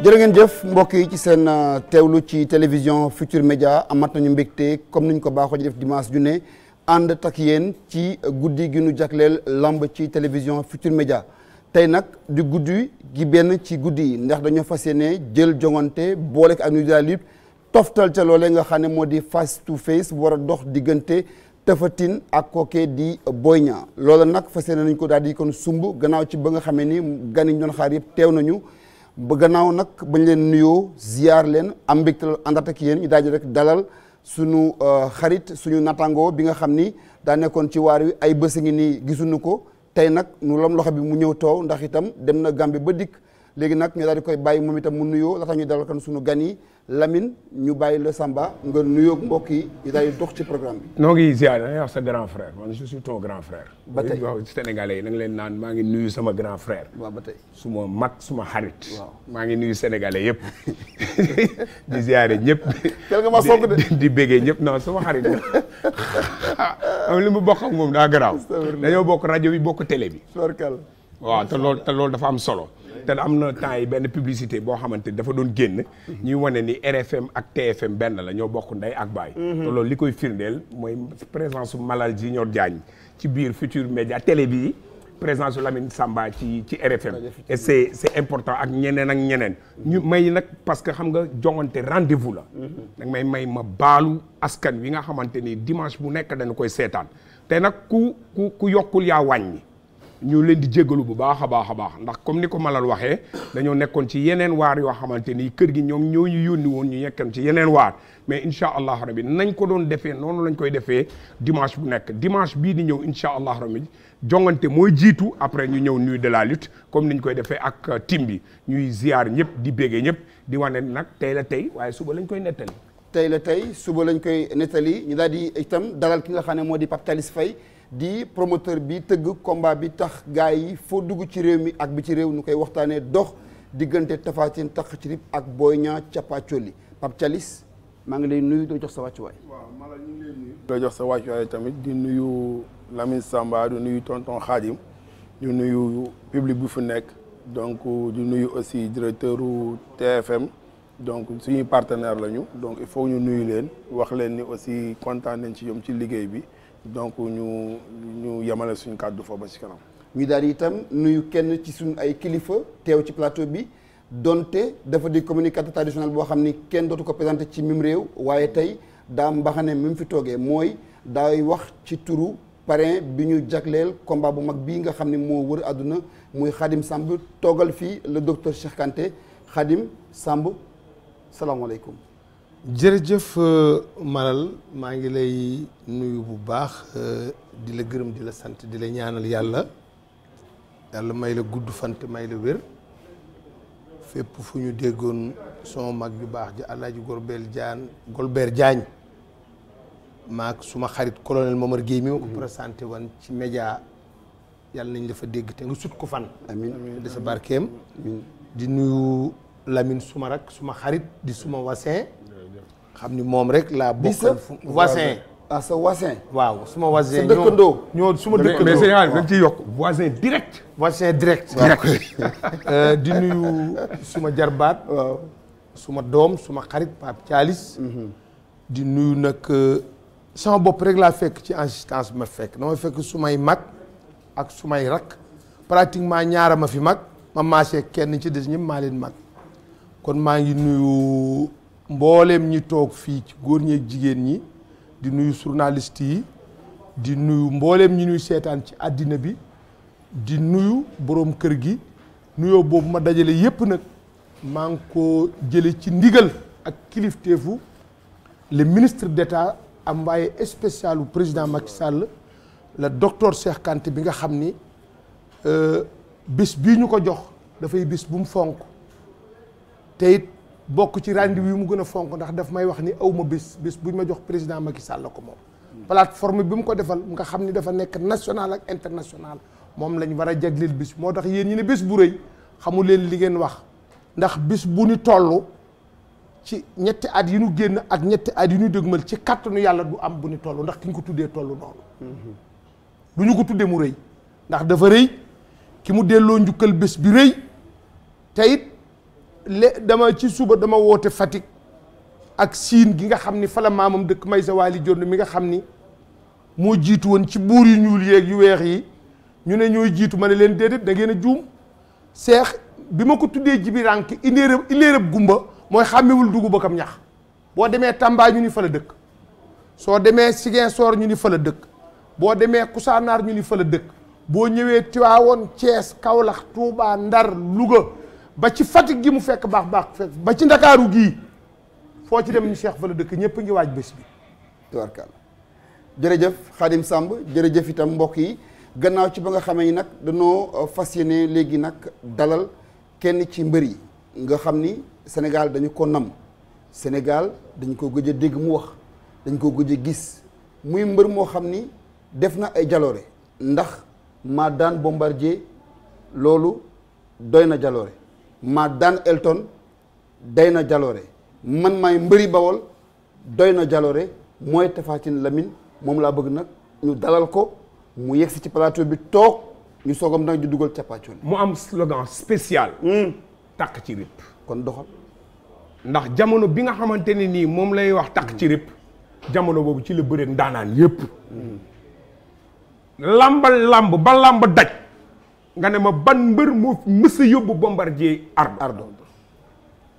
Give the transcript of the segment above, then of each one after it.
jërë ngeen jëf mbokk yi ci seen euh, teewlu ci télévision Futur Média amat nañu mbégte comme niñ ko baaxoo ñu def dimanche ju ne ànd tak yéen ci guddi gi nu jagleel lamb ci télévision Futur Média tey nag di guddi gi benn ci guddi yi ndax dañoo fas yéene jël jongante boole ak nu daal lutte toftal ca loolee nga xam ne moo di face to face war a dox diggante Tapha ak kooke di Boy Niang loola nag fas yéene nañ ko daal di kon sumb gannaaw ci ba nga xamee ni gan yi ñu xaar yëpp teew nañu. ba gannaaw nag bañ leen nuyoo ziar leen am mbégte àndat ak yéen ñu daje rek dalal suñu euh, xarit suñu nattangoo bi nga xam ni daa nekkoon ci waar wi ay bés ngi nii gisuñu ko tey nag nu lam loxo bi mu ñëw toow ndax itam dem na Gambie ba dikk léegi nag ñu daal di koy bàyyi moom itam mu nuyoo la ñu dalal kan suñu gan yi Lamine ñu bàyyi la Samba nga nuyook mbokk yi ñu daal dox ci programme bi. noo ngi ziar da sa grand frère man je suis ton grand frère. ba tey waaw yi na nga naan maa ngi sama grand frère. waaw ba tey su mag suma xarit. waaw maa ngi nuyu Sénégalais yëpp di ziare ñëpp. di béggee ñëpp non sama xarit la am li mu bokk ak moom daa garaaw. dañoo bokk rajo bi bokk télé bi. waaw te lool loolu dafa am solo. te am na temps yi benn publicité boo xamante ni dafa doon génn. ñuy wane ni RFM ak TFM benn la ñoo bokk ndey ak baay. Mhm. loolu li koy firndeel mooy présence su Malal Junior Diagne ci biir Futur Média télé bii. présence lamin Lamine Samba ci ci RFM et c'est c'est important ak ñeneen ak ñeneen ñu may nag parce que xam nga joŋante rendez-vous la mhm. dag may may ma baalu askan wi nga xamante ni dimanche bu nekk dañu koy seetaan te nag ku ku ku yokkul yaa wàññi ñu leen di jéggalu bu baax a baax a baax ndax comme ni ko Malal waxee dañoo nekkoon ci yeneen waar yoo xamante ni kër gi ñoom ñoo ñu yónni woon ñu nekkoon ci yeneen waar mais incha allah rabi nañ ko doon defee noonu lañ koy defee dimanche bu nekk dimanche bii di ñëw incha allah rabi jongante mooy jiitu après ñu ñëw nuit de la lutte comme niñ koy defee ak tim bi ñuy ziar ñëpp di béggee ñëpp di wane nag tey la tey waaye suba lañ koy nettali. tey la tey suba lañ koy nettali ñu daal di itam dalal ki nga ne moo di Pape Thialis Faye di promoteur bi tëgg combat bi tax gars yi foo dugg ci réew mi ak bi ci réew nu koy waxtaanee dox diggante Tapha Tine tax ci rib ak Boy Niang capacoli Pape calis maa ngi lay nuyu doo jox sa wàccuwaay. waaw maa la ñu ngi lay nuyu. tamit di nuyu Lamine Samba di nuyu tonton Khadim di nuyu public bu fi nekk donc di nuyu aussi directeur TFM donc suñuy partenaire lañu donc il faut ñu nuyu leen wax leen ni aussi kontaan nañ ci ñoom ci liggéey bi. donc ñu ñu yemale suñu kàddu fa ba ci kanam. ñu daal itam nuyu kenn ci suñu ay kilifa teew ci plateau bi donte dafa di communicateur traditionnel boo xam ni kenn dootu ko présenté ci mim réew waaye tey daa mbaxane mim fi toogee mooy daay wax ci turu parrain bi ñu jagleel combat bu mag bii nga xam ni moo wër àdduna muy Khadim Samb toogal fii le docteur Cheikh Kanté sàmb Samb salaamaaleykum. jërëjëf euh, Malal maa ngi lay nuyu bu baax euh, di la gërëm di la sant di la ñaanal yàlla yàlla may la gudd fant may la wér fépp fu ñu déggoon sama mag ju baax ji Alaaji Golbert Diagne Golbert Diagne maak suma xarit colonel Momar Guèye mi ma ko mm-hmm. présenté woon ci média yàlla nañ dafa dégg te nga sut ko fan amiin sa barkeem di nuyu Lamine suma rak suma xarit di suma wasee xam ni moom rek laa bokkal voisin ah sa voisin waaw suma voisin sa ñoo suma dëkkandoo mais sëñ Ali dañ ciy yokk voisin direct voisin direct euh, di nuyu suma jarbaat waaw suma doom suma xarit Pape Thialis mhm. di nuyu nag euh, sama bopp rek laa fekk ci assistance bi ma fekk dama fekk sumay mag ak sumay rak pratiquement ñaara ma fi mag ma maasee kenn ci des ñëpp maa leen mag kon maa ngi nuyu mbooleem ñi toog fii ci góor ñeeg jigéen ñi di nuyu journaliste yi di nuyu mbooleem ñi ñuy seetaan ci àddina bi di nuyu boroom kër gi nuyoo boobu ma dajale yépp nag maa ngi ko jële ci ndigal ak kilifteefu le ministre d'État envoyé spécial u président Macky Sall la docteur Cheikh bi nga xam ni euh, bés bii ñu ko jox dafay bis bu mu fonk te bokk ci rendez-vous yi mu gën a fonk ndax daf may wax ni aw ma bis bu buñ ma jox président Macky Sall la ko moom. plateforme bi mu ko defal nga xam ni dafa nekk national ak international moom lañ war a jagleel bis moo tax yéen ñi ne bis bu rëy xamu leen li ngeen wax ndax bis bu ñu toll ci ñetti at yi ñu génn ak ñetti at yi ñu dëgmal ci kàttanu yàlla du am bu ñu toll ndax ki ñu ko tuddee tollu noonu. du ñu ko tuddee mu rëy ndax dafa rëy ki mu delloo njukkal bés bi rëy le dama ci suba dama woote Fatick ak siin gi nga xam ni fala maamam dëkk may sa waali jonn mi nga xam ni moo jiitu woon ci buur yu ñuul yeeg yu weex yi ñu ne ñooy jiitu ma ne leen déedéet da ngeen a juum seex bi ma ko tuddee jibirank rànk iléerab iléerab gumba mooy xàmmewul dugub ak am ñax boo demee Tamba ñu ni fa la dëkk soo demee Ziguinchor ñu ni fa la dëkk boo demee Kousanaar ñu ni fa la dëkk boo ñëwee Tiwaawoon Thiès Kaolack Touba Ndar Louga ba ci Fatick gi mu fekk baax baax ba ci ndakaaru gii foo ci dem ñu Cheikh fa la dëkk ñëpp ngi waaj bés bi tubarkàlla jërëjëf Khadim sàmb jërëjëf itam mbokk yi gannaaw ci ba nga xamee ni nag danoo euh, fas yéene léegi nag dalal kenn ci mbër yi nga xam ni Sénégal dañu ko nam Sénégal dañ ko gëj a dégg mu wax dañ ko gëj gis muy mbër moo xam ni def na ay jaloore ndax maa daan bombardier loolu doy na jaloore ma daan Elton day na jaloore man may mbëri bawol doy na jaloore mooy Tapha lamin moom laa bëgg nag ñu dalal ko mu yegsi ci plateau bi toog ñu soogam nag ñu dugal cappaacoli. mu am slogan spécial. Hmm. takk ci rip. kon doxal. ndax jamono bi nga xamante ni nii moom lay wax takk ci rip jamono boobu ci la bëreeg ndaanaan yépp hmm. lambal lamb ba lamb daj. nga ne ma ban mbër moo mës a yóbbu bombardier ardo ardo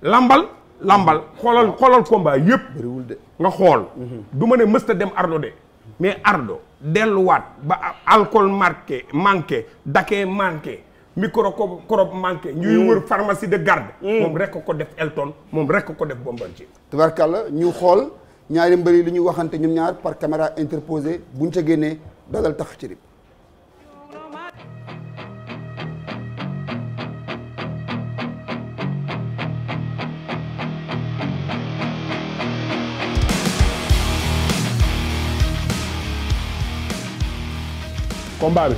lambal lambal xoolal xoolal combat yëpp bëriwul de nga xool du ma ne mës ta dem ardo de mais ardo delluwaat ba alcool marqué manqué dakee manqué micro crop manqué ñuy mm. wër pharmacie de garde mm. moom rek ko def Elton moom rekk ko def bombardier tubarkalla ñu xool ñaari mbëri li ñuy waxante ñoom ñaar par caméra interposée buñ ca génnee dalal tax ci combat bi.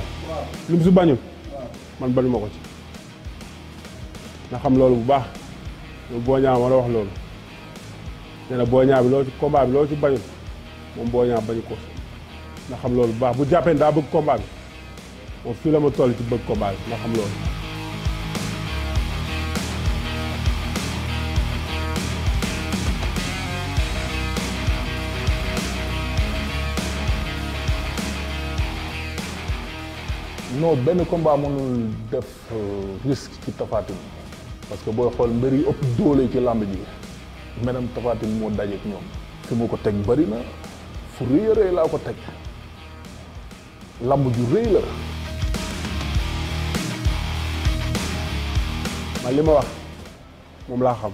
lu si bañul. man bañu ma ko ci. na xam loolu bu baax loolu boo ñaaw ma la wax loolu nee na boo ñaaw bi loolu ci combat bi loolu ci bañul moom boo ñaaw ko na xam loolu bu baax bu jàppee daa bëgg combat bi moom fii la ma toll ci bëgg combat bi na xam loolu. non benn combat mënul def euh, risque ci Tapha parce que booy xool mbër yi ëpp doole ci làmb ji menam Tapha Tine moo dajeek ñoom fi mu ko teg bari na fu rëy laa ko teg làmb ju rëy la man li ma wax moom laa xam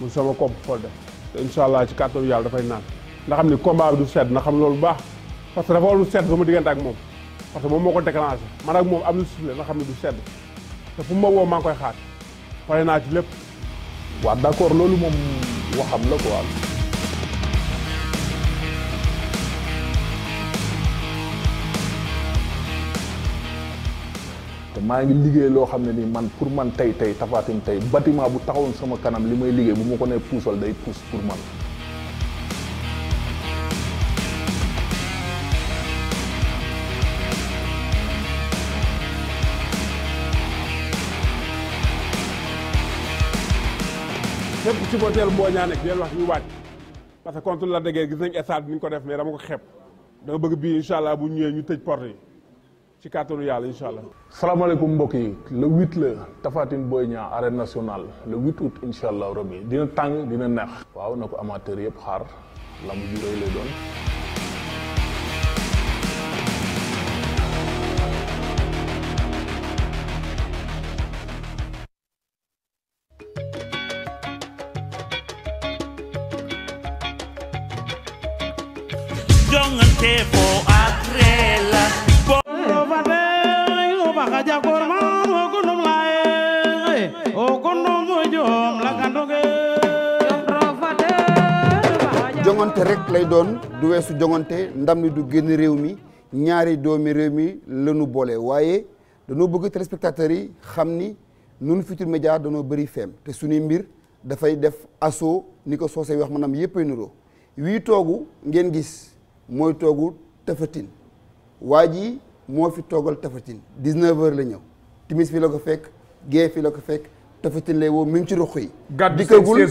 mun sama kopp xool de te incha ci kàttanu yàlla dafay naan nga xam ni combat bi du sedd na xam loolu baax parce que dafa warul sedd sama diggante ak moom parce que moom moo ko déclenché man ak moom am na suuf la xam ne du sedd te fu ma woo maa koy xaar pare naa ci lépp. waaw d'accord loolu moom waxam la quoi. te maa ngi liggéey loo xam ne ni man pour man tey tey Tapha Tine tey bâtiment bu taxawoon sama kanam li may liggéey bu ma ko nee puusal day puus pour man. supporter Mboñaa nekk leen wax ñu waaj parce que contre la déggee gis nañ stade bi ni ñu ko def mais dama ko xeeb dama bëgg bii incha bu ñëwee ñu tëj porte yi ci kàttanu yàlla incha allah. salaamaaleykum mbokk yi le huit la Tapha Tine ñaa Niang arène nationale le huit août incha allah rabbi dina tàng dina neex. waaw na ko amateur yëpp xaar la mu juróoy lay doon. rek lay doon du weesu jongante ndam li du génn réew mi ñaari doomi réew mi lanu boole waaye danoo bëgg téléspectateurs yi xam ni ñun Futurs Médias danoo bëri feem te suñuy mbir dafay def assaut ni ko soosey wax maanaam yëppay nuroo wii toogu ngeen gis mooy toogu tafatin waa ji moo fi toogal tafatin 19 heures la ñëw timis fi la ko fekk gee fi la ko fekk tafatin lay woo mi ngi ci ruq yi. dikkagul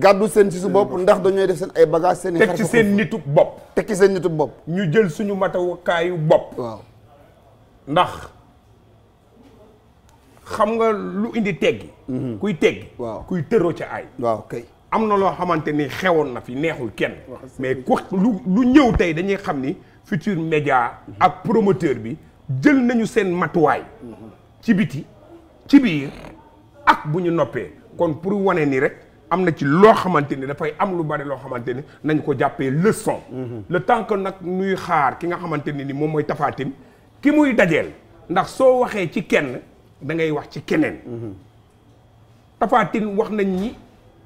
gàddu seen si su bopp indi. seen su bopp mm. ndax dañooy def seen ay bagages seen i. teg seen nitu bopp. teg seen nitu bopp. ñu jël suñu matawukaayu bopp. ndax xam nga lu indi teggi. Mm-hmm. kuy teggi. waaw kuy tëroo ci ay. waaw kay. am na loo xamante ni xewoon na fi neexul kenn. mais ku lu lu ñëw tey dañuy xam ni Futurs Médias mm-hmm. ak promoteur bi jël nañu seen matuwaay. Mm-hmm. ci biti ci biir. ak bu ñu noppee kon pour wane ni rek am na ci loo xamante ni dafay am lu bari loo xamante ni nañ ko jàppee leçon mhm. le temps que nag nuy xaar ki nga xamante ni ni moom mooy tafaatin ki muy dajeel ndax soo waxee ci kenn da ngay wax ci keneen mhm. tafaatin wax nañ ni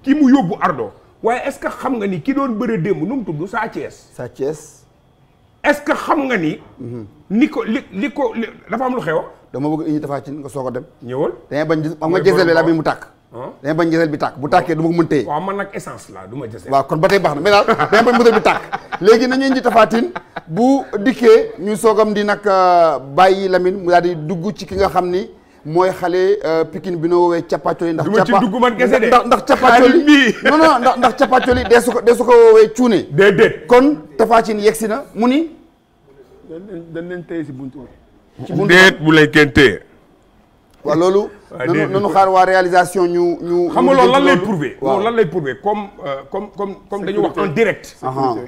ki mu yóbbu ardo waaye est-ce que xam nga ni ki doon bëre démb nu mu tudd Sa Thiès Sa Thiès est-ce que xam nga ni mhm. ni ko li li ko dafa am lu xew dama bëgg indi Tapha Tine nga soog a dem. ñëwal dañuy bañ am nga la bi mu tàkk. Ah. dañuy bañ jësel bi tàkk bu tàkkee du ma ko mën téye. waaw man nag essence ma jësel. waaw kon ba tey baax na mais daal dañuy bañ bësel bi tàkk léegi nañu indi Tapha Tine bu dikkee ñu soogam di nag euh, bàyyi Lamine mu daal di dugg ci ki nga xam ni mooy xale euh, Pikine bi noo woowee cappaacoli ndax. cappa du ci dugg man kese de. ndax ndax cappaacoli non ndax ndax cappaacoli dee su ko dee su ko woowee cuune. déedéet kon Tapha Tine yegsi na mu ni. dañ leen tey si buntu déet bu lay kenn téye. waaw loolu. nanu xaar waa réalisation ñu ñu. xam nga loolu lan lay prouver. loolu lan lay prouver comme euh, comme comme comme dañu wax en direct.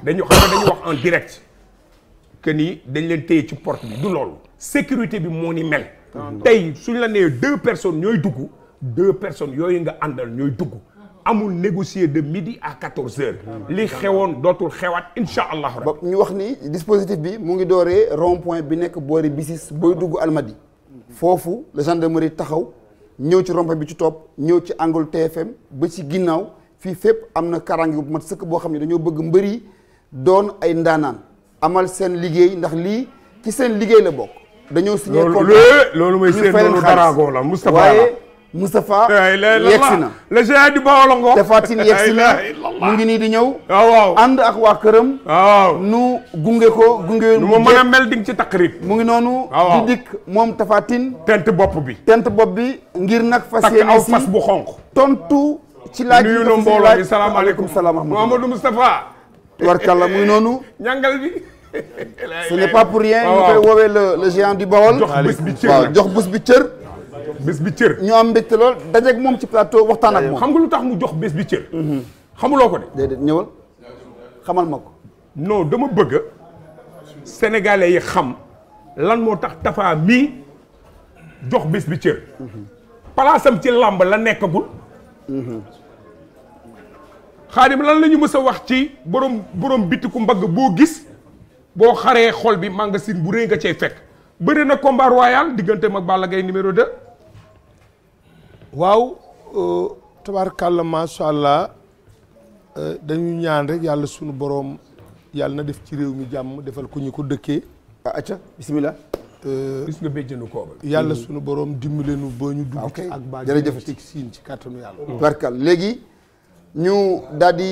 dañu xam nga dañu wax en direct. que ni dañ leen téye ci port bi du loolu. sécurité bi moo ni mel. tey suñu la nee deux personnes ñooy dugg. deux personnes yooyu nga àndal ñooy dugg. amul négocier de midi à 14 heures. Ah, li xewoon dootul xewaat incha allah. ba ñu wax ni dispositif bi mu ngi dooree rond bi nekk boori bisis booy dugg Almadi. foofu la gendarmerie taxaw ñëw ci rond bi ci topp ñëw ci angle TFM ba ci ginnaaw fii fépp am na karange bu mat sëkk boo xam ne dañoo bëgg mbëri doon ay ndaanaan amal seen liggéey ndax lii ci seen liggéey la bokk. dañoo signé contrat loolu mooy seen noonu daraagoo la Moustapha la Moustapha yegsi na le géant du Baolongo Tapha Tine yegsi na mu ngi nii di ñëw ah, waaw ànd ak waa këram nu gunge ko gunge nu mu mën a nga ci taqrib mu ngi noonu ah, di dikk moom tafaatin Tine tent bopp bi tent bopp bi ngir nag fas yéene aw fas bu xonq tontu ci laaj nuyu na mbooloo bi salaamaaleykum salaam Mouhamadou Moustapha warkalla mu ngi noonu ñàngal bi ce n'est pas pour rien ah, ñu koy woowee le le géant du Baol jox bés bi cër bés bi cër ñoo am mbégte lool dajeeg moom ci plateau waxtaan xam nga lu tax mu jox bés bi cër mhm. xamuloo ko de déedéet ñëwal xamal ma ko non dama bëgg sénégalais yi xam moo tax Tapha mii jox bés bi cër mhm. palaasam ci làmb la nekkagul mhm. xaadim lan la ñu mës a wax ci borom borom bitiku mbagg boo gis boo xaree xol bi magasin bu rey nga cee fekk bëri na combat royal diggante mag Balla Gaye numéro 2 waaw euh, tabaarkàlla macha allah euh, dañu ñaan rek yàlla sunu boroom yàlla na def ci réew mi jàmm defal ko ñu ko dëkkee. acca ah, bismillah euh, gis nga béjjënu kooba yàlla mm-hmm. sunu borom dimbale nu ba ñu dugg ah, ci ak baa jërëjëf siin ci kàttanu yàlla mm-hmm. barkal léegi ñu daal di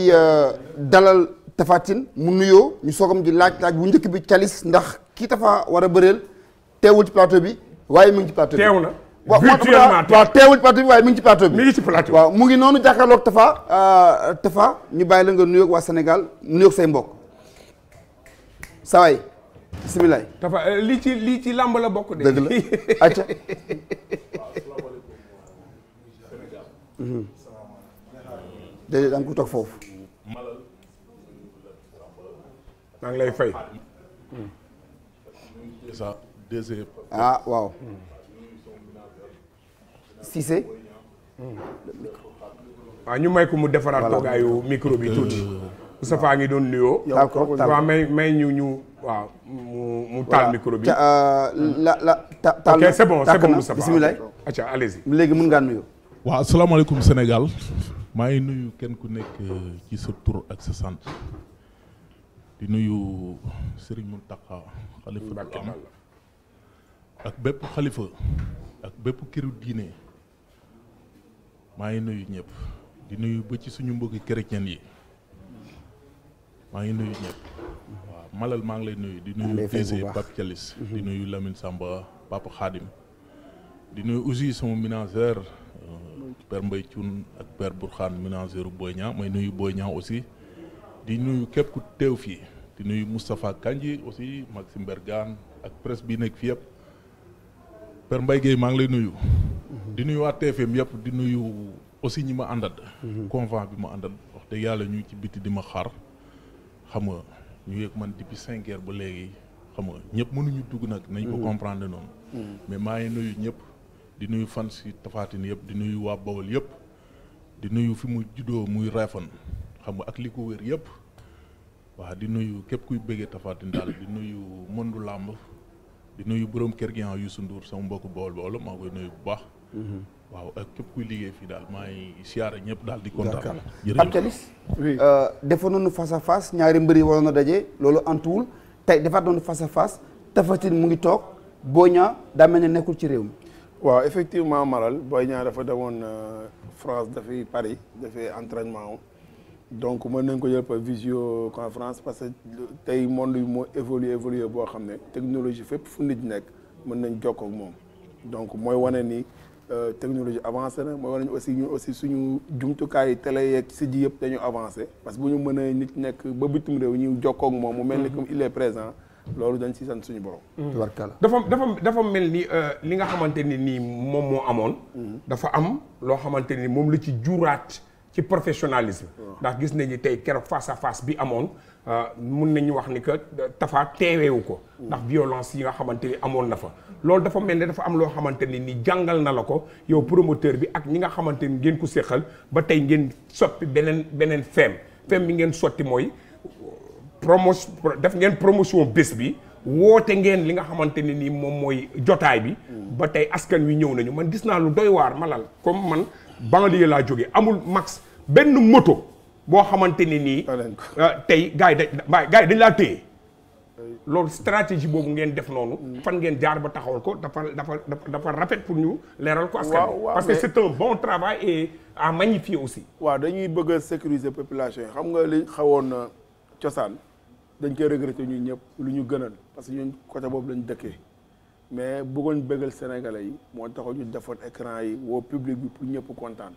dalal Tapha Tine mu nuyoo ñu soogam di laaj laaj bu njëkk bi calis ndax kii Tapha war a bëreel teewul ci plateau bi waaye mu ngi ci plateau bi waa waaw teewul plateau waaye mi ngi ci plateau bi. mi ngi ci plateau bi waaw noonu jàkkaarloog Tafa. Euh, Tafa ñu bàyyi la nga nuyoog waa Sénégal nuyoog say mbokk. saa waay bisimilah. Tafa euh, lii ci lii ci làmb la bokk de. dëgg la acca. ko toog ngi lay fay. ah waaw. Cissé. waaw ah, ñu may ko mu defaraat toogaayu micro tuuti. Euh, Moustapha ngi doon nuyoo. yow waaw may may mu taal micro bi. Euh, la la ta taal ok c'est bon c'est léegi mën ngaa nuyoo. waaw asalaamaaleykum Sénégal maa ngi nuyu kenn ku nekk euh, ci sa ak sa sant di nuyu Serigne Mountakha xalifa bu ak bépp xalifa ak bépp këru diine. maa ngi nuyu ñëpp di nuyu ba ci suñu mbokki chrétien yi maa ngi nuyu ñëpp waaw malal maa ngi lay nuyu di nuyu DG Pape Thialis mhm. di nuyu Lamine Samba Papa Khadim di nuyu aussi sama ménageur Père Mbaye Thioune ak Père Bourkhane ménageur Boy Niang may nuyu Boy Niang aussi di nuyu képp ku teew fii di nuyu Moustapha Kandji aussi Maxime Bergane ak presse bi nekk fii yëpp Père Mbaye Guèye maa ngi lay nuyu. di nuyu waa TFM yëpp di nuyu aussi ñi ma àndat mhm. convent bi ma àndal wax dëgg yàlla ñu ci biti di ma xar xam nga ñu yëg man depuis cinq ba léegi xam nga ñëpp mënuñu dugg nag. nañ ko mhm. comprendre noonu. Mhm. mais maa ngi nuyu ñëpp di nuyu fan si tafaatin yëpp di nuyu waa Bawol yëpp di nuyu fi mu juddoo muy Réfane xam nga ak li ko wér yëpp. waaw di nuyu képp kuy bëggee tafaatin daal di nuyu mëndu làmb di nuyu borom kër gi ah, Youssou Ndour sama mbokku bool bool maa koy nuyu bu baax. Mhm. waaw ak képp kuy liggéey fii daal maa ngi siyaare ñëpp daal di kontaan. jërëjëf Pape Thialis. oui euh, defoon nañu face à face ñaari mbër yi waroon a daje loolu antuwul tey defaat nañu face à face mu ngi toog Boy Niang daa mel ne nekkul ci réew mi. waaw effectivement malal Boy Niang dafa demoon euh, France dafay Paris dafay entraînement donc mën nañ ko jël par visioconférence parce que tey monde bi moo évolué évolué boo xam ne technologie fépp fu nit nekk mën nañ jokkoo ak moom donc mooy wane ni euh, technologie avancé na mooy wane ni aussi ñun aussi suñu jumtukaayu télé yeeg si ji yëpp dañu avancé parce que bu ñu mënee nit nekk ba bitim réew ñu jokkoo moom mu mel ni mhm. comme il est présent loolu dañ si sant suñu borom. Mhm. dafa dafa dafa mel ni euh, li nga xamante ni nii moom moo amoon. Mhm. dafa am loo xamante ni moo la ci juuraat. ci professionnalisme. ndax gis nañu tey keroog face à face bi amoon euh, mun nañu wax ni que Tapha teeweewu ko. ndax violence yi nga xamante ni amoon na fa. loolu dafa mel ne dafa am loo xamante ni ni jàngal na la ko yow promoteur bi ak ñi nga xamante ni ngeen ko séqal ba tey ngeen soppi beneen beneen feem. feem bi ngeen sotti mooy promo def ngeen promotion bés bi. woote ngeen li nga xamante ne ni moom mooy jotaay bi. Mm. ba tey askan wi ñëw nañu man gis naa lu doy waar malal comme man banlieue laa jóge amul max benn moto boo xamante ni nii. Euh, tey gars yi dañ gars yi dañ laa téye. loolu stratégie boobu ngeen def noonu. Mm. fan ngeen jaar ba taxawal ko dafa dafa dafa rafet pour ñu leeral ko. askan que c'est un bon travail et à aussi. waaw dañuy bëgg a sécuriser population yi xam nga li xawoon euh, cosaan dañ koy regretter ñun ñëpp lu ñu gënal parce que ñun côté boobu lañ dëkkee. mais bëggoon bëggal Sénégalais yi moo taxoon ñu defoon écran yi woo public bi pour ñëpp kontaan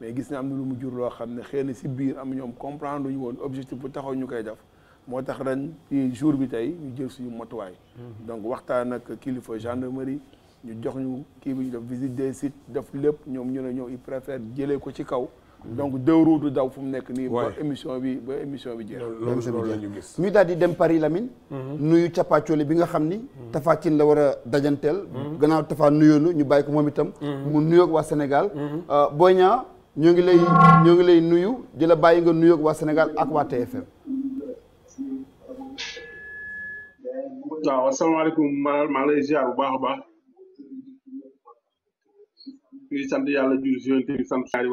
mais gis na am na lu mu jur loo xam ne xëy na si biir am ñoom comprendre ñu woon objectif bu taxaw ñu koy def moo tax ren fii jour bi tey ñu jël suñu motuwaay. Mhm. donc waxtaan nag kilifa gendarmerie ñu jox ñu kii bi ñu def visite des sites def lépp ñoom ñu ne ñoom ils préfèrent jëlee ko ci kaw. donc deux roues daw fu mu nekk nii. ba émission bi ba émission bi jeex. ñu gis ñu daal di dem Paris Lamine. Mhm. nuyu cappaacoli bi nga xam ni. Mhm. Tapha Tine la war a dajanteel. Mhm. gannaaw Tapha nuyoonu ñu bàyyi ko moom itam. mu nuyoog waa Sénégal. Euh, Boy Niang ñoo ngi lay ngi lay nuyu di la bàyyi nga nuyoog waa Sénégal ak waa TFM.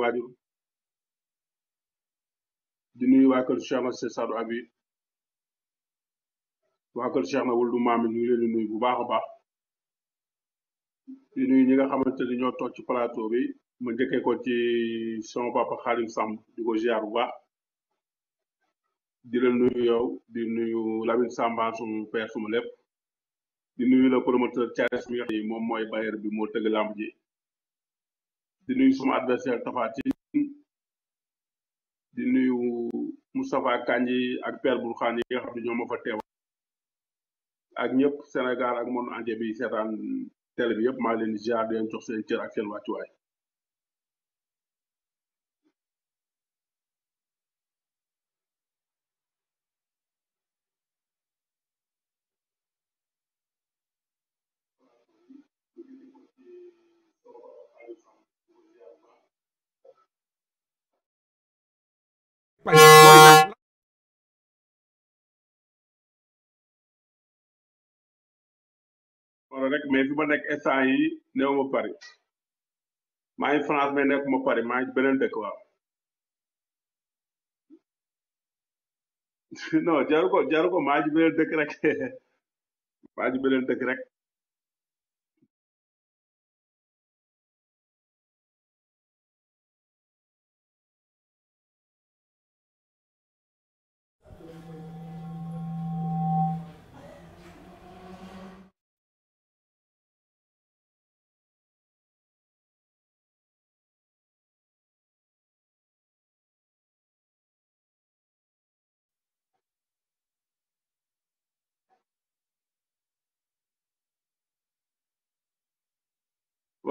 waaw di nuyu waa kër Cheikh Ahmed Sadou Abi waa kër Cheikh ngi leen di bu baax a baax di nuyu ñi nga xamante ni ñoo toog ci plateau bi ma njëkkee ko ci sama papa Xaalim Samb di ko ziar bu baax di la nuyu yow di nuyu Lamine Samba suñu père suma lépp di nuyu le promoteur Thiaris mi moom mooy bailleur bi moo tëgg làmb di nuyu suma adversaire Tapha di nuyu Moustapha Kandji ak Père Bourkhane yi nga ñoo ma fa teew ak ñëpp Sénégal ak monde entier bi seetaan télé bi yëpp maa leen di ziar di leen jox seen cër ak país rek mais fi ma nekk instant yi néew ma Paris maa ngi France mais nekk ma Paris maa ngi beneen dëkk waaw non jaru ko jaru ko maa dëkk rek maa ngi beneen dëkk rek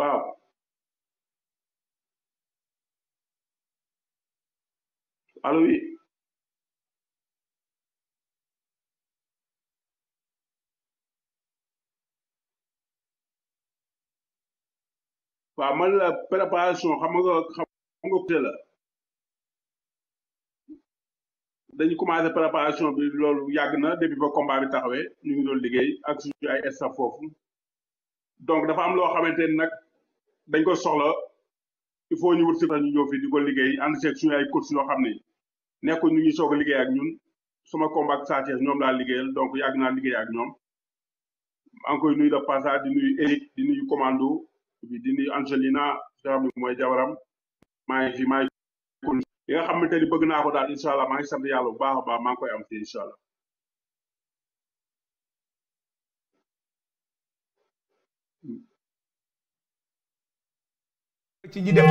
waaw allo oui waaw man la préparation xam nga xam nga côté la dañu commencé préparation bi loolu yàgg na depuis ba combat bi taxawee ñu ngi doon liggéey ak suñu ay staff foofu donc dafa am loo xamante ni nag dañ ko soxla il faut ñu wut si ñu ñëw di ko liggéey ànd seeg suñu ay coach yoo xam ne nekku ñu ngi soog a liggéey ak ñun sama combat ak Sa Thiès ñoom laa liggéeyal donc yàgg naa liggéey ak ñoom maa ngi koy nuyu de passage di nuyu Eric di nuyu commando bi di nuyu Angelina nga xam ne mooy jabaram maa ngi fi maa ngi li nga xamante ni bëgg naa ko daal incha allah maa ngi sant yàlla bu baax a baax maa ngi koy am fii incha allah ci ñi def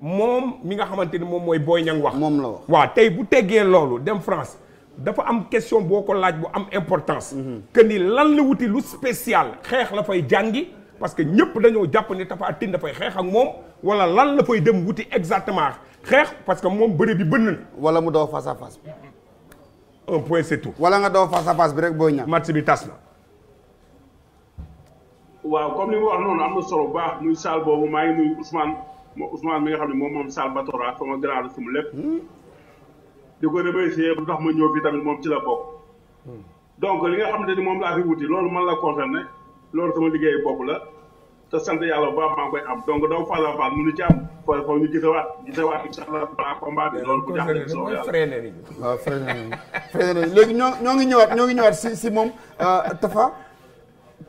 moom mi nga xamante ni moom mooy booy ñaŋ wax. moom la wax waaw tey bu teggee loolu dem France dafa am question boo ko laaj bu am importance. Mhm. que lan la wuti lu special xeex la fay jàngi. parce que ñëpp dañoo jàpp ni Tapha Tine dafay xeex moom wala lan la fay dem wuti exactement xeex parce que moom bëri bi bënn na. wala mu doo face à face bi. un point c'est wala nga doo face à rek boo ñàkk. match bi tas na. waaw comme li mu wax noonu am na solo baax muy saal boobu maa ngi nuyu Ousmane moom Ousmane mi nga xam ne moom moom saal Batora sama grand sama lépp. Hmm. di ko remercier bu tax ma ñëw fii tamit moom ci la bokk. Hmm. donc li nga xam ne ni moom laa fi wuti loolu man la concerné. loolu sama liggéey bopp la te sant yàlla bu baax maa ngi koy am donc doomu Fallou Fall mënu ci am foofu foofu ñu gisawaat gisawaat incha allah balaa léegi ñoo ñoo ngi ñëwaat ñoo ngi ñëwaat si si moom euh, Tafa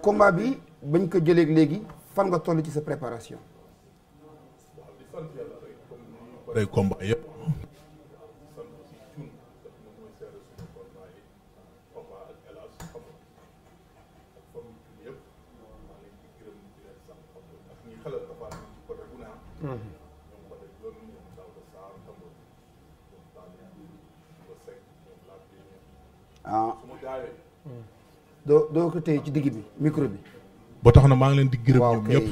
combat bi bañ ko jëlee léegi fan nga toll ci sa préparation. day ah doo doo ko téye ci digg bi micro ba tax na maa ngi leen di gërëm ñoom ñëpp.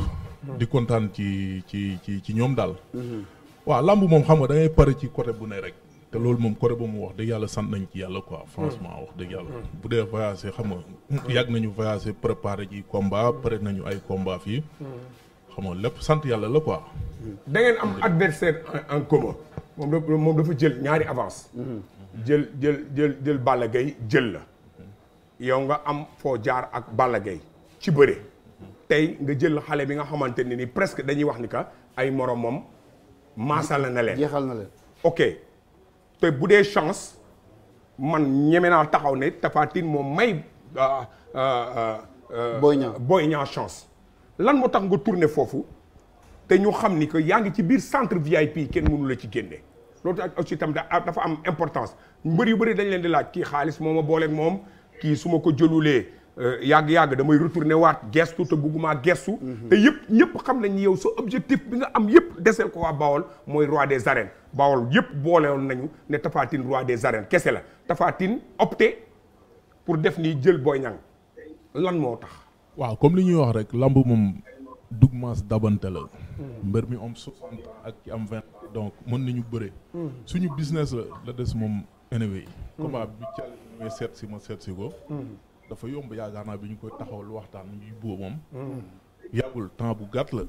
Hmm. di kontaan ci ci ci ci ñoom daal. Hmm. waaw lamb moom xam nga da ngay pare ci côté bu ne rek. te loolu moom côté boobu wax dëgg yàlla sant nañ ci yàlla quoi hmm. franchement wax dëgg yàlla. bu dee voyagé xam nga. yàgg nañu voyagé préparé ci combat pare nañu ay combat fii. xamoo lépp sant yàlla la quoi. da ngeen am adversaire en commun moom dafa jël ñaari avance. jël jël jël jël Balla jël la. yow nga am foo jaar ak Balla Gaye ci bëre. tey nga jël xale bi nga xamante ne ni presque dañuy wax ni ka ay moroom moom maasala na leen na leen. ok te bu dee chance man ñeme naa taxaw ne Tapha moom may. Ah, ah, ah, Boy Niang chance. lan moo tax nga tourné foofu te ñu xam ni que yaa ngi ci biir centre VIP kenn mënu la ci génne loolu ak aussi tam ah, dafa am importance mbër yu bëri dañ leen di laaj kii xaalis moom ma booleeg moom kii su ma ko jëlulee euh, yàgg-yàgg damay retourné waat gestu te buggumaa gestu mhm. te yëpp ñëpp xam nañ yow sa objectif bi nga am yëpp deseel ko waa Bawol mooy roi des arènes Bawol yëpp boolewoon nañu ne Tapha Tine roi des arènes kese la Tapha Tine pour def nii jël Boy Niang moo tax waaw comme li ñuy wax rek lamb moom dug maas dabante la. mbër mi om soixante ak ci am vingt donc mën nañu bëre. suñu business la la des moom énewe yi. combat ah, bi Thiel mooy seet si ma seet si ko. dafa yomb yaakaar naa bi ñu koy taxawal waxtaan yu boobu moom. yàggul temps bu gàtt la.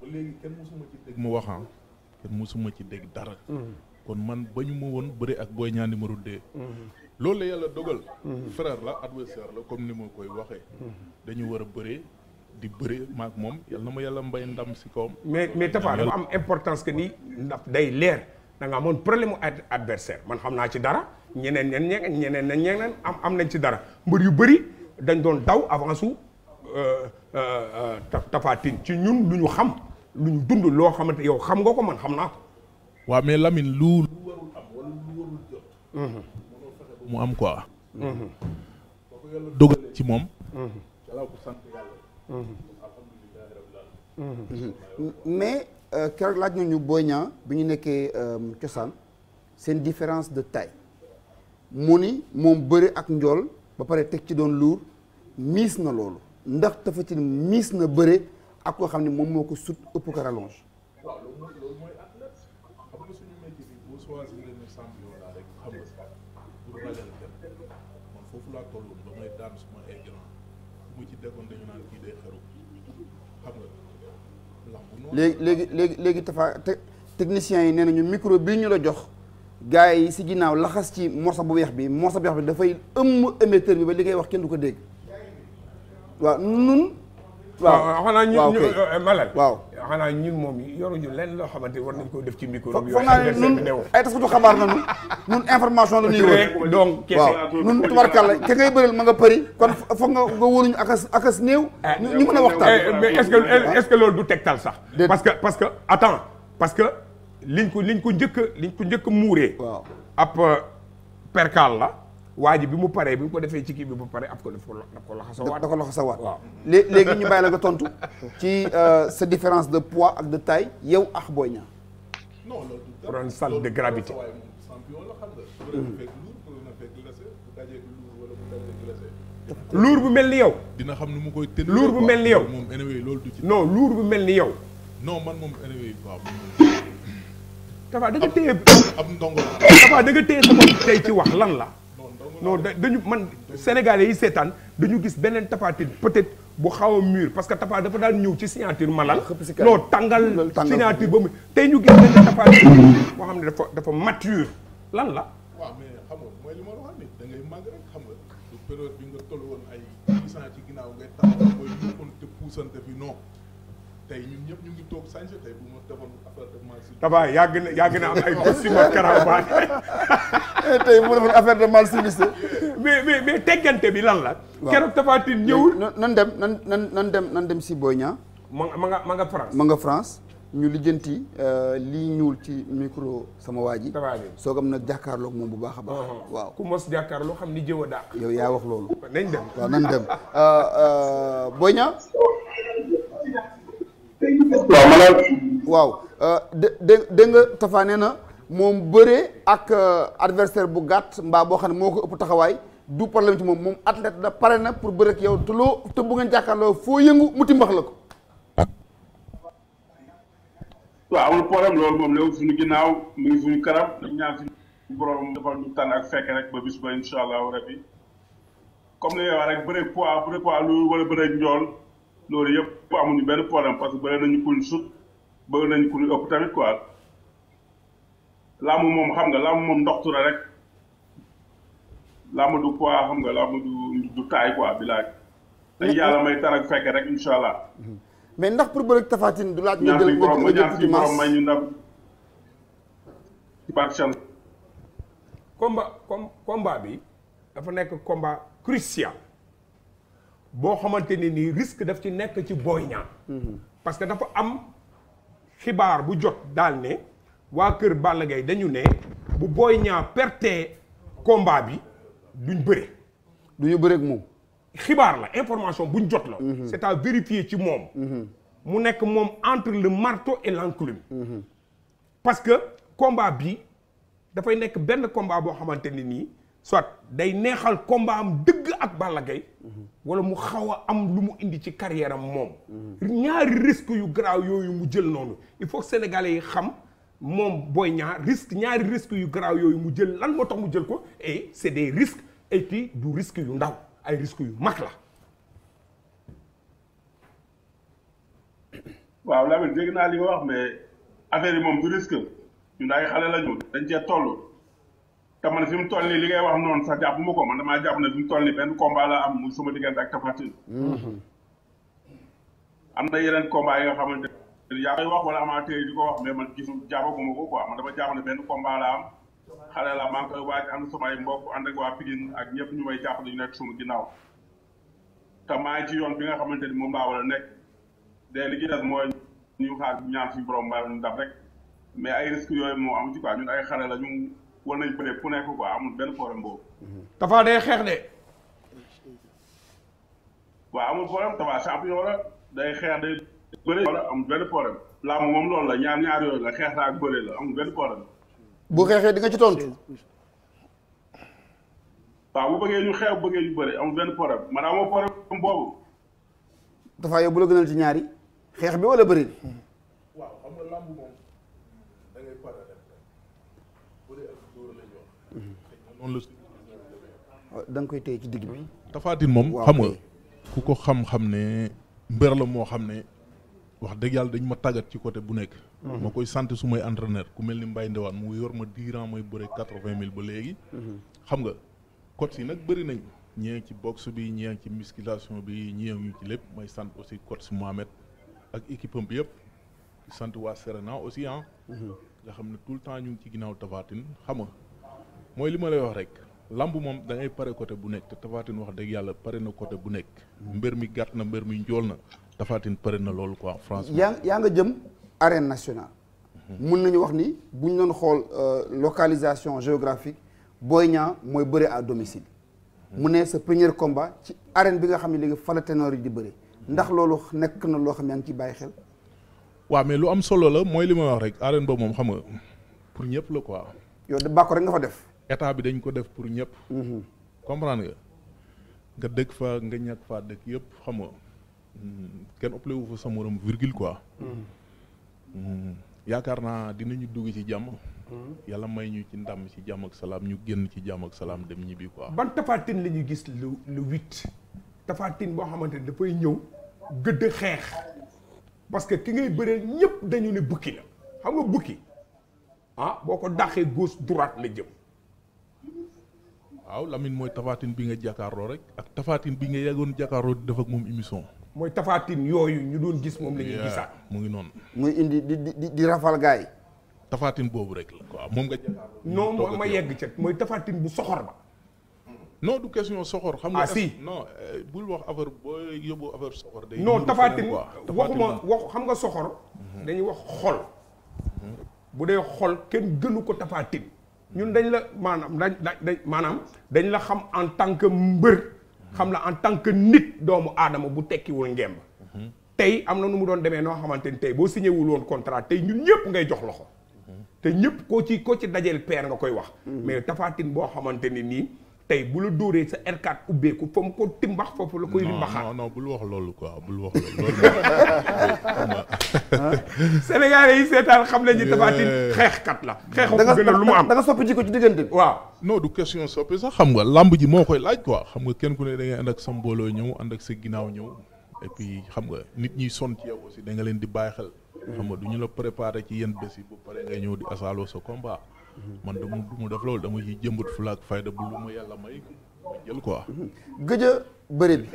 ba léegi kenn mësuma ci dégg ma waxaan ah. kenn mësuma ci dégg dara. kon man ba ñu ma woon bëri ak Boy Niang numéro 2. Mm-hmm. loolu la yàlla dogal. Mm-hmm. frère la adversaire la comme ni ma koy waxee. Mm-hmm. dañu war a bëree di bëree maak moom yal yàlla mbay ndam si kawam. mais mais Tapha dafa am importance que ni ndax day leer da amoon problème mu adversaire man xam naa ci dara ñeneen ñeneen ñeneen ñeneen am am nañ ci dara mbër yu bëri dañ doon daw avance su euh, euh, euh, Tapha ci ñun lu ñu xam lu ñu dund loo xamante yow xam nga ko man xam naa ko. waa mais Lamine lu lu warul am mhm. mu am mhm. ko yàlla dogalee ci moom. yàlla mhm. ko sant yàlla. mais euh, keroog laaj nañu Boy Niang bi ñu nekkee euh, cosaan seen différence de taille mu ni moom bëri ak njool ba pare teg ci doon luur miis na loolu ndax Tapha Tine miis na bëre ak koo xam ne moom moo ko sut ëpp ko léegi léegi léegi dafa tafa techniciens yi nee nañu micro bii ñu la jox gars yi si ginnaaw laxas ci morso bu weex bi morceau bu weex bi dafay ëmm émetteur bi ba li ngay wax kenn du ko dégg waaw nun waaw ñu ñu waaw euh, euh, xanaa ñun moom yoruñu lenn loo xamante war nañ ko def ci micro. foog naa ne ñun ay taskatu xabaar nañu ñun information la ñuy wër. donc kese waaw ñun tubarkalla ke ngay bëreel ma nga përi kon foog nga nga akas néew. Ah, ñu ñu a waxtaan. Eh, mais est que est-ce que du tegtal sax. parce que parce que liñ ko liñ ko njëkk liñ ko njëkk muuree. waaw ab euh, la. waa bi mu paree bi mu defee ci kii bi mu paree ab ko daf ko daf ko laxasawaat da ko laxasawaat waaw léegi ñu bàyyi euh, sa différence de poids ak de taille yow ak Boy Niang non loolu salle de mm-hmm. bu mel ni yow. dina xam nu mu koy tënk. luur mel ni yow moom anyway loolu du bu mel ni yow. non man moom anyway waaw. da téye. ci wax lan la. non dañu man sénégalais yi seetaan dañu gis beneen Tapha Tine peut-être bu xaw a mûr parce que Tapha dafa daan ñëw ci signature malal non tàngal signature ba mu tey ñu gis beneen Tapha Tine boo xam ne dafa dafa mature lan la waaw mais xam mooy li ma la da ngay màgg rek xam nga nga toll woon ay gisant ci ginnaaw ngay taxaw mooy yuuxante puusante tey ñun ñëpp affaire de mal. tabaay yàgg na yàgg na ay costume caravane. Eh, tey bu ma teggante bi lan la. waaw keroog ñëwul. nan dem nan nan dem nan dem si Boy Niang. ma ma nga France. ma ñu lijjanti euh, lii ñuul ci micro sama waa ji. tabaay bi soog am nag jàkkaarloog moom bu baax a baax. Uh-huh. waaw ku mos jàkkaarloo xam ni jëw a dàq. yaa wax loolu. nañ dem waaw nan dem euh, euh, Boy waaw maanaam. waaw euh, dé dégg nga Tafa nee na moom bëree ak euh, adversaire bu gàtt mbaa boo xam ne moo ko ëpp taxawaay du problème ci moom moom athlète da pare na pour bëre ak yow te loo te bu ngeen jàkkaarloo foo yëngu mu timbax la ko. Ah. waaw amul problème loolu moom léegi suñu ginnaaw mu ngi suñu kanam lu ñaan suñu borom defal ñu tànn ak fekk rek ba bis ba incha allahu rabi comme li nga rek bëre poids bëre poids lu wala bëre njool. loolu yëpp amuñu benn problème parce que bëri nañu kuñ sut bëri nañu kuñ ëpp tamit quoi làmb moom xam nga làmb moom ndoxtu la rek làmb du quoi xam nga làmb du du taay quoi bi laaj. dañ yàlla may tarak fekke rek incha allah. Mhm. mais ndax pour bëri Tapha Tine du laaj. nga jël nga jël nga jël dimanche may ñu ndam combat combat bi dafa nekk comba crucial. boo xamante ne nii risque daf ci nekk ci Boy Niang mhm. parce que dafa am xibaar bu jot daal ne waa kër Balla Gaye dañu ne bu Boy ñaar perte combat bi duñ bëre duñu bëre ak moom xibaar la information buñ jot la mhm. c'est à vérifier ci moom mhm. mu nekk moom entre le marteau et l'enclume parce que combat bi dafay nekk benn combat boo xamante ne nii soit day neexal combat am dëgg ak Balla Gaye wala mu xaw a am lu mu indi ci carrière moom ñaari risque yu garaaw yooyu mu jël noonu il faut sénégalais yi xam moom booy ñaar risque ñaari risque yu garaaw yooyu mu jël lan moo tax mu jël ko et c'est des risques et puis du risque yu ndaw ay risques yu mag la waaw Lamine dégg naa li nga wax mais affaire moom du risque ñun ay xale la dañ cee toll te man fi mu toll nii li ngay wax noonu sax jàpp ma ko man damaa jàpp ne fi mu toll nii benn combat la am muy sama diggante ak Tapha Tine. Mm-hmm. am na yeneen combat yi nga xamante ne yaa koy wax wala amateur yi di ko wax mais man gisul jàppaguma ko quoi man dama jàpp ne benn combat la am xale la maa ngi koy waaj ànd sama ay mbokk ànd ak waa Pikine ak ñëpp ñu may jàpp dañu nekk suma ginnaaw te maa ngi ci yoon bi nga xamante ni moom laa war a nekk de li ci des mooy ñu xaar ñaan suñu borom mbaa ñu dab rek mais ay risques yooyu moo am ci quoi ñun ay xale la ñu. war nañ bëree ku nekk quoi amul benn problème boobu. Tapha day xeex de. waaw amul problème Tapha champion la day xeex day bëree benn problème. làmb moom loolu la ñaan ñaar yooyu la xeex la ak benn problème. bu xeexee di nga ci tontu. waaw bu bëggee ñu xeex bu bëggee ñu bëri amul benn problème man amoo problème boobu. Tapha yow bu la gënal ci ñaari xeex bi wala bëri noonu ah, da nga koy téye ci digg bi. Tapha Tine moom xam nga ku ko xam-xam ne mbër la moo xam ne wax dëgg yàlla dañu ma tàggat ci côté bu nekk. Mhm. ma koy sant su may entraîneur ku mel ni Mbaye Ndewaan mu yor ma dix ans mooy bëre quatre-vingt mille ba léegi. Mhm. xam nga coach yi nag bëri nañ ñii ci boxe bi ñii ci musculation bi ñii ngi ci lépp may sant aussi coach Mohamed ak équipe bi yëpp sant waa Serena aussi ah. Mhm. nga xam ne tout le temps ñu ngi ci ginnaaw Tapha Tine xam nga. mooy li ma lay wax rek lamb moom da pare côté bu nekk te tafaatin wax dëgg yàlla pare na côté bu nekk. mbër mi gàtt na mbër mi njool na tafaatin pare na loolu quoi France. yaa yaa nga jëm arène nationale. mun nañu wax ni bu ñu doon xool euh, localisation géographique booy Niang mooy bëre à domicile. mu ne sa premier combat ci arène bi nga xam ne léegi fa la ténor yi di bëri ndax loolu nekk na loo xam ne yaa ngi ciy bàyyi xel. waaw mais lu am solo la mooy li ma wax rek arène boobu moom xam nga pour ñëpp la quoi. yow de bàkko rek nga fa def. état bi dañ ko def pour ñëpp. Mhm. comprendre nga nga dëkk fa nga ñàkk faa dëkk yëpp xam nga kenn ëppale wu fa sa morom virgule quoi. Mhm. Mhm. yaakaar naa dinañu dugg ci jàmm. yàlla may ñu ci ndam ci jàmm ak salaam ñu génn ci jàmm ak salaam dem ñibbi quoi. ban tafaatin la ñu gis lu lu huit tafaatin boo xamante ne dafay ñëw gëdd xeex parce que ki ngay bëreel ñëpp dañu ne bukki la xam nga bukki ah boo ko daxee gauche droite la jëm. waaw Lamine mooy tafaatin bi nga jàkkaarloo rek ak tafaatin bi nga yeggoon jàkkaarloo di def ak moom émission. mooy tafaatin yooyu ñu doon gis moom la ñuy gisaat. mu ngi noonu. muy indi di di di rafal gaay tafaatin boobu rek la. moom nga jàkkaarloo. non ma yegg ca mooy tafaatin bu soxor ba. non du question soxor. xam nga ah, si non euh, bul wax affaire boo yóbbu affaire soxor. day non tafaatin waxuma wax xam nga soxor. Mhm. dañuy wax xol. Mhm. bu dee xol kenn gënu ko tafaatin. ñun dañ la maanaam dañ dañ maanaam dañ la xam en tant que mbër xam la en tant que nit doomu aadama bu tekkiwul ngemb tey am na nu mu doon demee noo xamante ni tey boo signé wul woon contrat tey ñun ñëpp ngay jox loxo te ñëpp koo ci koo ci dajeel peer nga koy wax mm-hmm. mais Tapha boo xamante ni nii tey bu la dóoree sa R4 ubbeeku fa mu ko timbax foofu la koy rimbaxaat non non bul wax loolu quoi bul wax loolu Sénégalais yi seetaan xam nañu Tapha Tine kat la xeexu gën a lu mu am da nga soppi jikko ci diggante bi waaw non du question soppi sax xam nga làmb ji moo koy laaj quoi xam nga kenn ku ne da ngay ak sa mbooloo ñëw ànd ak sa ginnaaw ñëw et puis xam nga nit ñi son ci yow aussi da nga leen di bàyyi xel mm. xam nga du ñu la préparé ci yenn bés yi bu ñëw di asaaloo sa combat man du mu def loolu dama ciy jëmbat fulla ak fayda bu lu ma yàlla may ma jël quoi. Mhm. gëj a bëri bi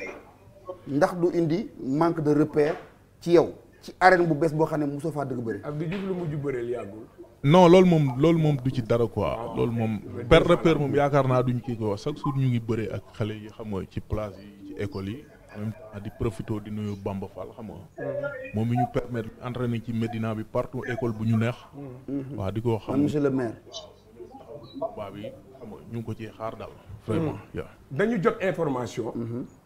ndax du indi manque de repère ci yaw ci arène bu bees boo xam ne mosoo faa dëgg bëri. ak bi jub lu mujj bëreel yàggul. non loolu moom loolu moom du ci dara quoi ah, loolu moom per repère moom yaakaar naa duñ kii ko wax chaque jour ñu ngi bëree ak xale yi xam nga ci place yi ci école yi. même di profité di nuyu Bamba Fall xam nga. Mm-hmm. moom mi ñu permettre entraîner ci Médina bi partout école bu ñu neex. Mm-hmm. wax di ko xam monsieur le maire. waa bi xam ñu ko ci xaar daal. vraiment mm-hmm. dañu jot information.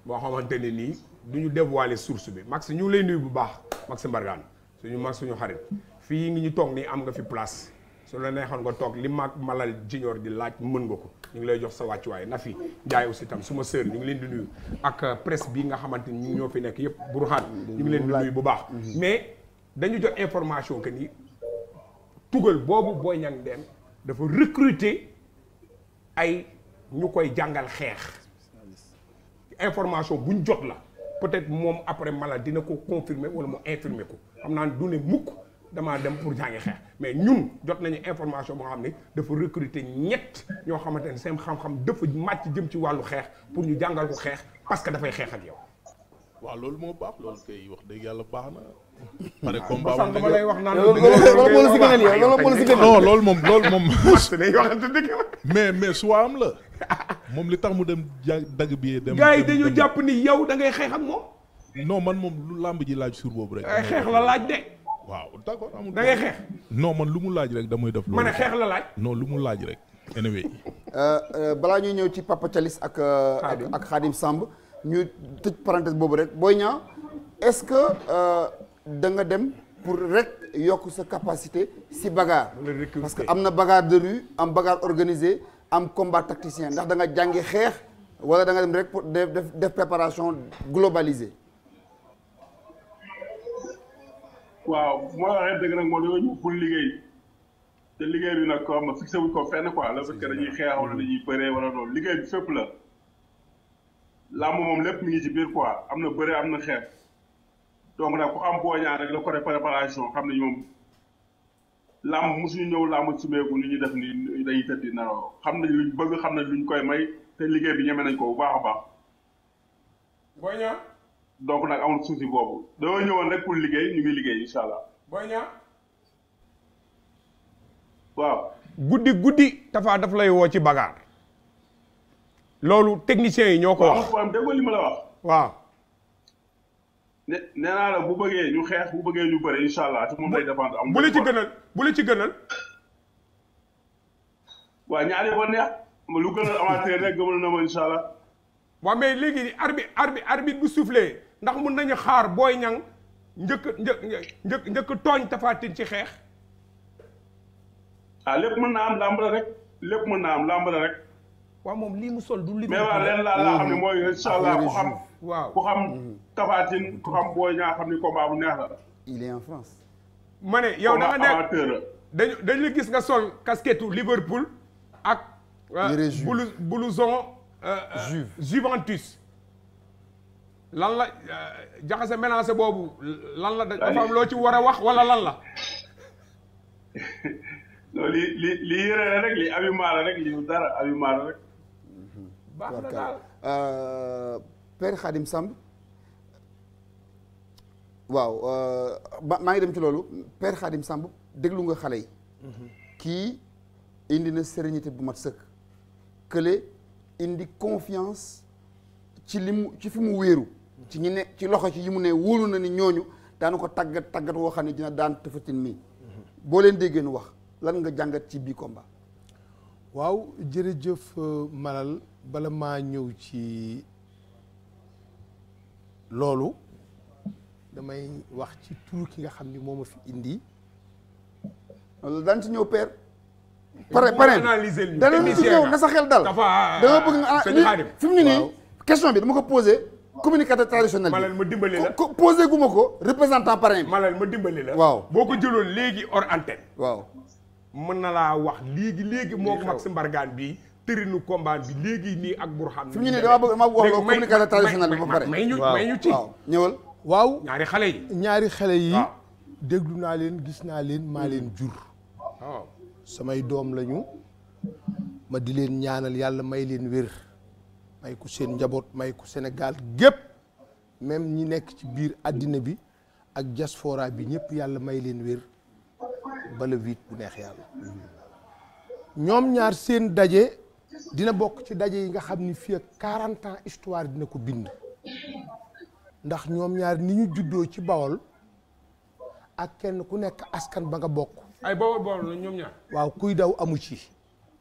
boo xamante ne nii du ñu dévoiler source bi Max ñu ngi lay nuyu bu baax Max Mbargane suñu mag suñu xarit fii ngi ñu toog nii am nga fi place. su la neexoon nga toog li mag Malal junior di laaj mën nga ko ñu ngi lay jox sa wàccuwaay Nafi Ndiaye aussi tam suma sœur ñu ngi leen di nuyu ak euh, presque bi nga xamante ni ñoo fi nekk yëpp Burhan ñu ngi leen di nuyu bu baax mm-hmm. mais dañu jot information que ni tugal boobu booy Niang dem dafa recruter ay ñu koy jàngal xeex information bu buñ jot la peut-être moom après Malal dina ko confirmer wala mu infirmer ko xam naa du ne mukk damaa dem pour jàngi xeex mais ñun jot nañu information boo xam ne dafa recruter ñett ñoo xamante ne seen xam-xam dafa màcc jëm ci wàllu xeex pour ñu jàngal ko xeex parce que dafay xeex ak yow. waaw loolu moo baax loolu wax dëgg yàlla baax na. pare combat moom dama lay wax naan loolu loolu si gën a loolu loolu si gën a non loolu mais mais su am la. moom li tax mu dem ja dagg bi dem. gars yi dañu jàpp ni yow da ngay xeex ak moom. non man moom lu làmb ji laaj suur boobu rek. Eh, xeex la laaj de. waaw d' accord amul da ngay xeex. non man lu mu laaj rek damay def. loolu ma xeex la laaj. non lu mu laaj rek. anyway. Euh, euh, balaa ñuy ñëw ci Papa Thialis ak. Euh, ak Khadim Samb ñu tëj parenthèse boobu rek booy Niang est-ce que da nga dem pour rek yokk sa capacité si bagarre. parce que am na bagarre de rue am bagarre organisée am combat tacticien ndax danga nga jàngi xeex wala da nga dem rek pour def def préparation globalisée. waaw bu ma la dëgg nag moo doon ñu liggéey te liggéey bi nag comme fixé wuñ ko fenn quoi la fekk dañuy xeex wala mm-hmm. dañuy bëree wala loolu liggéey bi fépp la làmb moom lépp mi ngi ci biir quoi am na bëree am na xeex donc nag ku am booñaa rek la côté préparation xam ne ñoom làmb mosuñu ñëw làmb ci meeku ni ñu def ni dañuy tëddi naroo xam nañ luñ bëgg xam nañ luñ koy may te liggéey bi ñeme nañ ko bu baax a baax. donc nag amul souci boobu dañoo ñëwoon rek pour liggéey ñu ngi liggéey incha allah. booy ñaa guddi guddi Tapha lay woo ci bagaar. loolu techniciens yi ñoo ko wax. waaw li ma la wax. waaw. ne nee naa la bu bëggee ñu xeex bu bëggee ñu bëri incha allah. moom lay dépendre amul. bu la ci gënal bu la ci gënal. waaw ñaari ba neex lu gënal amateur rek gëmal na ma incha allah. léegi mais léegi arbi arbi arbitre bu soufflé ndax mun nañu xaar booy ñang njëkk njëkk njëkk tooñ tafaatin ci xeex ah lépp mën naa am làmb rek lépp mën naa am làmb rek waaw moom lii mu sol du li mais waaw leen laa laa xam ne mmh. mooy incha allah ku xam tafaatin mmh. ku xam mmh. booy ñaa xam ni combat bu neex la yow da nga nekk dañu dañu gis nga sol casquette Liverpool ak euh, blouson euh, Juventus lan la euh, jaxase menacé boobu lan la dafa loo ci war a wax wala lan la loolu li li li yëre la rek li abi rek li dara abi rek baax na daal euh, Père Khadim Samb waaw euh, maa ngi dem ci loolu Père Khadim Samb déglu nga xale yi mhm. kii indi na sérénité bu mat sëkk kële indi confiance ci li mu ci fi mu wéeru ci ñi ne ci loxo ci yi mu ne wóolu na ni ñooñu daana ko tàggat tàggat woo xam ne dina daan tafatin mii boo leen déggee nu wax lan nga jàngat ci bii combat waaw jëf euh, Malal bala maa ñëw ci loolu damay wax ci tur ki nga xam ni moo ma fi indi loolu daan ci ñëw père pare pare dana ci ñëw na sa xel dal dama bëgg nga ah, fi mu ne nii question bi dama ko posé communicateur traditionnel bi. malal ma dimbali la posé gu ma ko représentant parrain bi. malal ma dimbali la. waaw boo ko jëloon léegi or antenne. waaw mën na laa wax léegi léegi moom Max Mbargane bii. tërinu combat bi léegi nii ak Burhan. fi mu ne dama bëgg ma wax la communicateur traditionnel bi ba pare. may ñu may ñu ci waaw ñaari xale yi. ñaari xale yi. déglu naa leen gis naa leen maa leen jur. samay doom lañu ma di leen ñaanal yàlla may leen wér. may ko seen njaboot may ku Sénégal gépp même ñi nekk ci biir àddina bi ak diaspora bi ñëpp yàlla may leen wér bala wiit bu neex yàlla ñoom ñaar seen daje dina bokk ci daje yi nga xam ni fii ak quarante dina ko bind ndax ñoom ñaar ni ñu juddoo ci Bawol ak kenn ku nekk askan ba nga bokk ay Bawol Bawol la ñoom ñaar waaw kuy daw amu ci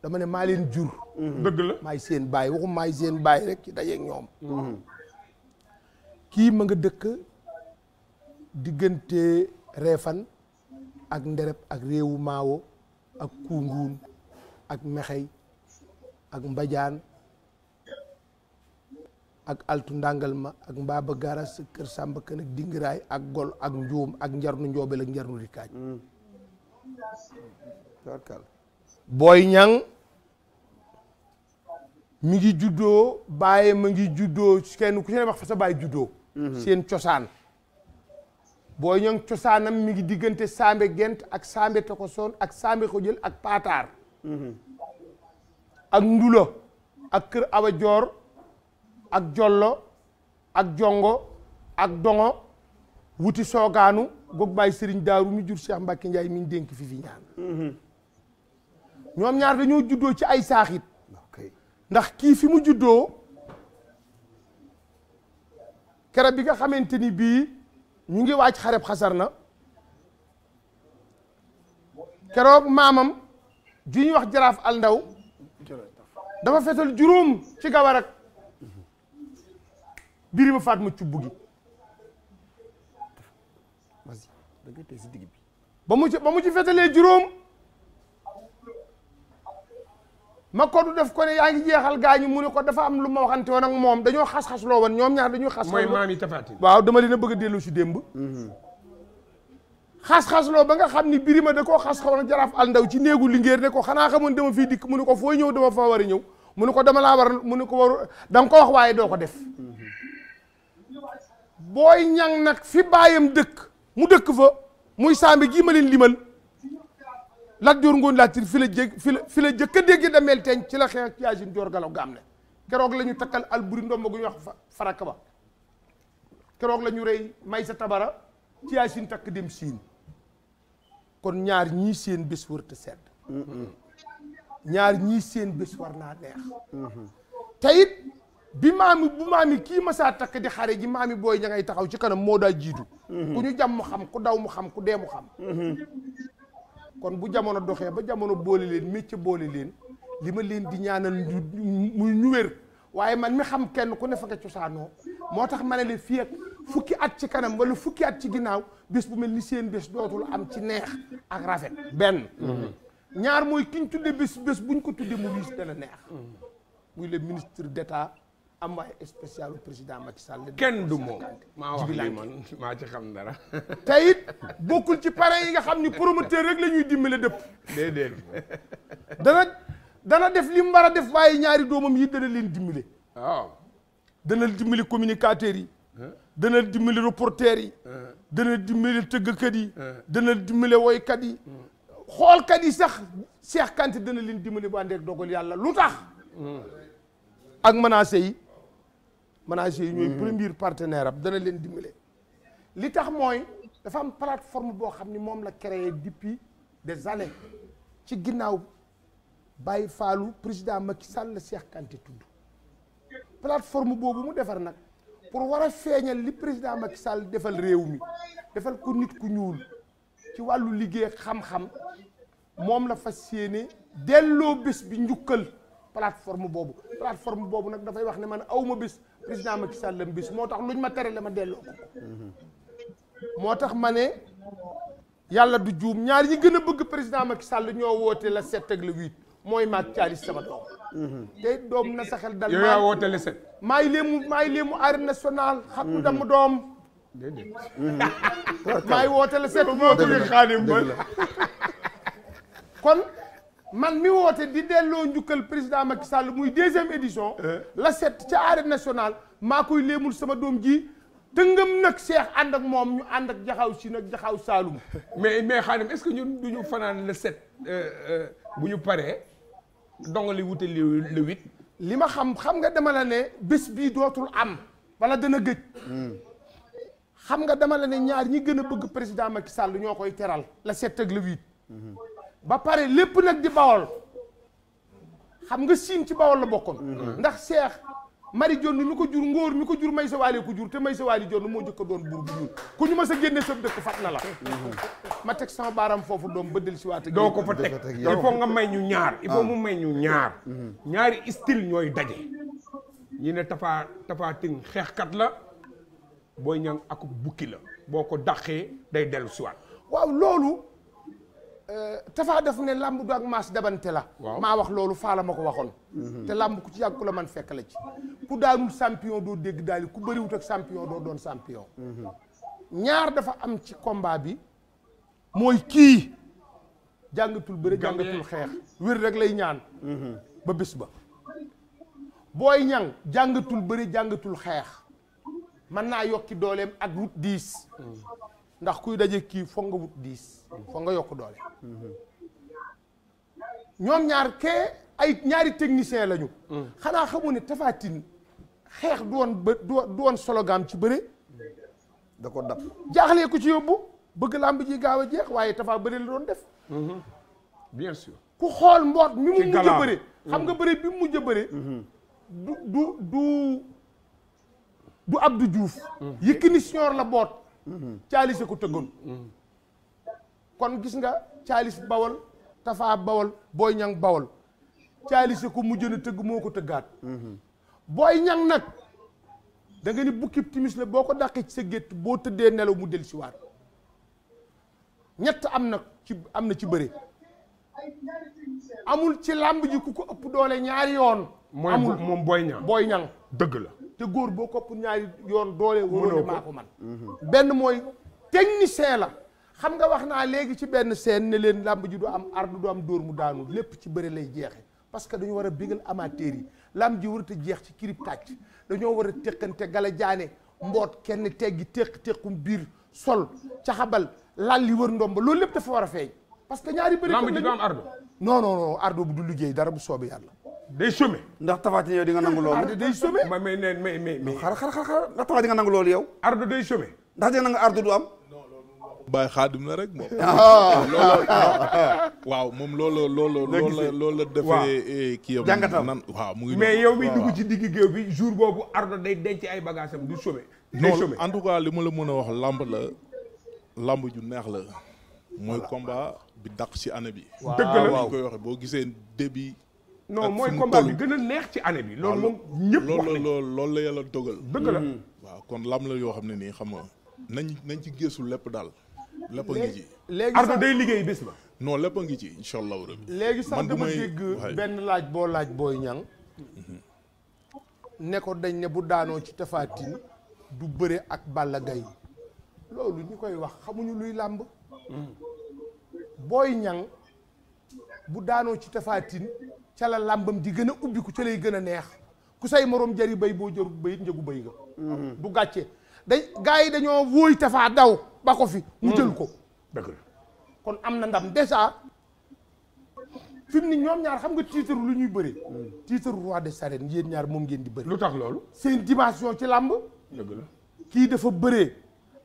dama ne maa leen jur. Mm-hmm. dëgg la maay seen baay waxum maay seen baay rek ci dajeeg ñoom. Mm-hmm. kii ma nga dëkk diggante reefan ak ndereb ak réewu maawo ak kuunguun ak mexey ak mbajaan ak altu ndàngal ma ak mbaaba garas kër sàmba kan ak dingiraay ak gol ak njuum ak njarnu njoobel ak njarnu rikaaj mm-hmm. booy Niang mi ngi juddoo bàyyi ma ngi juddoo kenn ku ci ne wax fa sa bàyyi juddoo mhm. seen cosaan Boy Niang cosaanam mi ngi diggante Sambe Gent ak Sambe Tokosoon ak Sambe Xojël ak Paataar mhm. ak Ndula ak Kër Awa ak Jollo ak Jongo ak Dongo wuti Soogaanu goog bàyyi Sëriñ Daaru mi jur Cheikh Mbacke Ndiaye mi ñu dénk fi fi ñaan mhm. ñoom ñaar dañoo juddoo ci ay saaxit ndax kii fi mu juddoo kera bi nga xamante ni bii ñu ngi waaj xareeb xasar na keroog maamam ju ñuy wax jaraaf al ndaw dafa fetal juróom ci gawar ak birima faat ma cubb gi ba mu ci ba mu ci fetalee juróom ma ko du def ko ne yaa ngi jeexal gaañu mu ne ko dafa am lu ma waxante woon moom dañoo xas-xas loo woon ñoom ñaar dañoo xas mooy maam yi a bëgg a dellu si démb mhm. xas-xas loo ba nga xam ni birima da koo xas xawoon jaraaf al ndaw ci néegu lingéer ne ko xanaa xamoon dama fii dikk mu ne ko fooy ñëw dama fa war a ñëw mu ko dama laa war mu ne ko war da nga ko wax waaye doo ko def mhm. booy ñang nag fi baayam dëkk mu dëkk fa muy saambi gii ma limal Lat Joor Ngoon Laatir fi la jég fi la fi la jëkk a dégg dameel teeñ ci la xeex ak Yaasin Joor Galaw Gaam ne keroog la ñu takkal Alburi ndomba gu ñu wax faraka ba keroog la ñu rey sa Tabara ci Yaasin takk dem siin kon ñaar ñii seen bés seen bés war naa neex te bi maami bu maami kii masaa takk di xare ji maami booy ña taxaw ci kanam moo daa jiitu ku ñu jàmm mu xam ku daw mu xam ku dee mu xam kon bu jamono doxee ba jamono boole leen métier boole leen li ma leen di ñaanal muy ñu wér waaye man mi xam kenn ku ne fa nga cosaanoo moo tax ma ne la fii fukki at ci kanam wala fukki at ci ginnaaw bés bu mel ni seen bés dootul am ci neex ak rafet benn mm-hmm. ñaar mooy kiñ tudde bés bés buñ ko tudde mu wiis dana neex muy le ministre d'État envoyé président Macky Sall. kenn du moom maa wax lii man maa ci xam dara. te it bokkul ci parrain yi nga xam ni promoteur rek la ñuy dimbale dëpp. déedéet. dana def li mu def waaye ñaari doomam yi dana leen dimbale. waaw. dana dimbali communicateurs yi. dana dimbali reporters yi. dana dimbali tëggkat yi. dana dimbali woykat yi. xoolkat yi sax Cheikh Kanté dana leen dimbali ba ànd ak dogal yàlla lu tax. ak menacé yi. managers yi ñooy mm-hmm. premier partenaire ab dana leen dimbale li tax mooy dafa am plateforme boo xam ni moom la créé depuis des années ci ginnaaw Baye Fallou président Macky Sall la Cheikh Kanté tudd plateforme boobu mu defar nag pour war a feeñal li président Macky Sall defal réew mi defal ko nit ku ñuul ci wàllu liggéey xam-xam moom la fas yéene delloo bés bi njukkal plateforme boobu plateforme boobu nag dafay wax ne man awma bés président Macky Sall lam bis moo tax luñ ma terale ma delloo moo tax ma ne yàlla du juum ñaar yi gën a bëgg président Macky Sall ñoo woote la sept ak le huit mooy maag caalis sama doom te doom na sa xel dal yow yaa woote la sept maay léemu maay léemu arène nationale doom maay woote la sept moo tudd xaadim ba kon man mi woote di delloo njukkal président Macky Sall muy deuxième édition. Eh. la set ca arène national maa koy léemul sama doom ji. dëngam nag Cheikh ànd ak moom ñu ànd ak jaxaw si nag jaxaw Saalum. mais mais xaanim est-ce que ñun du ñu fanaan le sept euh, euh, bu ñu paree dongali wute le huit. li ma xam xam nga demala ne bés bii dootul am wala dana gëj. Hmm. xam nga dama la ne ñaar ñi gën a bëgg président Macky Sall ñoo koy teral la sept ak le huit. Hmm. ba pare lépp nag di bawol xam nga siin ci bawol la bokkoon mhm. ndax seex mari jonn lu ko jur ngóor mi ko jur may sa waali ko jur te may sa waali jon moo jëkk doon buur bu ku ñu ma sa génne sa dëkk fat na la mhm. ma teg sama baaram foofu doom bëddal si waat doo ko fa teg il faut nga may ñu ñaar il faut ah. mu may ñu ñaar mhm. ñaari style ñooy daje ñi ne tafaa tafaatin xeexkat la booy ñang ak bukki la boo ko daqee day dellu si waat waaw loolu Euh, Tafa daf ne làmb du ak mas dabante la. maa wax loolu faala ma ko waxoon. Mhm. te làmb ku ci yàgg ku la man fekk la ci. ku daanul champion doo dégg daal ku bëriwut ak champion doo doon champion. Mhm. ñaar dafa am ci komba bi mooy kii jàngatul bëre jàngatul xeex wér rek lay ñaan. Mhm. ba bis ba. booy ñang jàngatul bari jàngatul xeex mën naa yokki dooleem ak wut diis. ndax kuy daje kii foog nga wut diis foog nga yokk doole ñoom ñaar kee ay ñaari technicien lañu xanaa xamoo ne Tapha xeex du woon ba du woon sologaam ci bëre da ko dab jaaxlee ko ci yóbbu bëgg làmb ji gaaw a jeex waaye Tapha bëre la doon def mhm. ku xool mboot mi mu mujj bëre xam nga mhm. bëre bi mu mujj a bëre mhm. du du du du Abdou Diouf Yékini Senior la boot caalis ko tëggoon kon gis nga caalis bawol tafaa bawol booy ñang bawol caalis a ko mujjoon a tëgg moo ko tëggaat booy ñang nag danga nga ni bukki timis la boo ko dàqee ci sa gétt boo tëddee nelaw mu del siwaat ñett am na ci am na ci bëre amul ci làmb ji ku ko ëpp doole ñaar yoon amul moom booy ñang booy ñang dëgg la te góor boo kopp ñaari yoon doole wóor maa ko man mhm. benn mooy technicien la xam nga wax naa léegi ci benn seen ne leen làmb ji du am ardu du am dóor mu daanu lépp ci bëre lay jeexe parce que dañu war a bégal amateur yi làmb ji war a jeex ci kirib tàcc dañoo war a teqante gala jaane mboot kenn teggi teq tequm biir sol ca caxabal lal li wër ndomba lool lépp dafa war a feeñ parce que ñaari bëri làmb ji du am ardo non non non ardu bu du liggéey dara bu soobee yàlla day chômé. ndax Tapha Tine yow di nga nangu loolu. Ardo day chômé. mais mais mais mais mais. xaaral xaaral xaaral ndax Tapha nangu loolu yow. Ardo day chômé. ndax di nga nangu Ardo du am. bàyyi xaadim la rek moom. Ah. waaw moom loolu loolu loolu loolu la defee. Eh, kii yam nan waaw mu ngi. mais yow mi ci digg géew bi jour boobu Ardo day denc ay bagages am du chômé. day chômé en li ma la mën a wax lamb la lamb ju neex la. mooy combat bi dàq ci année bi. waaw waaw koy waxe boo gisee début. non mooy combat bi gën a neex ci année bi. loolu moom ñëpp wax nañ loolu loolu la yàlla dogal. dëgg la mm. waaw kon lam la yoo xam ne nii xam nga nañ nañ ci gëstu lépp daal. lépp a ngi ci léegi Ardo day liggéey bés ma non lépp a ngi ci incha allah léegi sax damay dégg benn laaj boo laaj booy ñang ne ko dañ ne bu daanoo ci tafaatin du bëre ak Balla Gaye loolu ñu koy wax xamuñu luy làmb mm. booy ñang bu daanoo ci tafaatin ca la làmbam di gën a ubbiku ca lay gën a neex ku say moroom jari bay boo jëru bay njëgu bay nga bu mm-hmm. gàccee dañ gars yi dañoo wóoy tafaa daw ba ko fi mu jël ko mm-hmm. dëgg kon am na ndam dèjà fin mu ni ñoom ñaar xam nga titre lu ñuy bëri mm-hmm. titre roi de sarine yéen ñaar moom ngeen di bëri lu tax loolu seen dimension ci làmb dëgg kii dafa bëree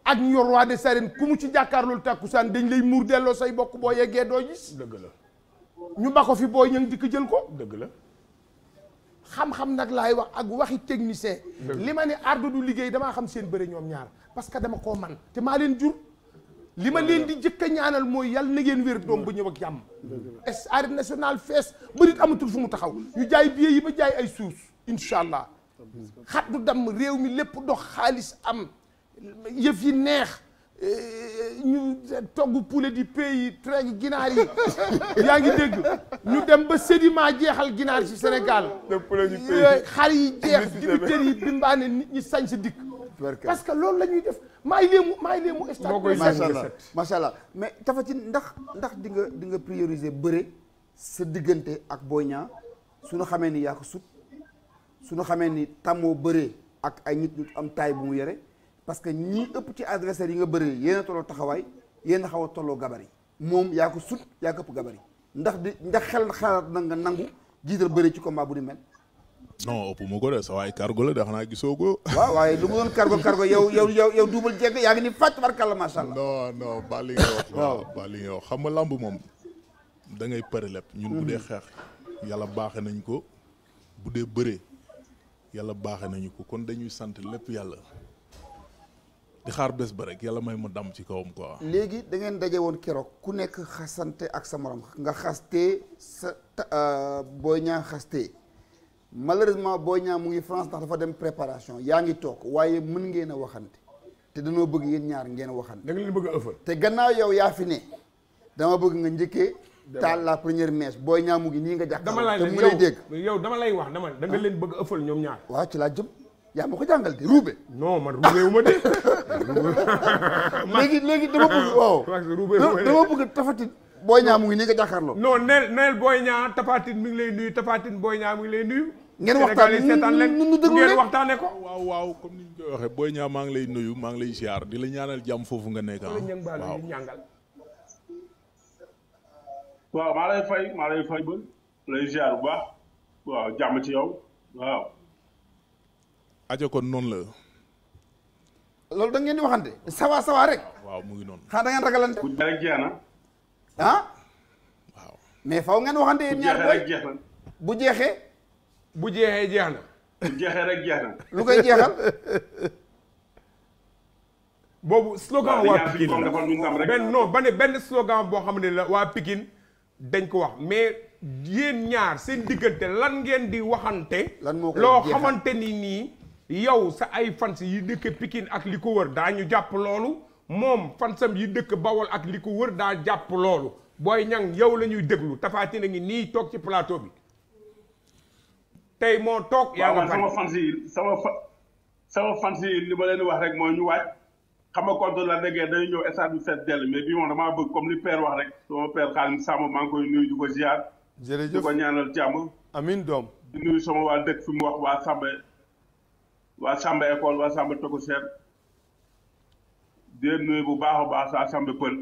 ak ñu yor roi des arènes ku mu ci jàkkaar loolu tàkkusaan dañ lay muur delloo say bokk boo yeggee doo gis ñu ba ko fi booy ñëng dikk jël ko. dëgg la. xam-xam nag laay wax ak waxi technicien. li ma ne ardo du liggéey damaa xam seen bëre ñoom ñaar parce que dama koo man te maa leen jur. li ma leen di jëkk ñaanal mooy yàlla na ngeen wér doom bu ñëw ak jàmm. est arène national fees ba nit amatul fu mu taxaw ñu jaay billet yi ba jaay ay suus incha allah. xat du damm réew mi lépp dox xaalis am yëf yi neex. Eh, ñu togg poulet di pays treg ginaar yi yaa ngi dégg ñu dem ba sédiment jeexal ginaar ci Sénégal xar yi jeex dibitër yi bimbaane nit ñi sañ sa dikk parce que loolu la ñuy def maay léemu maay léemu stade macha allah mais Tapha Tine ndax ndax di nga di nga prioriser bëre sa diggante ak Boy Niang suñu xamee ni yaa ko sut suñu xamee ni tàmmoo bëre ak ay nit ñu am taay bu mu yore parce que ñi ëpp ci adversaire yi nga bëree yéen tolloo taxawaay yéen a xaw a tolloo gabarit moom yaa ko sut yaa ko ëpp gabarit ndax di ndax xel xalaat na nga nangu jiital bëri ci combat bu di mel. non ëpp mu ko de sa waay cargo la de xanaa gisoo ko. waaw waaye lu mu doon cargo cargo yow yow yow yow duubal jégg yaa ngi ni fàcc barkalla macha allah. non non ba nga wax. xam nga làmb moom da ngay pare lépp. ñun bu hmm. dee xeex yàlla baaxe nañ ko bu dee bëree yàlla baaxe nañu ko kon dañuy sant lépp yàlla. di xaar bés ba rek yàlla may mu dam ci kawam quoi. léegi dangeen ngeen woon keroog ku nekk xasante ak sa morom nga xaste sa euh, Boy Niang xastee malheureusement Boy Niang mu ngi France ndax dafa dem préparation yaa ngi toog waaye mën ngeen a waxante te danoo bëgg yéen ñaar ngeen waxante. da nga leen bëgg a te gannaaw yow yaa fi ne dama bëgg nga njëkkee. taal la première mèche Boy Niang mu ngi nii nga. jàkkaarloo te mu lay dégg dama yow dama lay wax dama da nga ah. leen bëgg a ëffal ñoom ñaar. ci laa jëm. yaa ma ko jàngal de ruube. non man ruube wu ma de. léegi léegi dama bëgg waaw. dama bëgg tafati booy ñaa mu ngi nii nga jàkkaarloo. non booy ñaa tafatin mi ngi lay nuyu tafatin booy ñaa mi ngi lay nuyu. ngeen waxtaan nu nu déglu ngeen ko. waaw waaw comme ni ñu koy waxee booy ñaa maa ngi lay nuyu maa lay ziar di la ñaanal jàmm foofu nga nekk ah. waaw waaw maa lay fay maa lay fay ba lay ziar bu waaw jàmm ci yow aja kon noonu la. loolu da ngeen di waxante sawa sawa rek. waaw mu ngi noonu. xanaa da ngeen ragalante. Ah? mais faw ngeen waxante bu jeexee. bu jeexee jeex na. rek jeex na. lu koy jeexal. boobu slogan waa Pikine benn non ba ne benn slogan boo xam ne la waa Pikine dañ ko wax mais yéen ñaar seen diggante lan ngeen di waxante. lan moo koy jeexal yow sa ay fans yi dëkk Pikine ak li ko wër daa ñu jàpp loolu moom fansam yi dëkk Bawol ak li ko wër daa jàpp loolu Boy Niang yow la ñuy déglu Tapha Tine a ngi nii toog ci plateau bi tey moo toog. yaa nga sama fans yi sama li ma leen wax rek moo ñu waaj xam nga contre la déggee dañu ñëw stade bu set dell mais bii moom damaa bëgg comme li père wax rek sama père Xaalim Samb maa ngi koy nuyu di ko ziar. jërëjëf di ko ñaanal jàmm. amiin doom. di nuyu sama waa dëkk fi mu wax waa waa Samba école waa Samba toku seet di leen bu baax a baax saa Samba pël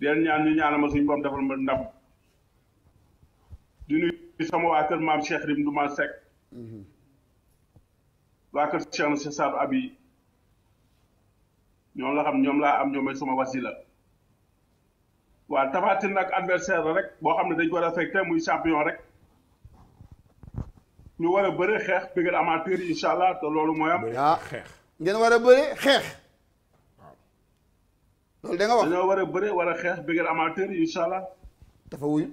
di leen ñaan ñu ñaanal ma suñu borom ndam di nuyu sama waa kër maam Cheikh Rim Ndoumal Seck mhm. waa kër Cheikh na Cheikh Saad Abi ñoom la xam ñoom laa am ñoom sama wasila waa Tapha nag adversaire la rek boo xam ne dañ ko respecté muy champion rek ñu war a bëri xeex Pikine amateur yi incha allah te loolu mooy am. xeex ngeen war a bëri xeex. loolu da war a war a xeex Pikine amateur yi incha allah. dafa wuyu.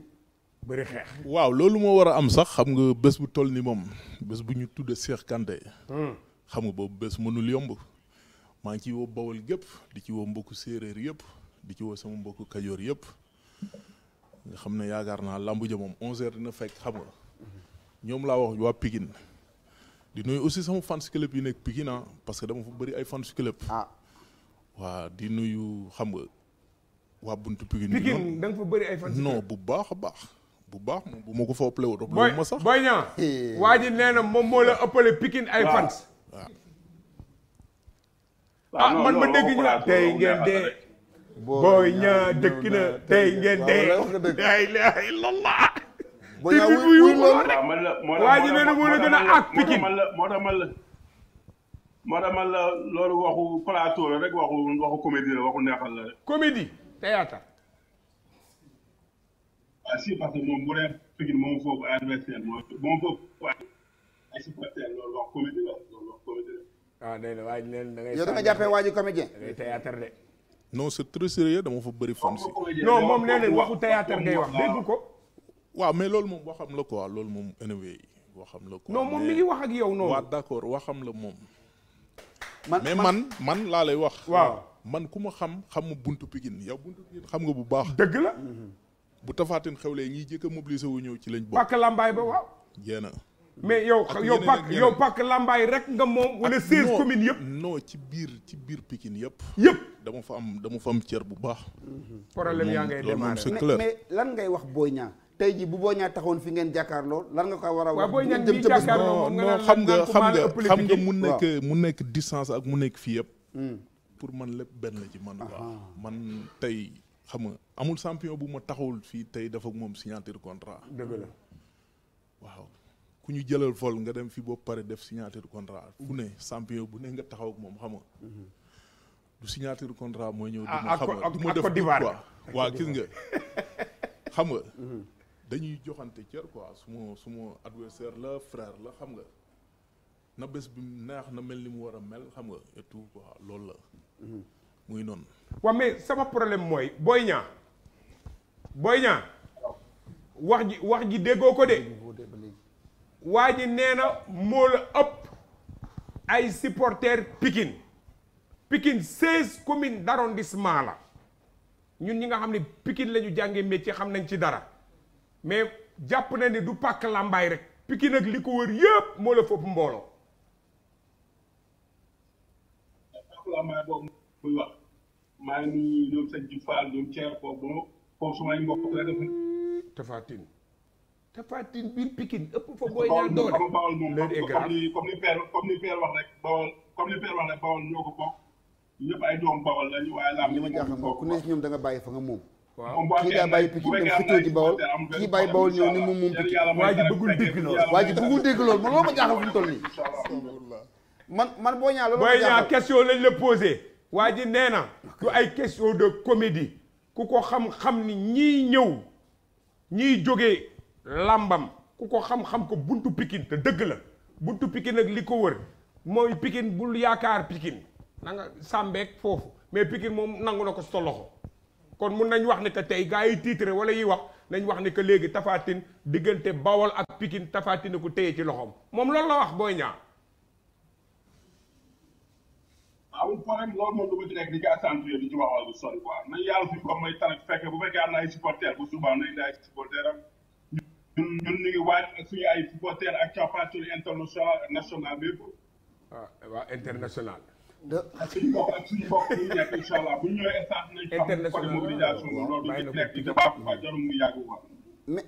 xeex. waaw loolu moo war a am sax xam nga bés bu toll ni moom bés bu ñu tudd Cheikh Kanté. Hmm. xam nga boobu bés mënul yomb. maa ngi ci woo Bawol gépp di ci woo mbokk séeréer yëpp di ci woo sama mbokku kajoor yëpp nga xam ne yaakaar naa lambu ja moom 11h dina fekk xam nga. ñoom laa wax waa Pikine di nuyu aussi sama fans club yi nekk Pikine ah parce que dama fa bëri ay fans club. ah waa di nuyu xam nga waa buntu Pikine. Pikine da nga fa bëri ay bu baax a baax. bu baax moom bu ma ko fa ëppale wut. booy booy ñaa waa ji moom moo la ëppale Pikine ay fans. ah man ma dégg ñu la tey ngeen dee. booy ñaa dëkk tey ngeen dee. ay la lalla boo ñaaw wuy wuy waa ji nee na moo la gën a ak pikin moo tax man la moo tax man la loolu waxu plateau rek waxu waxu comédie waxu neexal rek. comédie théâtre. ah si parce que moom bu dee pikin moom foofu ay wax ah, de. non c'est très sérieux dama fa bëri fan non moom nee waxu théâtre ngay wax dégg ko. waaw mais loolu moom waxam la quoi loolu moom anyway waxam la quoi. non moom mi ngi wax ak yow noonu. waaw d'accord xam la moom. man mais man man laa lay wax. waaw man ku ma xam xam ma buntu Pikine yow buntu Pikine xam nga bu baax. dëgg la. bu tafaatin xewlee ñiy jëkk a mobiliser wu ñëw ci lañ bokk. pàkk lambaay ba waaw. jéem mais yow yow pàkk yow pàkk lambaay rek nga moom. wala seize communes yëpp non ci biir ci biir pikin yëpp. yëpp dama fa am dama fa am cër bu baax. problème yaa ngay démarrer mais lan ngay wax Boy Niang tey jii bu boo ñaa taxawoon fi ngeen jàkkaarloo lan nga ko war a wax a ca bés non xam nga xam nga xam nga mu nekk mu nekk distance ak mu nekk fii yëpp mm. pour man lépp benn la ci man waaw man tey xam nga amul champion bu ma taxawul fii tey dafa moom signature contrat dëgg waaw ku ñu jëlal vol nga dem fi boo pare def signature contrat fu ne champion bu ne nga taxaw moom xam nga mm-hmm. du signature contrat mooy ñëw du ah, ma xam nga du ma def quoi gis nga xam mm-hmm. nga dañuy joxante cër quoi suma suma adversaire la frair la xam nga na bés bi neex na mel ni mu war a mel xam nga et loolu la. Mhm. muy noonu. waaw mais sama problème mooy Boy Niang Boy Niang wax ji wax ji déggoo ko de. waa ji nee na moo la ëpp ay supporters Pikine Pikine seize communes d'arrondissement la ñun ñi nga xam ne Pikine la ñu jàngee métier xam nañ ci dara. mais jàpp na ni du pàkk làmbaay rek Pikine nag li ko wër yëpp moo la fopp mbooloo pàkk làmbaay boobu muy wax maa ngi nuyu ñoom sëñ Diouf Fall ñoom Thier foofu bo foofu sumay biir Pikine ëpp fa booy ñaan doole comme ni wax rek bawol comme ni père wax rek bawol ñoo waaye laam li ma jaaxal ku ne si ñoom da nga bàyyi fa moom moom bu kii daa bàyyi Pikine dem fitoo ji Bawol kii bàyyi Bawol ñëw ni moom moom Pikine waa ji bëggul dégg lool waa ji bëggul dégg lool man loolu ma jaaxal fu mu toll nii man man boo ñaa loolu booy ñaa question lañ la posé waa ji nee na du ay question de comédie ku ko xam-xam ni ñii ñëw ñiy jóge làmbam ku ko xam-xam ko buntu Pikine te dëgg la buntu Pikine ak li ko wër mooy Pikine bul yaakaar Pikine na nga sàmbeek foofu mais Pikine moom nangu na ko sa loxo kon mun nañ wax ne que tey gars yi titre wala yi wax nañ wax ne que léegi tafaatin diggante bawol ak pikin tafaatin ku téye ci loxoom moom loolu la wax booy ñaar. amul problème loolu moom du ma ci nekk di ci accentuer di ci wax wala du sori quoi nañ yàlla suñu ko may tamit fekke bu fekkee am na ay supporters bu subaa nañ daay supporter ñun ñun ñu ak suñu ay supporters ak capacité international national bépp. Ah, waaw waaw international. parce que ñu ak suñu mbokk yi nekk incha allah bu ñu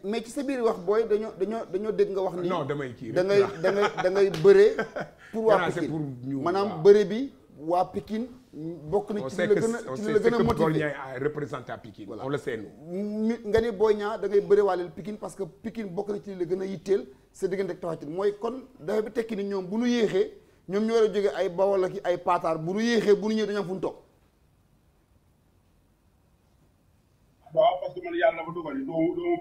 mais ci sa biir wax booy dañoo dañoo dañoo dégg nga wax ni. non damay kii da ngay da ngay da ngay bëree. pour waa Pikine maanaam bëre bi waa Pikine. bokk na ci la gën a ci la nga ni Boy Niang da ngay bëre waaleel Pikine parce que Pikine bokk na ci la gën a yitteel sa diggante ak Tapha mooy kon dafa bi tekki ni ñoom bu ñu yéexee ñoom ñu war ay bawol ak ay paataar bu nu bu nu ñëwee fu ñu toog. yàlla dafa dogal ni doomu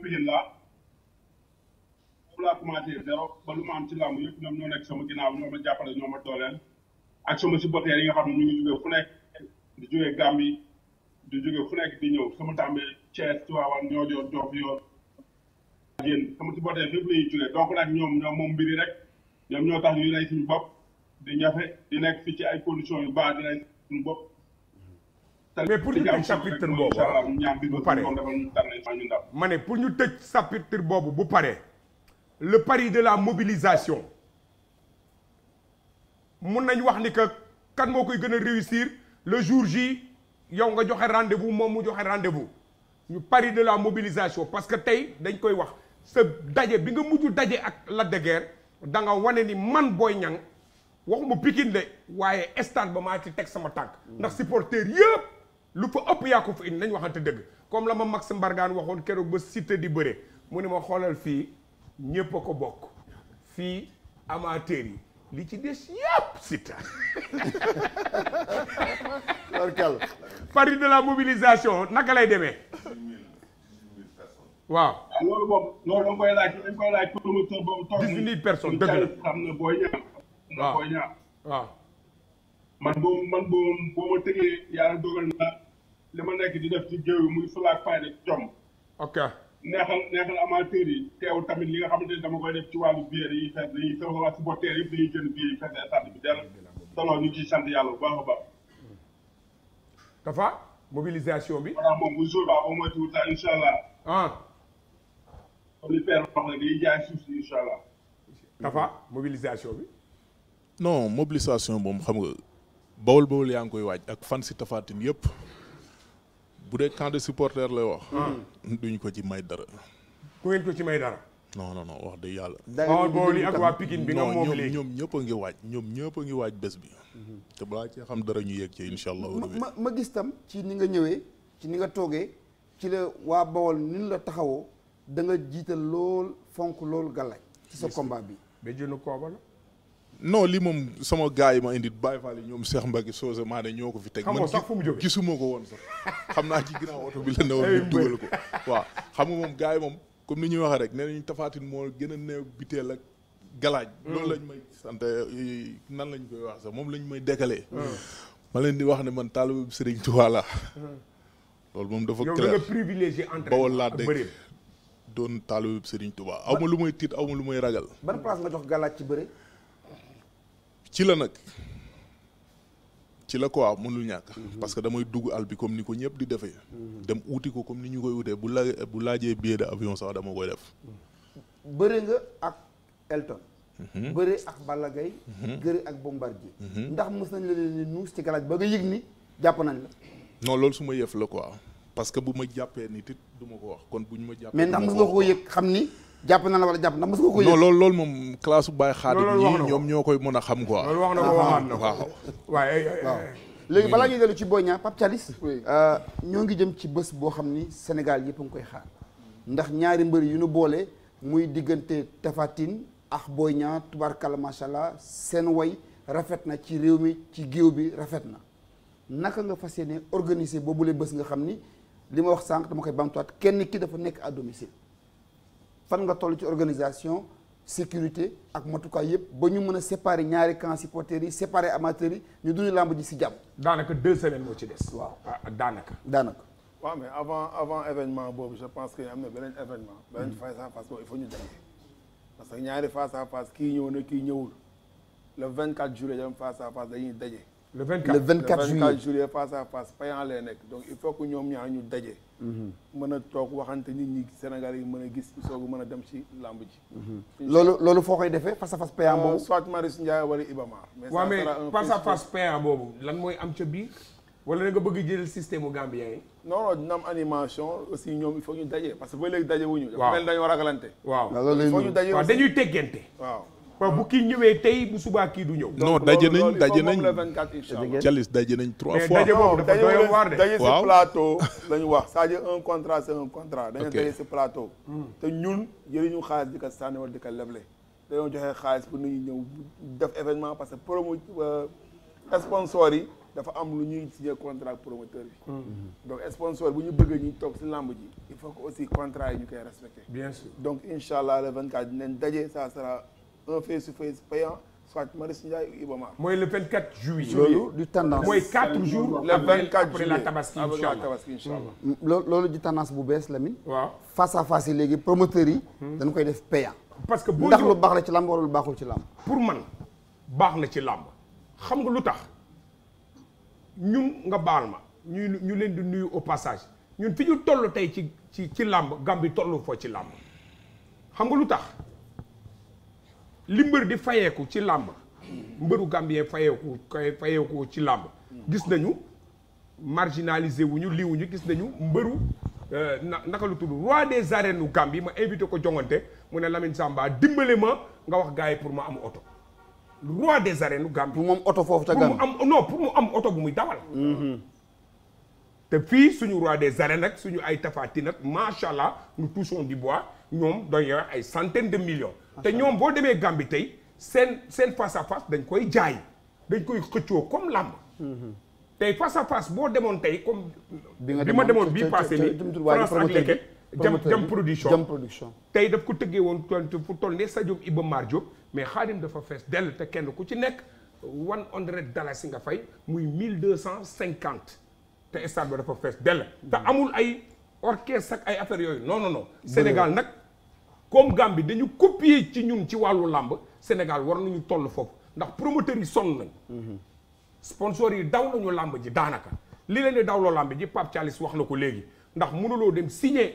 ma am ci làmb yëpp ñoom ñoo nekk sama ginnaaw ñoo ma jàppale ñoo ma dooleel ak yi nga xam ne ñu ngi jógee fu nekk di di jógee fu nekk di ñëw sama tàmbee Thiès Tivaouane ñoo joor jox yoon. ak yéen sama supporters fépp la rek ñoom ñoo tax ñuy rey suñu bopp. di ñafe di nekk fii ci ay conditions yu baax di nekk suñu bopp. mais pour ñu tëj chapitre boobu bu pare ma ne pour ñu tëj chapitre boobu bu pare le pari de la mobilisation mun nañ wax ni que kan moo koy gën a réussir le jour J yow nga joxe rendez-vous moom mu joxe rendez-vous ñu pari de la mobilisation parce que tey dañ koy wax sa daje bi nga mujj daje ak la de danga wane ni man booy Niang waxuma Pikine de waaye stade ba maa ci teg sama tànk ndax supporter yëpp lu fa ëpp yaa ko fa indi nañ waxante dëgg comme la ma Max Mbargaan waxoon keroog ba Cité di bëre mu ne ma xoolal fii ñépp a ko bokk fii amateur yi li ci des yëpp Cité barkal de la mobilisation naka lay demee waaw loolu moom loolu mille personnes dëgg la waaw Boy Niang waaw man boom man boobu boo ma tëggee yàlla dogal na li ma nekk di def ci géew yi muy fulaak fayda jom ok neexal neexal amateur yi teew tamit li nga xamante ni dama koy def ci wàllu biir yi fet dañuy sama yi fet stade bi dell solo ñu ciy sant yàlla bu baax a baax dafa mobilisation bi voilà moom bu jour baa boo mooy tuur sax incha allah ah comme li père wax na day jaay suuf si incha allah dafa mobilisation bi non mobilisation moom xam nga bawol bawol yaa ngi koy waaj ak fan si tafaatin yëpp bu dee camp de supporter lay wax. Ah. duñ ko ci may dara. ku ngeen ko ci may dara. non non non wax dëgg yàlla. bawol bawol yi ak waa Pikine bi nga moom léegi ñoom ñëpp ngi waaj ñoom ñëpp a ngi waaj bés bi. Mhm. te balaa cee xam dara ñu yegg ci incha allah. ma gis tam ci ni nga ñëwee ci ni nga toogee ci la waa bawol ni la taxawoo danga jiital lool fonk loolu gàllaaj ci sa combat bi. ba jënd kooba non li moom sama gars yi ma indi Baye Fall ñoom Cheikh Mbacke Soose maa ne ñoo ko fi teg. xam nga sax fu mu jógee man gisuma ko woon sax xam naa ci ginaa oto bi la newoon ñu dugal ko. waaw xam nga moom gars yi moom comme ni ñuy waxee rek nee nañu tafaatin moo gën a néew biteel ak galaaj. Mm. loolu lañ may sant nan lañ koy wax sax moom lañ may décaler. Mm. ma leen di wax ne man taalibu Serigne Touba la. Mm. loolu moom dafa clair yow da nga privilégié bawol laa dégg doon taalibu Serigne Touba aw ma lu may tiit aw lu may ragal. ban place nga jox galaaj ci bëre. ci la nag ci la ko quoi mënul ñàkk. Mhm. parce que damay dugg àll bi comme ni ko ñëpp di defee. Mhm. dem uuti ko comme ni ñu koy utee bu la bu laajee billet d'avion sax dama koy def. Mhm. bëre nga ak Elton. bëre ak Balla Gaye ak Bombardier ndax mos nañ la leen di nuus ci galaaj ba nga yëg ni jàpp nañ la. non loolu su ma yëf la ko parce que bu ma jàppee nit it du ko wax kon bu ñu ma jàppee. mais ndax mos nga ko yëg xam ni. jàpp na la wala jàpp na mos nga ko yëg. non loolu loolu moom classe bu Baye Xaadim ñii ñoom ñoo koy mën a xam quoi. loolu wax na ko waxaat na waaw. waaye eh, eh, waaw. Eh. léegi balaa ñuy dellu ci Boy Niang Pape Thialis. Euh, ñoo ngi jëm ci bés boo xam ni Sénégal yëpp a koy xaar. ndax ñaari mbër yu ñu boole muy diggante Tapha Tine ak Boy tubaar tubaarkalla macha allah seen way rafet na ci réew mi ci géew bi rafet na. naka nga fas yéene organiser boobu boobule bés nga xam ni li ma wax sànq dama koy bamtuwaat kenn ki dafa nekk à fan nga toll ci organisation sécurité ak matukaay yëpp ba ñu mën a séparer ñaari camp supporters yi séparer amateurs yi ñu duñu làmb ji si jàmm. daanaka deux semaines moo ci des. waaw ah, ah, daanaka. daanaka. waaw mais avant avant événement boobu je pense que am ne beneen événement. beneen hmm. face à face boobu il faut ñu daje. parce que ñaari face à face kii ñëw na kii ñëwul le 24 juillet yam face à face dañuy daje. le 24 le 24 juillet le 24 juillet face à face payant lay nekk donc il faut que ñoom ñaar ñu daje. Mm-hmm. mën a toog waxante nit ñi Sénégal yi mën a gis soogu mën a dem ci làmb ji. Mm-hmm. loolu loolu foo koy defee face à face payant boobu. Euh, soit Marius Ndiaye wala Ibamar. mais ça mais face à face payant boobu lan mooy am ca biir. wala da nga bëgg jël système mu Gambien yi. non non animation aussi ñoom il faut ñu daje parce que ba léegi daje wuñu. waaw dafa mel dañoo ragalante. waaw loolu la ñuy dañuy teggante. waaw. waaw bu kii ñëwee tey bu subaa kii du ñëw. non daje nañ daje nañ daje nañ trois fois. daje boobu dafa doyoon waar de daje si plateau. la ñu wax c'est-à-dire un contrat c'est un contrat. dañu daje si plateau. Hmm. te ñun jëriñu xaalis di ko sànni wala di ko leble. dañoo joxe xaalis bu nit ñi ñëw def événement parce que promo euh, sponsor yi dafa am lu ñuy signé contrat promoteur yi hmm. hmm. donc sponsor bu ñu bëggee ñu toog si lamb ji. il faut que aussi contrat yi ñu koy respecté. bien donc incha allah le 24 neen daje ça sera. un face-to-face payant soit Marius Ndiaye ou Iba Mar. mooy le 24 juillet. loolu du tendance mooy 4 jours. le 24 juillet la tabaski incha allah loolu loolu di tendance bu bees la mi. waaw face à léegi promoteurs yi. Mm. dañu koy def payant. parce que boo ndax lu baax la ci làmb wala lu baaxul ci làmb. pour man baax na ci làmb xam nga lu tax ñun nga baal ma ñuy ñu leen di nuyu au passage ñun fi ñu toll tey ci ci ci làmb Gambie tollu foo ci làmb xam nga lu tax. li mbër di fayeeku ci làmb mbëru Gambien fayeeku fayeeku ci làmb gis nañu wu ñu lii ñu gis nañu mbëru euh, na naka lu tudd roi des arènes u Gambie ma invité ko jongante mu ne lamit Samba dimbale ma nga wax gars yi pour ma am oto roi des arènes nu Gambie pour mu am oto foofu ta Gambie pour mu am non pour mu am oto bu muy dawal mm-hmm. te fii suñu roi des arènes nag suñu ay tafaati nag macha allah nous touchons du bois ñoom doy ay centaines de millions te ñoom boo demee Gambie tey seen seen face à face dañ koy jaay dañ koy xëccoo comme làmb mm-hmm. tey face à face boo demoon tey comme bi ma demoon bii passé ni France ak leket jam jam production tey daf ko tëggee woon tont fu toll ne Sadio Iba Mar Diop mais xaadim dafa fees dell te kenn ku ci nekk one hundred dollars si nga fay muy mille deux cent cinquante te stade ba dafa fees dell te mm-hmm. amul ay orchestre ak ay affaires yooyu noonu non non Sénégal nag comme Gambie dañu copier ci ñun ci wàllu làmb Sénégal war nañu toll foofu ndax promoteurs yi sonn nañ mhm. sponsors yi daw nañu làmb ji daanaka li leen di dawloo làmb ji Pape Thialis wax na ko léegi ndax mënuloo dem signe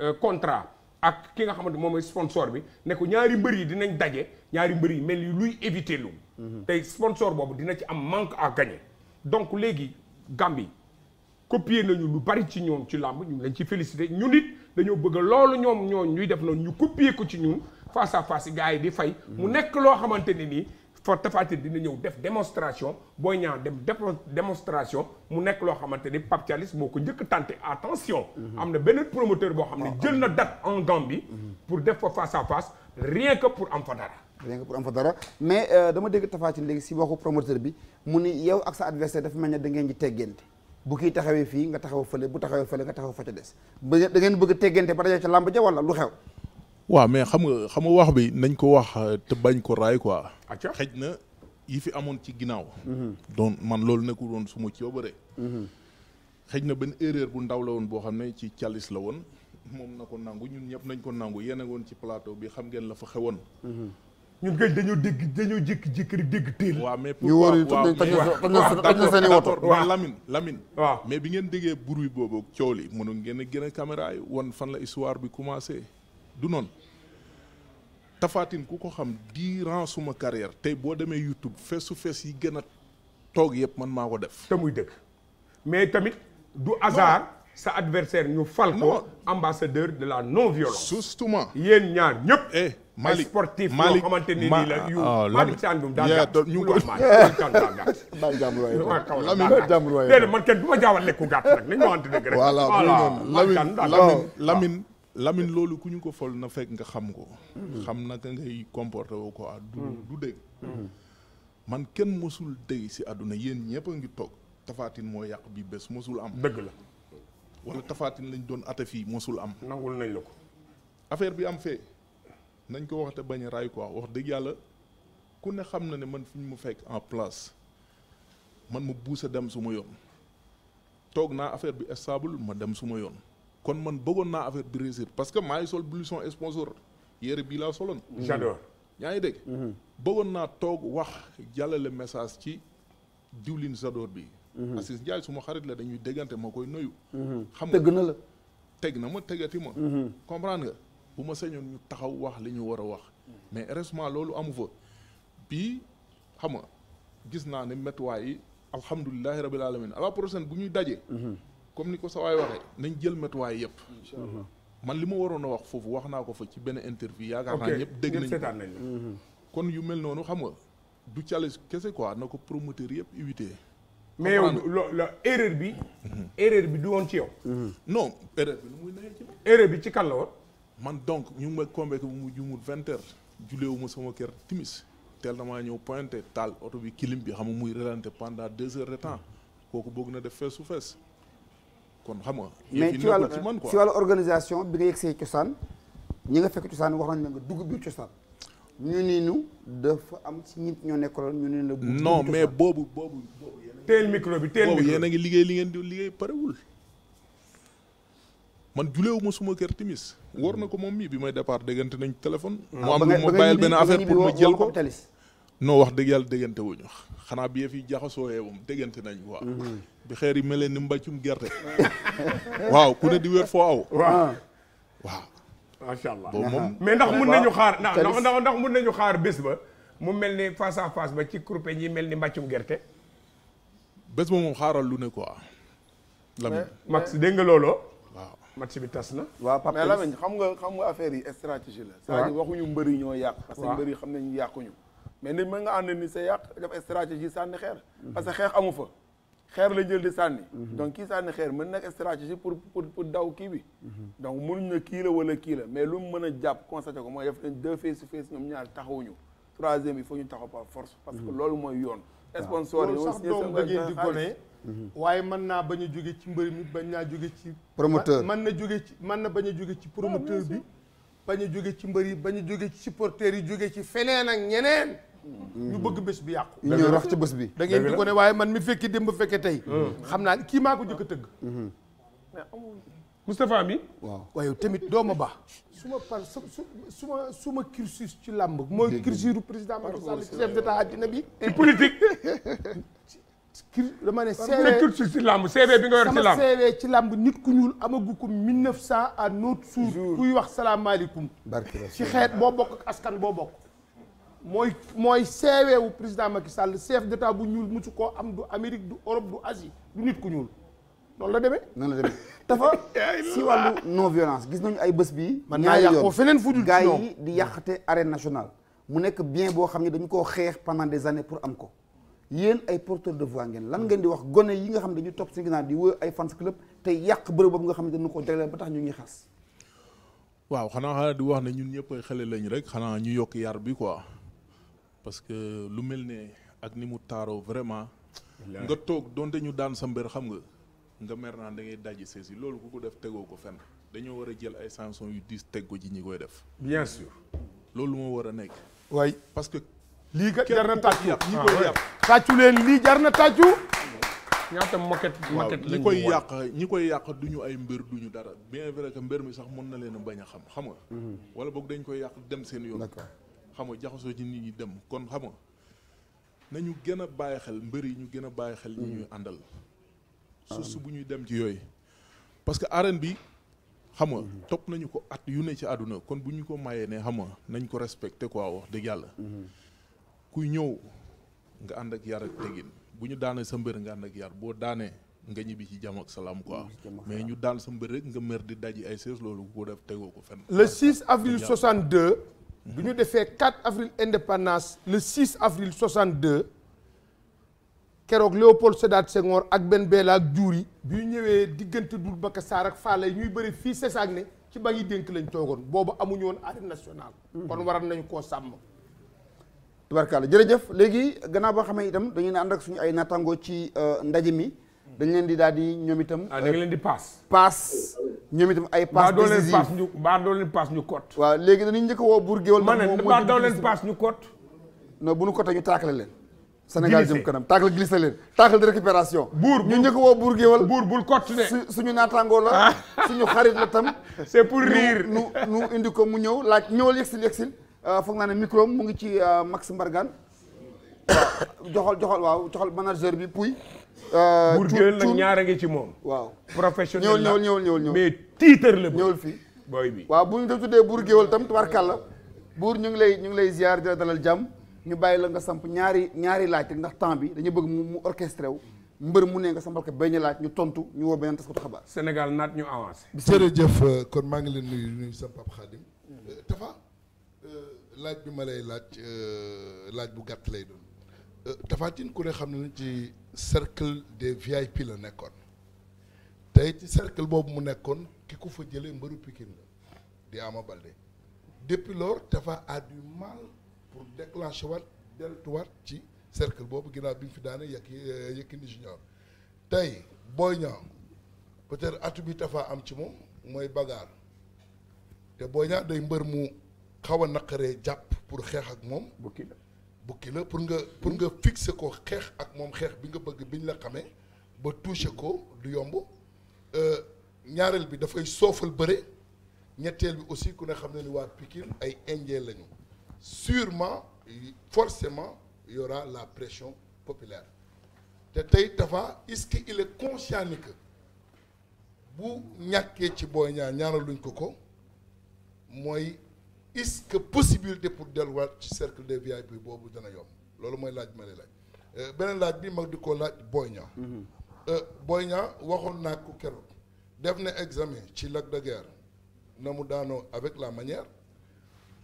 euh, contrat ak ki nga xamante moom mooy sponsor bi ne ñaari mbër yi dinañ daje ñaari mbër yi mel yi luy éviter lu mhm. te sponsor boobu dina ci am manque à gagner donc léegi Gambie copier nañu lu bari ci ñoom ci làmb ñu lañ ci féliciter ñu it dañoo bëgg loolu ñoom ñoo ñuy def noonu ñu copier ko ci ñun face à face gars yi di fay. mu nekk loo xamante ne nii fa tafaati dina ñëw def démonstration booy ñaan dem démonstration mu nekk loo xamante ni Pape Thialis moo ko njëkk tenté attention. Mhm. am na benn promoteur boo xam ne ah, jël ah. na date en Gambie. Mhm. pour def fa face à face rien que pour am fa dara. rien que pour am fa dara mais euh, dama dégg Tapha Tine léegi si waxu promoteur bi mu ni yow ak sa adversaire dafa mel ne da ngeen di teggante. bu kii taxawee fii nga taxaw fële bu taxawee fële nga taxaw fa ca des bëgg da ngeen bëgg a teggante ba dajee ca làmb ja waaw mais xam nga xam nga wax bi nañ ko wax euh, te bañ ko raay quoi xëj na yi fi amoon ci ginnaaw mhm. donc man loolu nekkul woon su ma coobare mhm. xëj na benn erreur bu ndaw la woon boo xam ne ci calis la woon moom na ko nangu ñun ñëpp nañ ko nangu yéen woon ci plateau bi xam ngeen la fa xewoon mhm. ñu kay dañoo dégg dañoo jikk jékki rek dégg teel. waaw mais pourquoi waaw waaw mais waaw Lamine Lamine. waaw mais bi ngeen déggee bruit boobu coow li mënoon ngeen a gën a caméra yi wan fan la histoire bi commencé du noon tafaatin ku ko xam durant suma carrière tey boo demee YouTube face to yi gën a toog yëpp man maa ko def. te muy dëkk mais tamit du hasard. sa adversaire ñu fal ko ambassadeur de la non violence. justement yéen ñaar ñëpp. eh Malick sportif yoo xamante ne nii la yu. Ah, Malick Thiandoum ñu ko Malick Thiandoum daan gàtt. loolu ku ñu ko fol na fekk nga xam ko. xam naka ngay comporté woo ko ah, du mm. du dégg. Mm. man kenn mosul dégg si àdduna yéen ñëpp ngi toog Tapha moo yàq bi bés mosul am. dëgg la. wala tafaatin lañ doon ate fii mosul am. nangul nañ la ko. affaire bi am fee nañ ko wax te bañ a raay quoi wax dëgg yàlla ku ne xam na ne man fi ñu mu fekk en place man mu buusa dem su ma yoon toog naa affaire bi stable ma dem su ma yoon kon man bëggoon naa affaire bi réussir parce que maa ngi sol blouson sponsor yére bii laa soloon. j'adore yaa ngi dégg. Mhm. bëggoon naa toog wax jàllale message ci diwlin j'adore bi. Mm-hmm. Assis Ndiaye suma xarit la dañuy déggante ma koy nuyu. Mm-hmm. xam nga teg na la. teg na ma tegati ma. Mm-hmm. comprendre nga bu ma señoon ñu taxaw wax li ñu war a wax. mais heureusement loolu amu fa bii xam nga gis naa ne métuwaay yi alhamdulilahi rabil alamin à la prochaine bu ñuy dajee. comme ni ko sa waay nañ jël métuwaay yëpp. man li ma waroon a wax foofu wax naa ko fa ci benn interview yaakaar naa ñëpp dégg nañ kon yu mel noonu xam nga du challenge kese quoi na ko promoteur yëpp éviter. mais yow la erreur bi. erreur bi du woon ci yow. non erreur bi ci. erreur kan la woon. man donc ñu ngi may convaincre bu mu jumul vingt heures. julleewu ma sama kër timis teel na maa ñëw pointé taal oto bi kilim bi xam nga muy ralante pendant deux heures de temps kooku bëgg na def fees su fees kon xam nga. mais ci wàllu ci wàllu organisation bi nga yegg see cosaan ñi nga fekk cosaan wax nañ la nga dugg biir cosaan. ñu ni ñu dafa am ci nit ñoo nekkaloon ñu ne la. non mais boobu boobu. teel micro bi teel yéen ngi liggéey li ngeen di liggéey parewul man juleewu ma suma kër timis wóor na ko moom mii bi may départ déggante nañ téléphone ah, mu am lu ma bàyyil benn affaire pour ma jël ko non wax dëgg yàlla déggante wuñu xanaa bi yëf yi jaxasooyee moom déggante nañ quoi mm-hmm. bi xeer yi meleen ni mbàccum gerte waaw ku ne di wér foo aw waaw waaw allah boobu moom mais ndax mun nañu xaar ndax ndax mun nañu xaar bés ba mu mel ni face à face ba ci croupe ñi mel ni mbàccum gerte bés ba moom xaaral lu ne quoi. Lamine Max dégg nga looloo. waaw match bi tas na. waaw Pape mais Lamine xam nga xam nga affaire yi stratégie la. c'est-à-dire waxuñu mbër ñoo yàq. parce que mbër yi xam nañu ñu mais nit mën nga ànd ni sa yàq def stratégie sànni xeer. xeex amu fa. xeer la jël di sànni. Mhm. donc kii sànni xeer mën nag stratégie pour pour pour daw kii bi. Mhm. donc mënuñ na kii la wala kii la mais lu mu mën a jàpp constaté ko mooy def nañ deux face face ñoom ñaar taxawuñu troisième il faut ñu taxaw par force. parce que mhm. loolu mooy yoon. sponsor yi sax doom bëggee di gone waaye mën naa bañ a jógee ci mbër mi bañ naa jóge ci promoteur mën na jóge ci na bañ a jóge ci promoteur bi bañ a jóge ci mbër yi bañ a jóge ci supporters yi jóge ci feneen ak ñeneen mm-hmm. ñu bëgg bés bi yàqu ñëw rax ci bés bi da ngeen di gone waaye man mi dem ba fekkee tey mm. xam naa kii maa ko jëkk a tëgg mm-hmm. Moustapha mi waaye tamit dooma ba su ma par su su ma su ci làmb mooy cursus président Macky Sall chef àddina bi ci politique dama ne CV cursus làmb CV bi nga yor ci làmb ci làmb nit ku ñuul amagu ko mille neuf cent à notre jour kuy wax salaamaaleykum ci xeet boo bokk ak askan boo bokk mooy mooy CV président Macky Sall chef d'état bu ñuul musu ko am du Amérique du Europe du Asie du nit ku ñuul noonu la demee dafa si wàllu non violence gis nañu ay bés bi ñaari yoon feneen fu dul gars yi di yàqate arène nationale mu nekk bien boo xam ne dañu ko xeex pendant des pour am ko yéen ay porteur de voix ngeen lan ngeen di wax gone yi xam ne dañu topp si ginnaaw ay fans te yàq bërëb boobu nga xam ne dañu ko jagleel ba ñu ngi xas waaw xanaa xanaa di wax ne ñun ñëpp ay xale lañ rek xanaa ñu yokk yar bi quoi parce que lu mel ne ak ni mu taaroo vraiment nga toog donte ñu daan sa mbër xam nga nga mer naa da ngay dajji yi loolu ku ko def tegoo ko fen dañoo war a jël ay sanctions yu diis teg ko ci ñi koy def. bien loolu moo war a nekk. waaye parce que. lii kat jar na tàccu ñi ah, koy yàq tàccu leen lii jar na tàccu. ñaata moquette moquette ñi koy yàq ñi koy yàq du ñu ay mbër du ñu dara bien vrai mi sax mën na leen a bañ a xam xam nga. Mhm. wala boog dañ koy yàq dem seen yoon. xam nga jaxasoo ci nit ñi dem kon xama nga nañu gën a bàyyi xel mbër yi ñu gën a bàyyi xel. ñu mhm. ñuy àndal. source bu ñuy dem ci yooyu parce que arène bi xam nga mhm. topp nañu ko at yu ne ci àdduna kon bu ñu ko mayee ne xam nga nañ ko respecté quoi wax dëgg yàlla mhm. kuy ñëw nga ànd ak yar ak tegin bu ñu daanee sa mbër nga ànd ak yar boo daanee nga ñibbi ci jàmm ak salaam quoi mais ñu daan sa mbër rek nga mer di daji ay sees loolu ko def tegoo ko fenn le 6 avril 62 bu mhm. ñu defee 4 avril indépendance le 6 avril 62 keroog Léopold Sédar Senghor ak Ben Bella ak Diouri bi ñu ñëwee diggante Doudou Baka Sarr ak Faala yi ñuy bëri fii Sessagne ne ci ba yi dénk lañ toogoon boobu amuñu woon arène nationale hmm. kon waral nañu koo sàmm tubarkalla jërëjëf léegi gannaaw boo xamee itam dañu ne ànd ak suñu ay nattangoo ci euh, ndaje mi dañ leen di daal di ñoom itam ah, da nga leen di paas euh, paas ñoom itam ay paas décisive ñu baa doo leen paas ñu cote waaw léegi dañuy njëkk woo buur géwal ma ne baa doo leen ñu cote non bu ñu cote ñu taakale leen Sénégal jëm kanam tacle glissé leen tacle de récupération buur ñu njëkk woo buur géwal buur bul kott de suñu naataangoo la ah. suñu xarit la tam c'est pour rire nu nu indi ko mu ñëw laaj ñëwal yegsil yegsil euh, foog naa ne micro mu ngi ci euh, Max Mbargane waaw joxal joxal waaw joxal manager bi puy euh, buur géwal nag ñaara ngi ci moom waaw professionnel ñëwal ñëwal ñëwal ñëwal ñëw mais tiitar la ñëwal fii booy bi waaw bu ñu da tuddee buur géwal tam tubaarkàlla buur ñu ngi lay ñu ngi lay ziar di la dalal jàmm ñu bàyyi la nga samp ñaari ñaari laaj rek ndax temps bi dañu bëgg mu orchestré wu mbër mu ne nga sampal ko benn laaj ñu tontu ñu woo beneen taskatu xabaar. Sénégal naat ñu avancé. jërëjëf euh, kon maa ngi leen nuyu nuyu sa pap Xaadim. Euh, Tafa euh, laaj bi ma lay laaj laaj bu gàtt lay doon Tapha Tine ku ne xam ci cercle de VIP la nekkoon tey ci cercle boobu mu nekkoon ki ko fa jëlee mbëru pikin la di Ama Baldé depuis lors Tapha a du mal. pour déclencher waat deltuwaat ci cercle boobu ginnaaw bi ñu fi daane yekk euh, Yékini Junior tey Boy Niang peut-être atu bi tafaa am ci moom mooy bagaar te Boy Niang mbër mu xaw a naqaree jàpp pour xeex ak moom bukki la pour nga pour nga fixer ko xeex ak moom xeex bi nga bëgg biñ la xamee ba toucher ko du yomb euh, ñaareel bi dafay soofal bëre ñetteel bi aussi ku ne xam ne ni waa Pikine ay indien lañu sûrement forcément il y la pression populaire te tey Tapha est-ce que il est conscient ni que bu ñàkkee ci Boy Niang luñ ko ko mooy est-ce que possibilité pour delluwaat ci cercle de VIP bi boobu dana yomb loolu mooy laaj ma lay laaj euh, beneen laaj bi mag di ko laaj Boy Niang mm-hmm. euh, Boy Niang waxoon naa ko keroog def na examen ci Lac de Guiers na mu daanoo avec la manière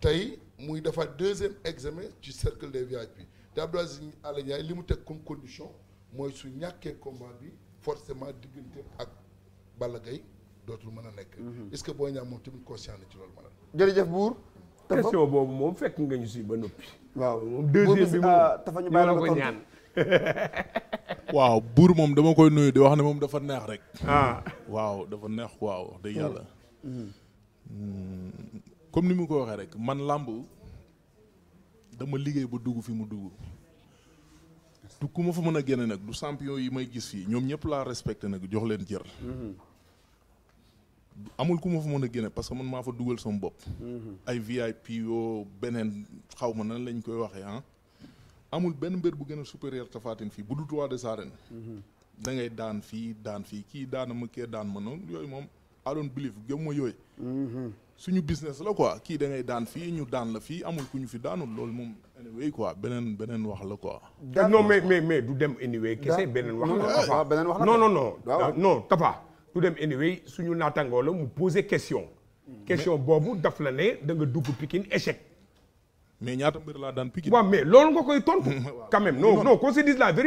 tey muy defar deuxième examen ci cercle des VIP te Abdou Aziz Alla Ndiaye li mu teg comme condition mooy su ñàkkee combat bi forcément diggante ak Balla Gaye dootul mën a nekk. Mhm. est-ce que Boy Niang moom tamit conscient na ci loolu ma jërëjëf Buur. boobu moom fekk nga ñu si ba noppi. waaw moom ah, tafa ñu bàyyi la ko ñaan. waaw buur moom dama koy nuyu di wax ne moom dafa neex rek. Ah. waaw dafa neex waaw wax dëgg yàlla. Mm. Mm. comme ni mu ko waxee rek man làmb dama liggéey ba dugg fi mu dugg du ku ma fa mën a génne nag du champion yi may gis fii ñoom ñëpp laa respecté nag jox leen jër mhm. amul ku ma fa mën a génne parce que man maa fa dugal sama bopp mhm. ay VIP beneen xaw ma nan lañ koy waxee ah. amul benn mbir bu gën a supérieur Tapha fii bu du roi des arènes mhm. da ngay daan fii daan fii kii daana ma kee daan ma noonu yooyu moom I believe gëm yooyu suñu business la quoi kii da ngay daan fii ñu daan la fii amul ku ñu fi daanul loolu moom anyway quoi beneen beneen wax la quoi. non mais mais mais du dem anyway. kese beneen wax la Tafa beneen wax la non non non. du dem anyway suñu naatangoo la mu poser question. Mm. question boobu daf la ne da nga dugg Pikine échec. mais ñaata mbir laa daan Pikine. waaw mais loolu nga koy tontu. quand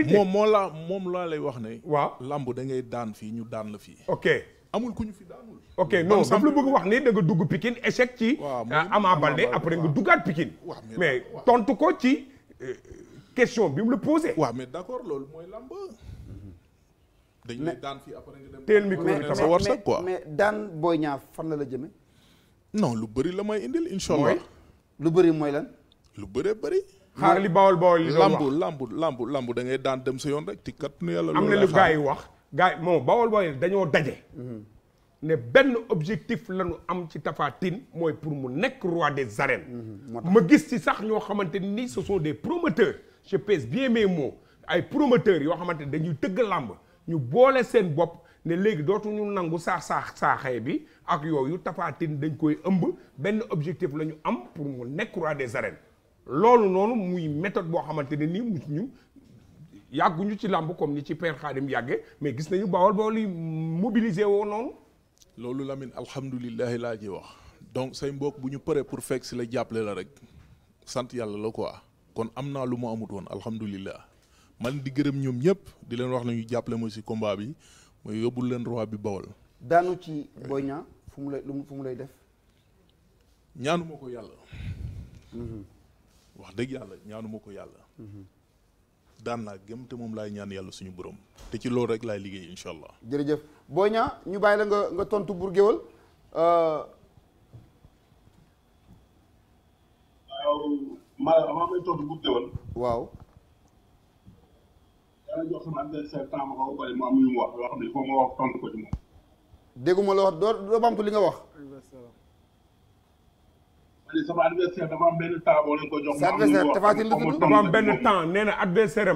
moom moo la moom laa lay wax ne. waaw lamb da ngay daan fii ñu daan la fii. ok. amul ku ñu fi daanul. ok non daf la bëgg wax ni da nga dugg Pikine échec ci. Euh, Ama Baldé après nga duggaat Pikine. mais tontu ko ci euh, question bi mu la posé. waaw mais d'accord loolu mooy làmb. ne daan fii après nga teel micro bi sa war sax quoi daan booy ñaa fan la la jëme non lu bëri la may indil incha lu bëri mooy lan. lu bëree bëri. xaar li bawol bawol li lambu lambu lambu lambu da ngay daan dem sa yoon rek ti kat nu yàlla. am na lu gars yi wax. gars yi moom bawol booy dañoo daje. ne benn objectif la ñu am ci Tapha mooy pour mu nekk roi des arènes. Mhm, ma gis ci sax ñoo xamante ni ce sont des promoteurs je pèse bien mes ay promoteurs yoo xamante ne dañuy tëgg làmb ñu boole seen bopp ne léegi dootuñu nangu saax saax saaxee bi ak yooyu Tapha dañ koy ëmb benn objectif la ñu am pour mu nekk roi des arènes. loolu noonu muy méthode boo xamante ne nii mu ñu yàgguñu ci làmb comme ni ci père Khadim yàgge mais gis nañu bawol bawol yi mobilisé woo noonu loolu Lamine alhamdulilahi laa ji wax donc say mbokk bu ñu paree pour fekk si la jàppale la rek sant yàlla la ko ah kon am naa lu mu amut woon alhamdulilah man di gërëm ñoom ñëpp di leen wax nañu jàppale ma si kombaa bi mooy yóbbul leen roi bi bawol daanu ci Boy fu mu lay fu mu lay def ñaanuma ko yàlla mhm. wax dëgg yàlla ñaanuma ko yàlla mhm. daan naa gëm te moom lay ñaan yàlla suñu borom te ci loolu rek laay liggéey incha allah. jërëjëf boo ñaa ñu bàyyi la nga nga tontu Bour Guéweul. maanaam waaw. dégguma la wax doo doo li nga wax. sama adversaire dafa am benn temps boo leen ko dafa am benn temps nee na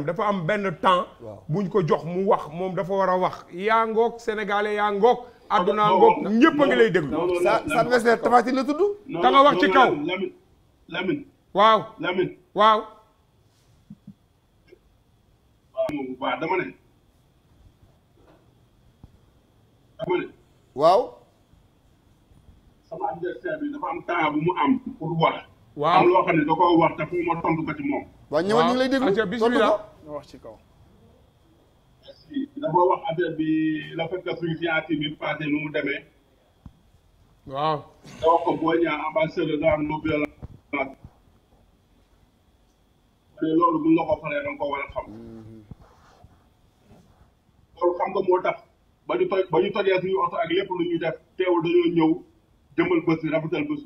dafa am benn temps. buñ ko jox mu wax moom dafa war a wax. yaa ngoog sénégalais yaa ngoog. adduna ngoog ñëpp a ngi lay déglu. sa sa adversaire Tapha la tudd. da nga wax ci kaw Lamine waaw. sama adversaire bi dafa am temps bu mu am pour wax. waaw am loo xam ne da koo wax te fu ma tontu ko ci moom. waaw ñëwal ñu ngi lay déglu bismillah wax ci kaw. merci dafa wax affaire bi la fekk suñu science bi passé nu mu demee. waaw. da wax ko booy ñaa ambassadeur de non violence. te loolu bu ñu la ko paree da nga ko war a xam. Mm-hmm. loolu xam nga moo tax ba ñu toj ba ñu tojee suñu oto ak lépp lu ñuy def teewul dañoo ñëw. jëmal bës bi rafetal bës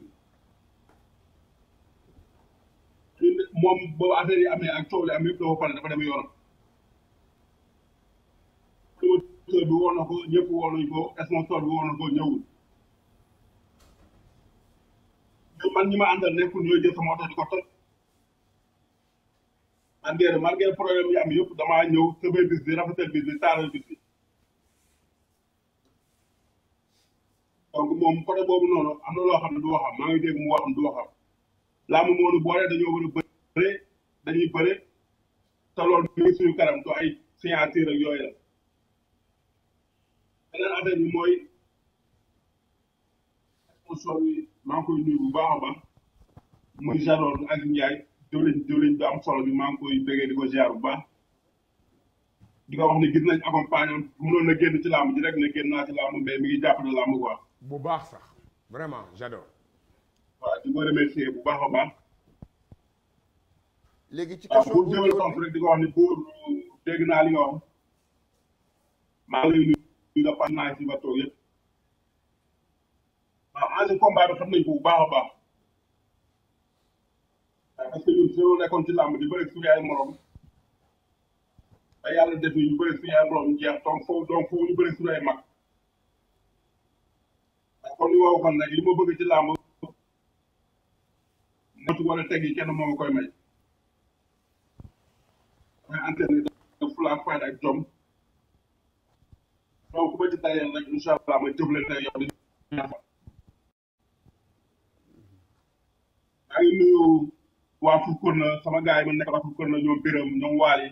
bi moom boobu affaire yi amee ak coow li pare dafa dem yoonam. promoteur bi woo ko ñëpp woo nañu ko sponsor bi woo na ko ñëwul. man ñi ma àndal nekkul ñooy jël sama oto di ko toj. man de malgré problème yi am damaa ñëw sëbëy bis bi rafetal bis bi taaral bis bi. donc moom côté boobu noonu am na loo xam ne du waxam maa ngi dégg mu waxam du waxam laa ma moonu boole dañoo war a bëre dañuy bëre te loolu mi ngi suñu kanam mooy sponsor bi maa ngi koy nuyu bu baax a baax muy Jador ak Ndiaye diwlin diwlin bi am solo maa ngi koy bëggee di bu baax di ko wax ne gis nañ accompagnement mënoon na génn ci làmb ji rek ne génn naa ci làmb mais mi ngi jàpp na làmb quoi bu baax sax vraiment j'adore. waaw di ko remercier bu baax a baax. ci question boobu waaw pour di ko ni pour dégg naa li nga wax maa ngi lay di la partenaire si ba toog yëpp. waaw ah, enjeu combat bi xam nañ ko bu baax a baax. Ah, parce que ñun suñu nekkoon ci làmb di bëri suñu ay morom. ba yàlla def ni ñu bëri suñu ay morom jeex donc foofu donc foofu ñu bëri suñu ay mag. comme li ma waxoon nag li ma bëgg ci làmb natu wala teg yi kenn moo koy may damay entraîné da fulla ak fayda ak jom donc ba ci tayal rek incha allah ma jëflante ak yow di ñaar fa maa ngi nuyu waa Foukourna sama gars yi ma nekk waa Foukourna ñoom Biram ñoom Waly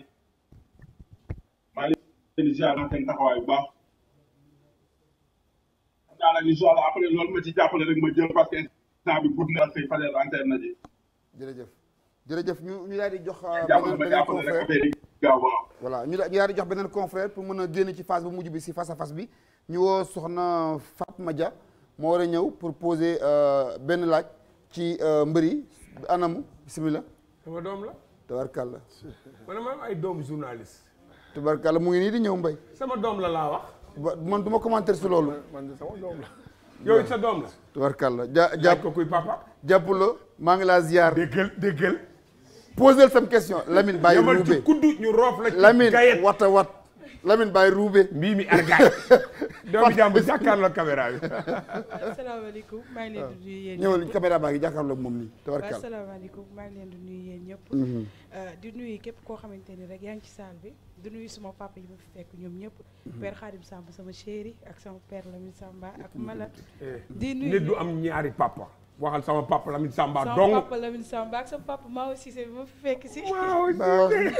maa ngi leen di ziar seen taxawaay bu baax taala incha allah après loolu ma jërëjëf ñu ñu daal di jox. Euh, beneen confrère ñu daal di jox beneen confrère pour mën a génn ci phase bu mujj bi si face à bi ñu woo soxna Fatma maja moo war a ñëw pour poser euh, benn laaj ci euh, mbër yi anamu simila sama doom la. tabarkalla. man ma am ay doom journaliste. tabarkalla mu ngi nii di ñëw mbay. sama doom la laa wax. man duma ma commentaire loolu. man de sama doom la. yow it sa doom la. tubarkalla ja jàpp ko kuy papa. jàppuloo maa ngi laa ziar. déggal déggal. posel sam question Lamine bàyyi ruubee. yamal kuddu ñu roof la ci wata wat. Lamine Baye Roubé. mbii mi argaay. doomu jàmbur jàkkaarloog caméra bi. asalaamaaleykum maa ngi leen di nuyu yéen ñëpp ñëwal caméra baa ngi jàkkaarloog moom nii. tabarkaal waaw asalaamaaleykum maa ngi leen di nuyu yéen ñëpp. Mhm. Euh, di nuyu képp koo xamante ni rek yaa ngi ci salle bi. di nuyu suma papa yi ma fi fekk ñoom ñëpp. Mhm. père Khadim Samba sama chéri ak sama père Lamine Samba ak Mala. Eh, di nuyu nit du am ñaari papa. waxal sama papa Lamine Samba dong sama papa Lamine Samba ak sama papa Maodo Cissé bi ma fi fekk si. Maodo Cissé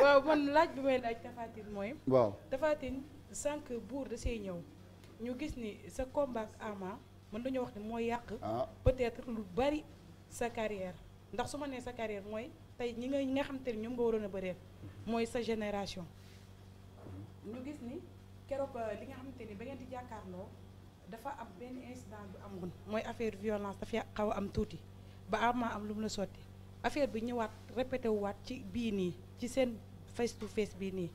waaw man laaj bi may laaj Tapha mooy. waaw Tapha Tine sànq buur da ñëw ñu gis ni sa combat ak Ama mën dañoo wax ne moo yàq. Ah. peut-être lu bari sa carrière ndax su ma nee sa carrière mooy tey ñi nga ñi nga xam te ne ñoom nga waroon a bëreel mooy sa génération. ñu gis ni keroog euh, li nga xamante ni ba ngeen di jàkkaarloo. dafa am benn incident bu amoon mooy affaire violence dafa xaw am tuuti ba amaa am lu mu la sotti affaire bi ñëwaat répété waat ci bii nii ci seen face to face bii nii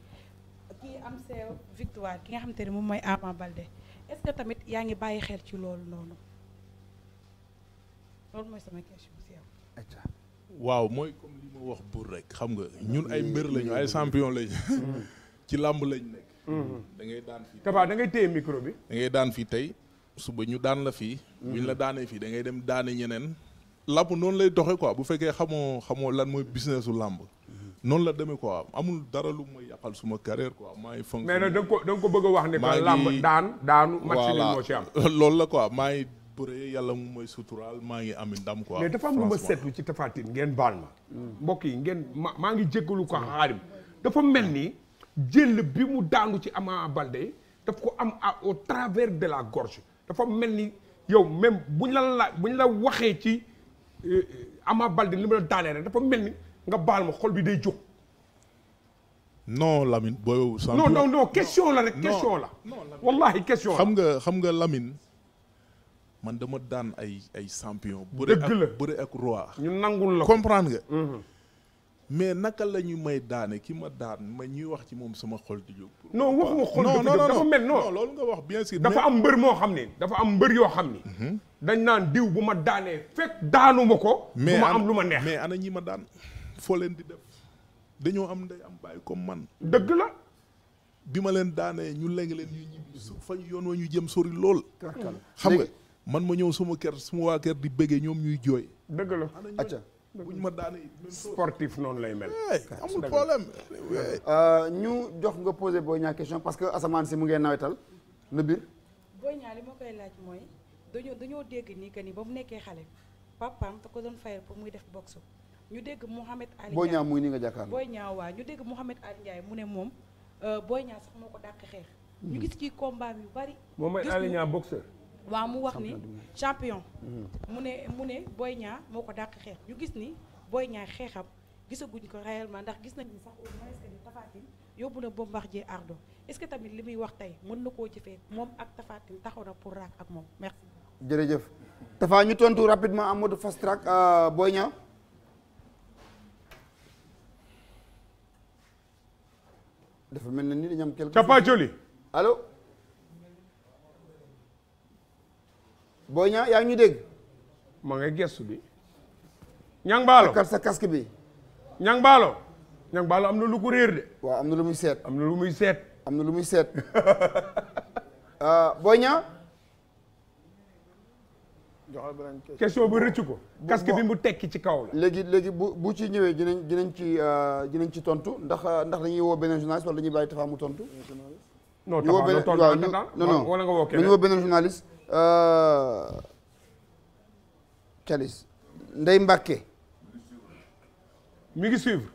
kii am seew victoire ki nga xamante ne moom mooy Ama Baldé est-ce que tamit yaa ngi bàyyi xel ci loolu noonu loolu mooy sama question si yow. waaw mooy comme li ma wax buur rek xam nga ñun ay mbër lañu ay champion lañu mm-hmm. ci làmb lañ nekk. Mm-hmm. da ngay daan fii. Tapha da ngay téye micro bi. da ngay daan fii tey suba ñu daan la fii mhm. buñ la daanee fii da ngay dem daane ñeneen làmb noonu lay doxee quoi bu fekkee xamoo xamoo lan mooy businessu làmb mhm. noonu la demee quoi amul dara lu may suma carrière quoi maa ngi fonk mais ko da ko bëgg a wax ne que làmb daan daanu match moo ci am loolu la quoi maa ngi bëree yàlla mu may suturaal maa ngi am ndam quoi mais am lu ma seetlu ci tafaatin ngeen baal ma hmm. mbokk yi ngeen ma maa ngi jéggalu ko hmm. xaarim dafa mel ni jël bi mu daanu ci Ama Baldé daf ko am à au travers de la gorge dafa mel ni yow même buñ la la buñ la waxee ci euh, Ama Baldé li ma la daanee rek dafa mel ni nga baal ma xol bi day jóg. non lamin booy. sànq non non question la rek. question la wallahi question la. xam nga xam nga lamin man dama daan ay ay champion. dëgg la bëri ak bëri ñu nangul la comprendre nga. Mhm. mais naka la ñu may daane ki ma daan ma ñuy wax ci moom suma xol di jóg. non waxuma xol non non dafa mel non nga wax bien sûr. dafa am mbër moo xam ne dafa am mbër yoo xam ni. Mhm. dañ naan diw bu ma daanee fekk daanu ma ko. mais am lu ma neex mais ana ñi ma daan foo leen di def dañoo am ndey am bàyyi comme man. dëgg la. bi ma leen daanee ñu leng leen ñu ñibbi su fa yoon wa ñu jëm sori lool. xam nga man ma ñëw suma kër suma waa kër di bëggee ñoom ñuy jooy. dëgg la acca buñ ma daane sportif noonu lay mel. Eh, amul problème. Euh, eh. ñu jox nga posé Boy Niang question parce que asamaan si mu ngeen nawetal na biir. Boy Niang li ma koy laaj mooy dañoo dañoo dégg nii que nii ba mu nekkee xale papaam da ko doon fayal pour muy def boxe ñu dégg Mouhamed Ali Ndiaye Boy Niang muy ni nga jàkkaarloo Boy Niang waaw ñu dégg Mouhamed Ali Ndiaye mu ne moom euh, Boy ña sax moo ko dàq xeex. ñu hmm. gis ci combat yu bari. moo mooy Ali Niang boxeur. waaw mu wax ni champion mm-hmm. mu ne mu ne Boy Niang moo ko dàq xeex ñu gis ni Boy Niang xeexam gisaguñ ko réellement ndax gis nañ ni sax au moins que ni Tapha yóbbu na Bombardier Ardo est-ce que tamit li muy wax tey mën na koo jëfee moom ak Tapha Tine taxaw na pour raak ak moom merci jërëjëf Tapha ñu tontu rapidement en mode fast track euh, Boy Niang dafa mel na ni dañu am quelque Tapha booy ñaa yaa ngi dégg. ma ngay gestu bi. ñang baalo takkal bi. ñang baalo. am na lu ko réer de. waa am na lu muy seet. am na lu muy seet. am na lu muy seet. Euh, booy ñaa. question bu rëcc ko. casque bi mu tekki ci kaw la. léegi léegi bu bu ci ñëwee dinañ dinañ ci euh, dinañ ci tontu ndax ndax dañuy woo beneen journaliste wala dañuy bàyyi Tafa mu tontu. non Tafa non non wala nga woo keneen dañuy beneen journaliste. Calis euh, Ndey Mbàkke mi ngi suivre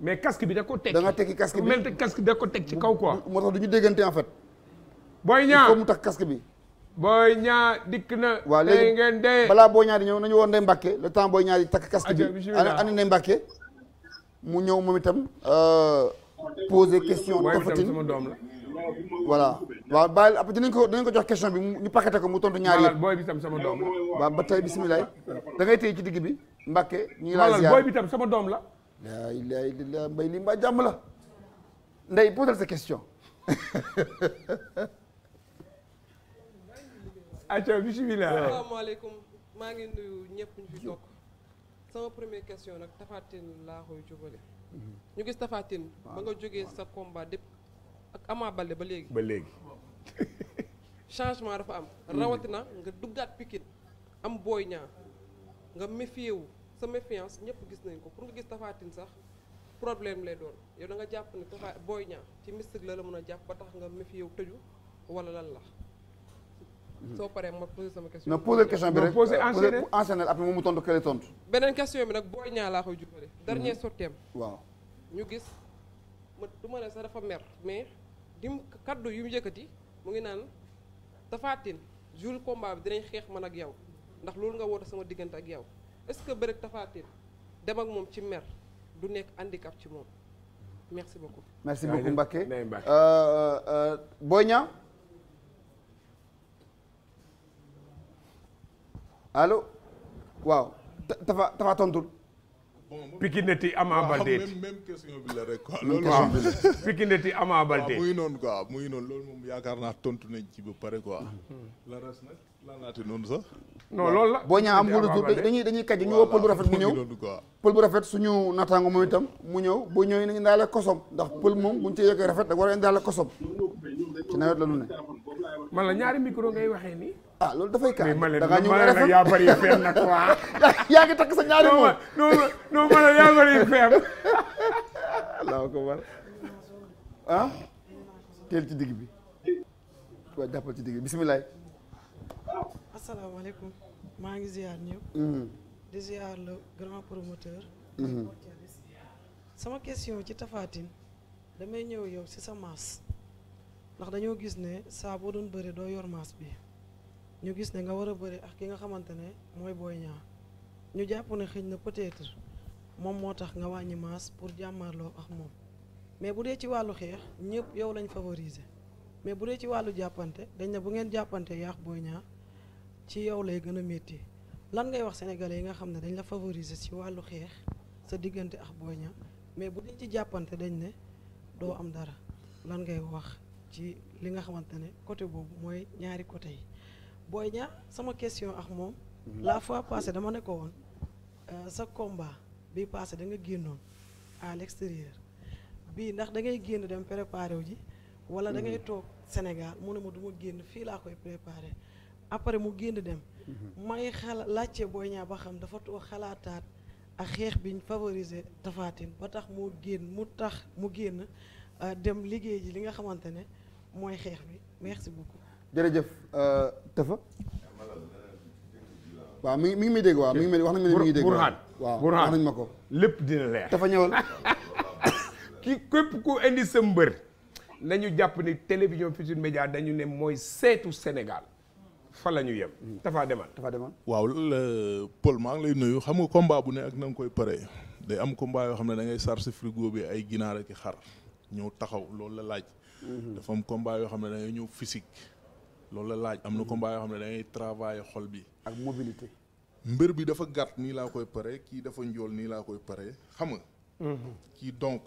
mais casque bi da ko teg da nga tekki casque bi te casque da ko teg ci kaw quoi moo tax du ñu déggante en fait booy ñaa mu tax casque bi booy ñaa dikk na waaw léegi ngeen dee balaa booy ñaa di ñëw nañu woon Ndey Mbàkke le temps booy ñaa di takk casque bi ana Ndey Mbàkke mu ñëw moom itam euh, poser question Tapha Tine voilà waaw bàyyi après dinañ ko dinañ ko jox question bi ñu paqueté ko mu tontu ñaar yëpp booy bi tam sama doom la waaw ba tey bisimilah da ngay téye ci digg bi mbàkke ñu ngi lay ziar booy doom la laa ilaha illallah mbay li mbaa jàmm la ndey posal sa question acca maa ngi nuyu ñëpp ñu fi toog sama première question nag Tapha Tine laa koy jubale mhm. ñu gis Tapha ba nga jógee sa combat depuis ak amaa bale ba léegi. ba léegi. changement dafa am. Mm. rawatina nga duggaat Pikine am Boy Niang nga méfié wu sa méfiance ñëpp gis nañ ko pour nga gis Tapha Tine sax problème lay doon yow da nga jàpp ne Tapha Boy Niang ci mystique la la mun a jàpp ba tax nga méfié wu tëju wala lan la. Mm. soo paree ma posé sama question. non posé bi rek posé euh, enchaîner après moom mu tontu kële tontu. beneen question bi nag Boy Niang laa koy jubale. Mm-hmm. dernier sorteem. waaw ñu gis ma du ma ne di mu kaddu yu mu yëkkati mu ngi naan tafaatin Tine jour combat bi dinañ xeex man ak yow ndax loolu nga woote sama diggante ak yow est-ce que bëreeg Tapha dem ak moom ci mer du nekk handicap ci moom merci beaucoup. merci beaucoup Mbacké euh, euh, euh, Boy Niang allo waaw Tapha Tapha tontul. pikineti Ama Baldé même même question bi la rek quoi. moom pikineti Ama Baldé. waaw muy noonu quoi muy noonu loolu moom yaakaar naa tontu nañ ci ba pare quoi. la la naate noonu sax. non loolu la boo ñaa am wóolu dañuy dañuy kaj ñu woo pël bu rafet mu ñëw pël bu rafet suñu naataango moom itam mu ñëw boo ñëwee nañu indaale kosom ndax pël moom buñ ci yokkee rafet da war a indaale kosom ci nawet la lu ne man la ñaari micro ngay waxee nii ah loolu dafay kaay da yaa ngi takk sa ñaari moom non non yaa bëri feem. allahu akbar ah. teel ci digg bi. waaw jàppal ci digg bi bisimilah. asalaamaaleykum maa ngi ziar ñëpp. Mm-hmm. di ziar le grand promoteur. Mm-hmm. sama question ci Tapha damay ñëw yow si sa maas ndax dañoo gis ne saa boo doon bëri doo yor maas bi. ñu gis ne nga war a bëri ak ki nga xamante ne mooy booy Niang ñu jàpp ne xëy na peut moom moo tax nga wàññi maas pour jàmmarloo ak moom mais bu dee ci wàllu xeex ñëpp yow lañ favoriser mais bu dee ci wàllu jàppante dañ ne bu ngeen jàppante yaax booy ñaar ci yow lay gën a métti lan ngay wax sénégalais yi nga xam ne dañ la favoriser ci wàllu xeex sa diggante ak Boy Niang mais bu dee ci jàppante dañ ne doo am dara lan ngay wax ci li nga xamante ne côté boobu mooy ñaari côté yi Boy Niang sama question ak moom. Mhm. la fois passée dama ne ko woon euh, sa combat bi passé da nga génnoon à l'extérieur bii ndax da ngay génn dem préparer wu ji. wala da mhm. toog Sénégal mu ne ma duma génn fii laa koy préparer après mu génn dem. Mhm. may xala laajte Boy Niang ba xam dafa toog xalaataat ak xeex biñ favoriser tafaatin ba tax mu génn mu tax mu génn euh, dem liggéey ji li nga xamante ne mooy xeex bi merci beaucoup. jërëjëf euh, Tafa. waaw mi ngi mi ngi may dégg waaw mi ngi may wax nañu ma ne mi dégg. Burhan waaw wax nañu ma ko. lépp dina leer Tafa ñëwal. ki képp ku indi sa nañu jàpp ni télévision Futurs média dañu ne mooy seetu Sénégal. fa la ñu yem. Hmm. Tafa demal Tafa demal. waaw Paul maa ngi lay nuyu xam nga combat bu ne ak na koy paree. day am combat yoo xam ne da ngay sar si frigo bi ay ginaar ak xar ñëw taxaw loolu la laaj. Hmm. dafa am combat yoo xam ne da ngay ñëw physique. loolu la laaj am na mhm. combat yoo xam ne da ngay travailler xol bi. ak mobilité. mbër bi dafa gàtt nii laa koy pare kii dafa njool nii laa koy pare xam nga. Mhm. kii donc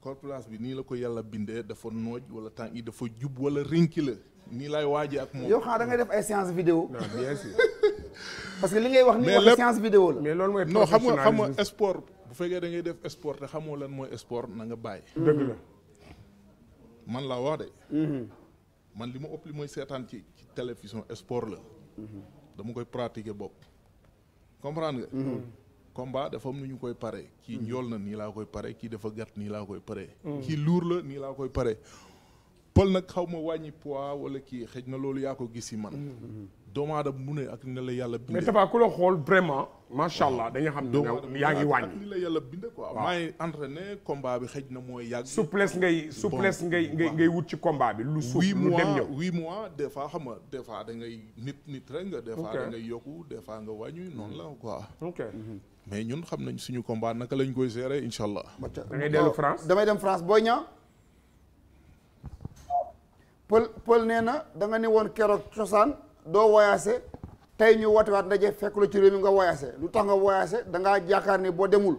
corpulence bi nii la ko yàlla bindee dafa nooj wala tànk yi dafa jub wala rinki la nii laay waajee ak moom. yow xanaa da ngay def ay séance vidéo. non bien sûr. parce que li ngay wax nii wax séance vidéo la. mais loolu mooy non xam nga xam nga sport bu fekkee da ngay def sport te xamoo leen mooy sport na nga bàyyi. dëgg la mhm. man laa wax de. man li ma ëpp li mooy seetaan ci ci télévision sport la. dama koy pratiquer bopp. comprendre nga. Mm-hmm. combat dafa am nu ñu koy pare. kii mm-hmm. njool na nii laa koy pare kii dafa gàtt nii laa koy pare. Mm-hmm. kii luur la nii laa koy pare. pël nag xaw ma wàññi pois wala kii xëj na loolu yaa ko gis si man. doomu aadama mu la yàlla bindee mais Tapha ku la xool xam ne yaa ngi wàññi ni la yàlla bindee quoi bi xëj na mooy yàgg ngay souplesse ngay ngay ngay wut ci combat bi lu suuf mois des fois xam nga des fois da ngay nit nit rek nga des fois da yokku des fois nga wàññi noonu la quoi mais ñun xam nañ suñu combat naka lañ koy gérer incha allah da ngay dellu France damay dem France booy ñaa pël pël nee na da nga ne woon keroog cosaan doo voyagé tey ñu woote waat ndaje fekk la ci réew mi nga voyagé lu tax nga voyagé da ngaa jaakaar ne boo demul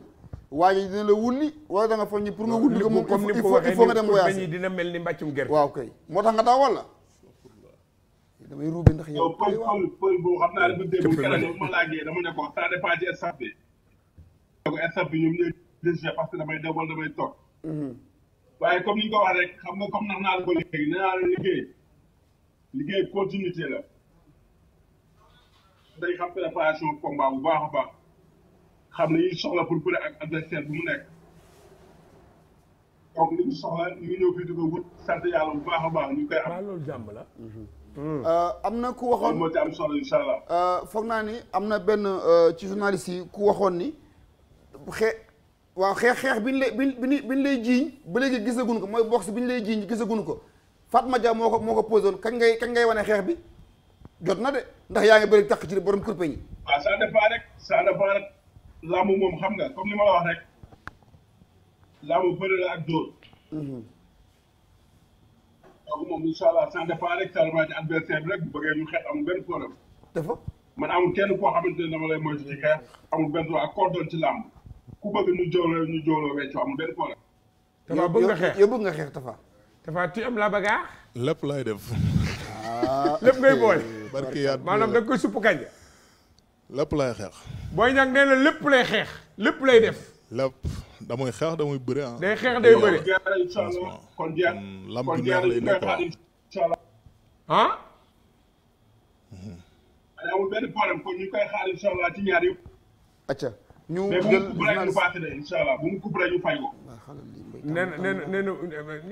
waa ji dina la wulli wala da nga foog pour nga wulli ko moom il faut il faut nga dem mel ni mbàccum gerte waaw kay moo tax nga daw wala damay ruube ndax yow comme comme pël boobu xam naa dafa déglu keneen ma laajee dama ne bi ko staff bi ñoom ñooy décider parce mhm. waaye comme ni ñu ko wax rek xam nga comme nax naa la ko liggéey liggéey continuité la day xam préparation combat bu baax a baax xam li ñuy soxla pour bëre baax baax am. loolu jàmm la. Mm-hmm. Euh, am na ku waxoon euh, foog naa ni am na benn euh, ci journaliste yi ku waxoon ni xee waaw xeex xeex bi ñu lay bi ñu lay jiiñ ba léegi gisaguñ ko mooy box bi ñu lay jiiñ gisaguñ ko Fatma Dia moo ko moo ko posé kañ ngay kañ ngay wane xeex bi. jot na de ndax yaa ngi bëri takk ci borom kurpe yi. waaw ça dépend rek ça dépend rek làmb moom xam nga comme ni ma la wax rek làmb bëri la ak dóor. Mhm. donc moom incha allah kenn koo xamante ne dama lay moytu ci xeex amul benn ak kóordoon bëgg ñu xeex yow bëgg nga xeex Tafa. Tafa tu am la bagarre. lépp lay def. lépp ngay boole. barke yàlla maanaam da nga koy supp kanja lépp lay xeex Boy Niang nee na lépp lay xeex lépp lay def lépp damay xeex damay bëri ah day mm, neex lay nekk ah amul benn acca ñu jël bu mu coupe rek ñu fay ko. Ah,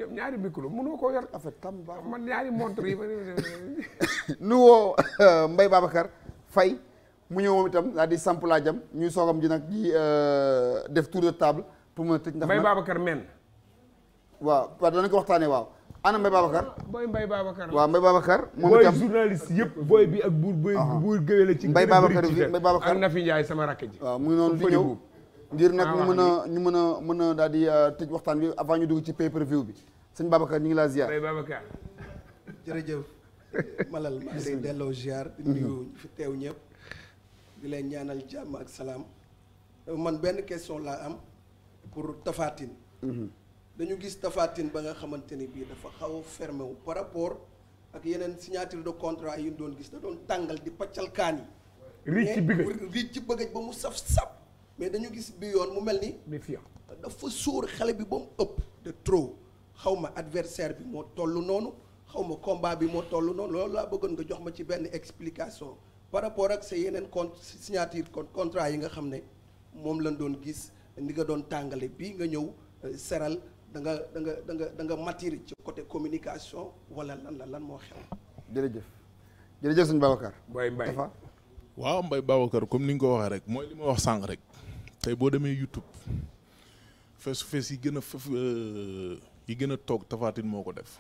nee koo yor. affaire tam baax man ñaari montre nu woo Mbaye Babacar fay mu ñëw moom itam daal di samp laa jam ñuy soogam ji nag di euh, def tour de table pour mën a tëj. ndax Mbaye Babacar men waaw waaw danañ ko waaw. ana Mbaye Babacar. booy Mbaye Babacar. waaw Mbaye Babacar. moom itam booy journaliste yëpp booy bi ak buur booy buur gëwee la ci. Mbaye Babacar bi Mbaye Babacar ak Nafi Ndiaye sama rakk ji. waaw mu ngi noonu di ñëw ngir nag ñu mën a ñu mën a mën a daal di euh, tëj waxtaan bi avant ñu dugg ci pay per view bi sëñ Babacar ñu ngi laa ziar. Mbaye Babacar. jërëjëf Malal maa ngi lay delloo ziar. Mhm. nuyu fi teew ñëpp. di leen ñaanal jàmm ak salaam. man benn question laa am pour Tapha Tine. Mhm. dañu gis tafatin ba nga xamante ni bii dafa xaw a wu par rapport ak yeneen signature de contrat yi ñu doon gis da doon tàngal di paccal kaan yi. riic ci bëggaj ba mu saf sap mais dañu gis bi yoon mu mel ni. méfiant dafa sóor xale bi ba ëpp de trop xaw ma adversaire bi moo toll noonu xaw ma combat bi moo toll noonu loolu laa bëggoon nga jox ma ci benn explication par rapport ak sa yeneen con signature contrat yi nga xam ne moom lañ doon gis ni nga doon tàngale bii nga ñëw euh, seral. da nga da nga da nga da nga mature ci côté communication wala lan la lan moo xew. jërëjëf jërëjëf sëñ Babacar. Mbaye Mbaye Tafa. waaw mbay Babacar comme ni nga ko waxee rek mooy li ma wax sànq rek tey boo demee YouTube face fees yi gën a euh, yi gën a toog Tapha moo ko def.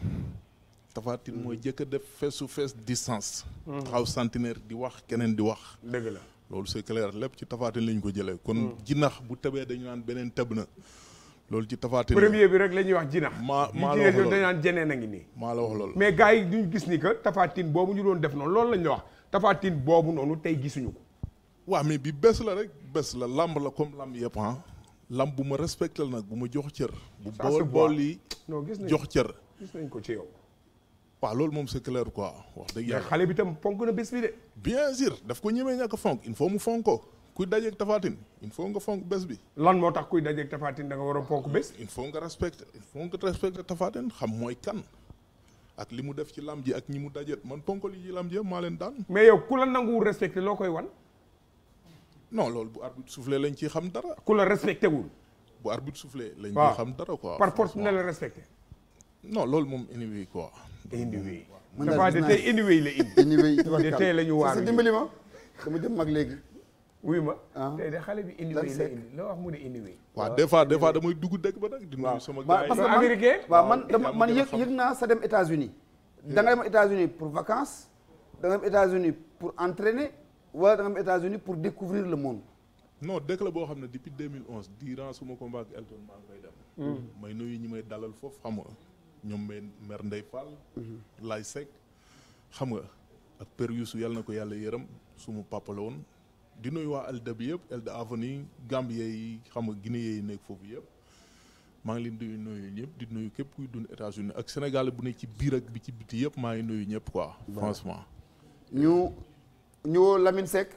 Tapha mooy hmm. jëkk a def face to face distance. Hmm. taxaw centenaire di wax keneen di wax. dëgg la loolu c'est clair lépp ci Tapha lañu ko jëlee. kon hmm. jinax bu tebee dañu naan beneen teb na. loolu ci tafaatin premier bi rek la ñuy wax jinax maa maa la wax loolu a ngi nii maa la wax loolu mais gars yi gis ni que tafaatin boobu ñu doon def noonu loolu lañu la wax tafaatin boobu noonu tey gisuñu ko waaw mais bi bés la rek bés la lamb la comme lamb yëpp ah lamb bu ma respecté la nag bu ma jox cër bu bool bool yi jox cër gis nañ ko ci yow waaw loolu moom c'est clair wax dëgg yàlla xale bi tam fonk na bés bi de bien sûr daf ko ñemee ñàkk fonk il faut mu fonko kuy dajeeg tafaatin il faut nga fonk bés bi. lan moo tax kuy dajeeg tafaatin da nga war a fonk bés. il faut nga respecter il faut nga respecter tafaatin xam mooy kan ak li mu def ci lam ji ak ñi mu dajeet man ponkol yi ci lam ji yëpp maa leen daan. mais yow ku la nanguwul respecté loo koy wan. non loolu bu arbitre soufflé lañ ciy xam dara. ku la respecté wul. bu arbitre soufflé lañ ciy xam dara quoi. par force na la respecté. non loolu moom anyway quoi. anyway. man daal de tey anyway la indi. anyway de tey la ñu waar. dimbali ma dama jëm mag léegi. wuyu ma. Ah. tey xale bi indi wéy la indi la wax mu ne indi des fois des fois damay dugg dëkk ba nag. di nuyu sama gars yi waaw américain waaw man naa sa dem États-Unis hmm. da nga dem États-Unis pour vacances da nga dem états pour entraîner wala da nga dem états le boo xam ne depuis 2011 durant suma combat ak Elton maa ngi koy dem. Hmm. may nuyu ñi may dalal foofu xam nga ñoom may mère Ndeye Fall. Hmm. Laye xam nga ak Père Youssou yàlla na ko yàlla yërëm suma papa la di nuyu waa Elda bi yëpp Elda avenue Gambie yi xam nga Guinée yi nekk foofu yëpp maa ngi leen di nuyu ñëpp di nuyu képp kuy dund États-Unis ak Sénégal bu ne ci biir ak bi ci biti yëpp maa ngi nuyu ñëpp quoi. franchement. ñu ñu Lamine Seck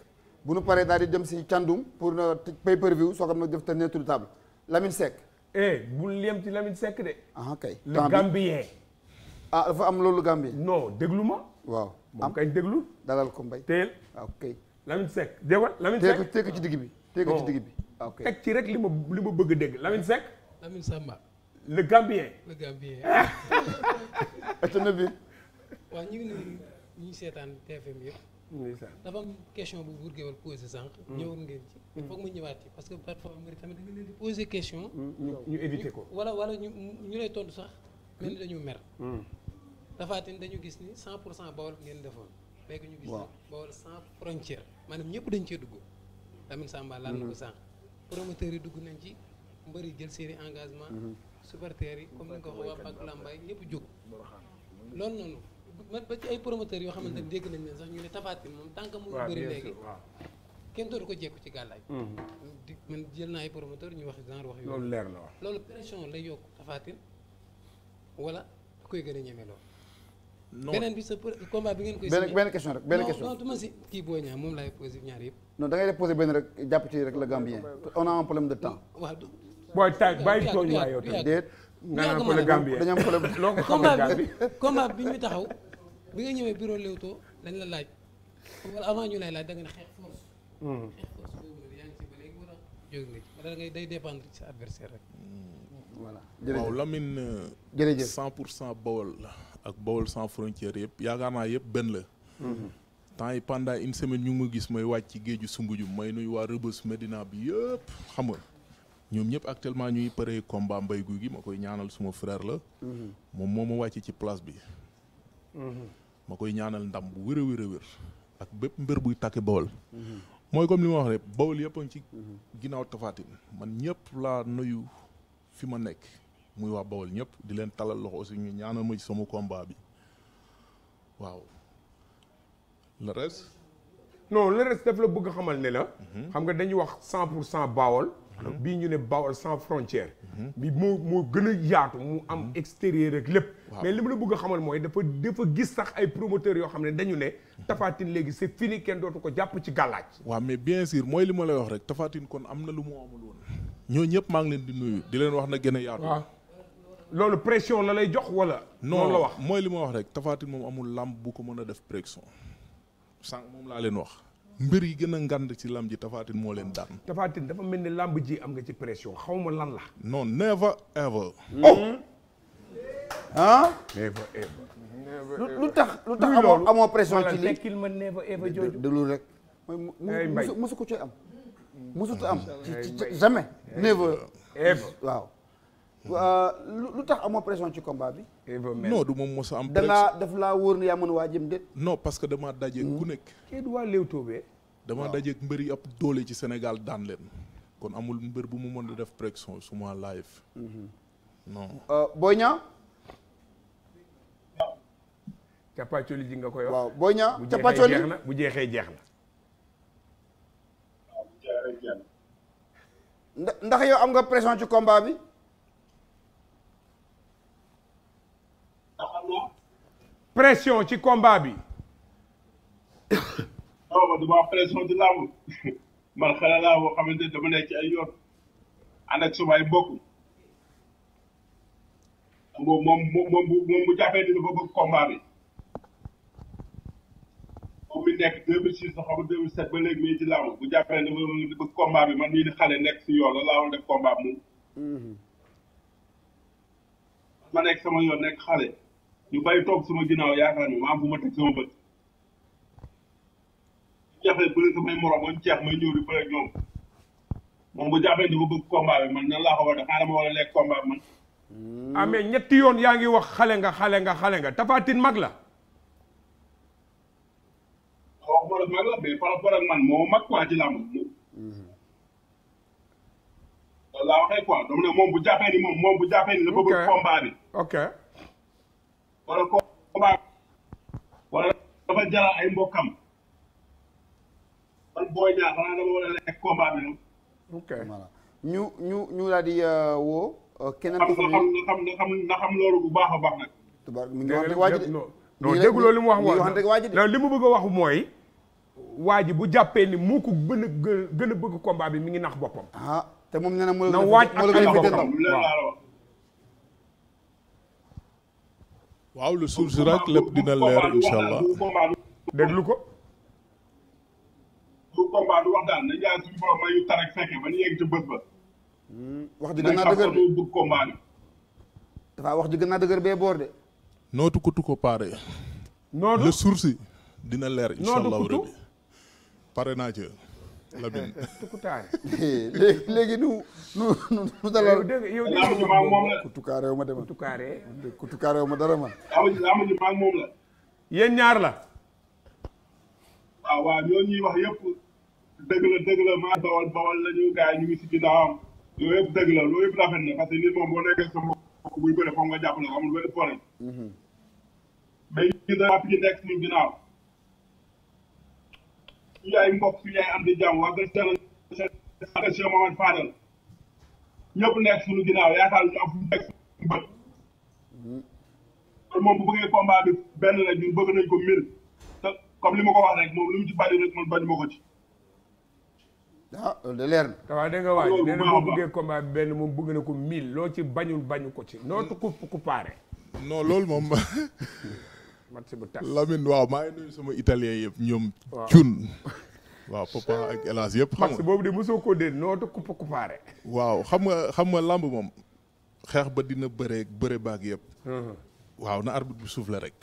bu nu paree daal di dem si Thiandoum pour euh, pay per view soo ko mën a def tenir tour table Lamine Seck. eh bul yem ci Lamine Seck de. ah kay le Gambien. ah dafa am loolu Gambien. non déglu ma. waaw moom kay déglu. dalal ko mbay teel. waaw ah, Lamine Seck dégg nga Lamine Seck teg ci digg bi teg ci bi. ok ci rek li ma li ma bëgg a dégg Lamine Seck. Lamine Samba. le Gambien. le Gambien. waa ñu ngi nuyu ñu seetaan TFM yëpp. dafa am question bu Bour Gueweul posé sànq. Hmm. ñëwoon ngeen ci. Hmm. foog mu ñëwaat ci parce que plateforme bi tamit da nga leen di posé question. Hmm, ñu ñu éviter ko. wala wala ñu ñu lay tontu sax. mel ni dañu mer. dafa dañu gis ni cent pour cent Bawol ngeen defoon. léegi ñu gis nag san sans frontière maanaam ñëpp dañ cee dugg Lamine Samba laal na ko mm-hmm. sànq promoteurs yi dugg nañ ci mbër yi jël seeni engagement mm-hmm. supporters yi comme ni nga ko waxee waa Pàcc Lambaay ñëpp jóg loolu noonu man ba ci ay promoteurs yoo xamante ne mm-hmm. dégg nañ leen sax ñu ne Tapha moom tant que muy bëri léegi kenn dootu ko jekku ci gàllaay di man jël naa ay promoteur ñu wax genre wax yooyu loolu leer na wax loolu pression lay yokk Tapha Tine wala da koy gën a ñeme loolu non beneen bi sa combat bi ngeen koy. benn benn question rek benn question non non du ma si kii booy ñaar moom laay posé ñaar yëpp. non da ngay def posé benn rek jàpp ci rek le Gambien. on a un problème de temps. waaw du booy taay bàyyi tooñ waa yow tamit déet. nga naan ko le Gambien dañu am problème loo ko xamee Gambie. combat bi ñu taxaw bi nga ñëwee bureau Leewtoo dañ la laaj wala avant ñu lay laaj da nga ne xeex force. Hmm. xeex force boobu yaa ngi ci ba léegi war a jóg nga ci wala da ngay day dépendre ci sa adversaire rek. voilà jërëjëf waaw Lamine. jërëjëf 100 pour 100 Bawol la ak Bawol sans frontières yëpp yaakaar naa yëpp benn la. Mhm. temps yi pendant une semaine ñu ngi ma gis may wàcc ci géeju Sumbujum may nuyu waa Rëbës Medina bi yëpp xam nga ñoom ñëpp actuellement ñuy pare combat mbay guy gi ma koy ñaanal suma frère la. Mhm. moom moo ma wàccee ci place bi. Mhm. ma koy ñaanal ndam bu wér a wér ak bépp mbër buy tàkki Bawol. mooy comme li ma wax rek Bawol yëpp ci ginnaaw Tapha man ñëpp laa nuyu fi ma nekk. muy wax Bawol ñëpp di leen talal loxo aussi ñu ñaanal ma ci sama combat bi waaw le reste. non le reste daf la bëgg xamal ne la. Mhm. xam nga dañuy wax cent pour cent Bawol. Mhm. bii ñu ne Bawol sans frontière. Mhm. bi moo moo gën a yaatu mu am extérieur rek lépp. mais li ma la bëgg xamal mooy dafa dafa gis sax ay promoteurs yoo xam ne dañu ne. tafaatin Tine léegi c'est fini kenn dootu ko jàpp ci gàllaaj. waaw mais bien sûr mooy li ma lay wax rek tafaatin kon am na lu mu amul woon. ñoo ñëpp maa ngi leen di nuyu di leen wax na gën a yaatu. loolu pression la lay jox wala. loolu la wax mooy li ma wax rek Tapha moom amul làmb bu ko mën a def pression sànq moom laa leen wax. mbir yi gën a ngand ci làmb ji Tapha moo leen daan. Tapha Tine dafa mel ni làmb ji am nga ci pression xaw ma lan la. non never ever. oh. ah. never ever. lu tax lu tax amoo amoo pression ci lii tekkil ma never ever jooju déglu rek. mooy musu ko ci am. musutu am. jamais never ever Euh, lu tax amoo pression ci combat bi. non du moom mos a am. pression dangaa daf laa wóor ne yaa mën waa jëm déet. non parce que damaa dajeeg ku hmm. nekk. kii du waa Leewtoo bee. damaa dajeeg mbër yi ab doole ci senegal daan leen. kon amul mbër bu mu mën di def pression suma live. Hmm. non. Euh, Boy Niang. capacoli waaw Boy Niang capacoli bu jeexee jeex ndax yow am nga pression ci combat bi. pression ci combat bi. Oh, man di làmb man xale laa boo xamante dama nekk ci ay yoon ànd ak sumay mbokk moom moom moom moom bu jàppee dina ko bi moom nekk ba ci bëgg combat man nii di xale nekk yoon la laa woon def combat mm-hmm. ma nekk sama yoon nekk xale. ñu bàyyi toog sama ginnaaw yaakaar ne maa fu ma teg sama bët jafe bëri samay morom man ceex may ñëw di bëri moom bu jàppee dafa bëgg combat bi man nan laa ko war a def xaaral ma hmm. ah, ñetti yoon yaa ngi wax xale nga xale nga xale nga Tapha Tine la. Hmm. moom bu jàppee ni moom bu jàppee ni dafa bëgg combat ok. ko combat wala dafa jaral ay mbokkam man booy ñaar xanaa bi ok voilà ñu ñu daal di euh, woo. Euh, keneen ku xam na xam na xam na a baax nag. tubaab mi ngi wax dëgg waaj de. non dégguloo li mu wax woon li mu bëgg a wax mooy. waa ji bu jàppee ni mu ko gën a gën a bëgg combat bi mi ngi nax boppam. ah te moom nee na moo la gën a. na waaj boppam waaw le jour si rek lépp dina leer incha allah. déglu ko. Hmm, wax daal ji gën naa dëgër wax ji gën naa dëgër bee boor de. nootu kutu ko pare. nootu le jour dina leer incha allah. pare naa ci. Lamine tukutaare. léegi nu nu nu dalal. yow dégg nga maa moom la. kutukaare yow ma demoon kutukaare. kutukaare ma dara ma. Amadou ñaar la. waaw ah, waaw ñoo ñuy wax yëpp dëgg la dëgg la maa bawal bawal la ñu yi ñu ngi si ginnaawam. loolu yëpp dëgg la loolu yëpp rafet na parce que nit moom boo nekkee sa mbokk buy bëri foog nga jàppale ko amul benn problème. Mhm. mais ñu ngi doon waa suñu ay mbokk suñu ay am di jàmm waa gën seen seen Mohamed Fadel ñëpp nekk suñu ginnaaw yaakaar ñu moom bu bëggee combat bi benn la ñun bëgg nañ ko mil te comme li ma ko wax rek moom lu mu ci bari rek bañ ma ko ci ah loolu de leer na. waaw da bi benn moom bëgg na ko mil loo ci bañul bañ ko ci nootu mm. ku ku paare. non loolu moom. match bu waaw maa ngi nuyu sama italien yëpp ñoom. waaw cun. waaw Papa ak El Hadj yëpp. xam nga boobu de mosoo ko dégg nootu kuppa kuppaare. waaw xam nga xam nga lamb moom. xeex ba dina bëree bëre baag yëpp. waaw na arbitre bi suuf la rek.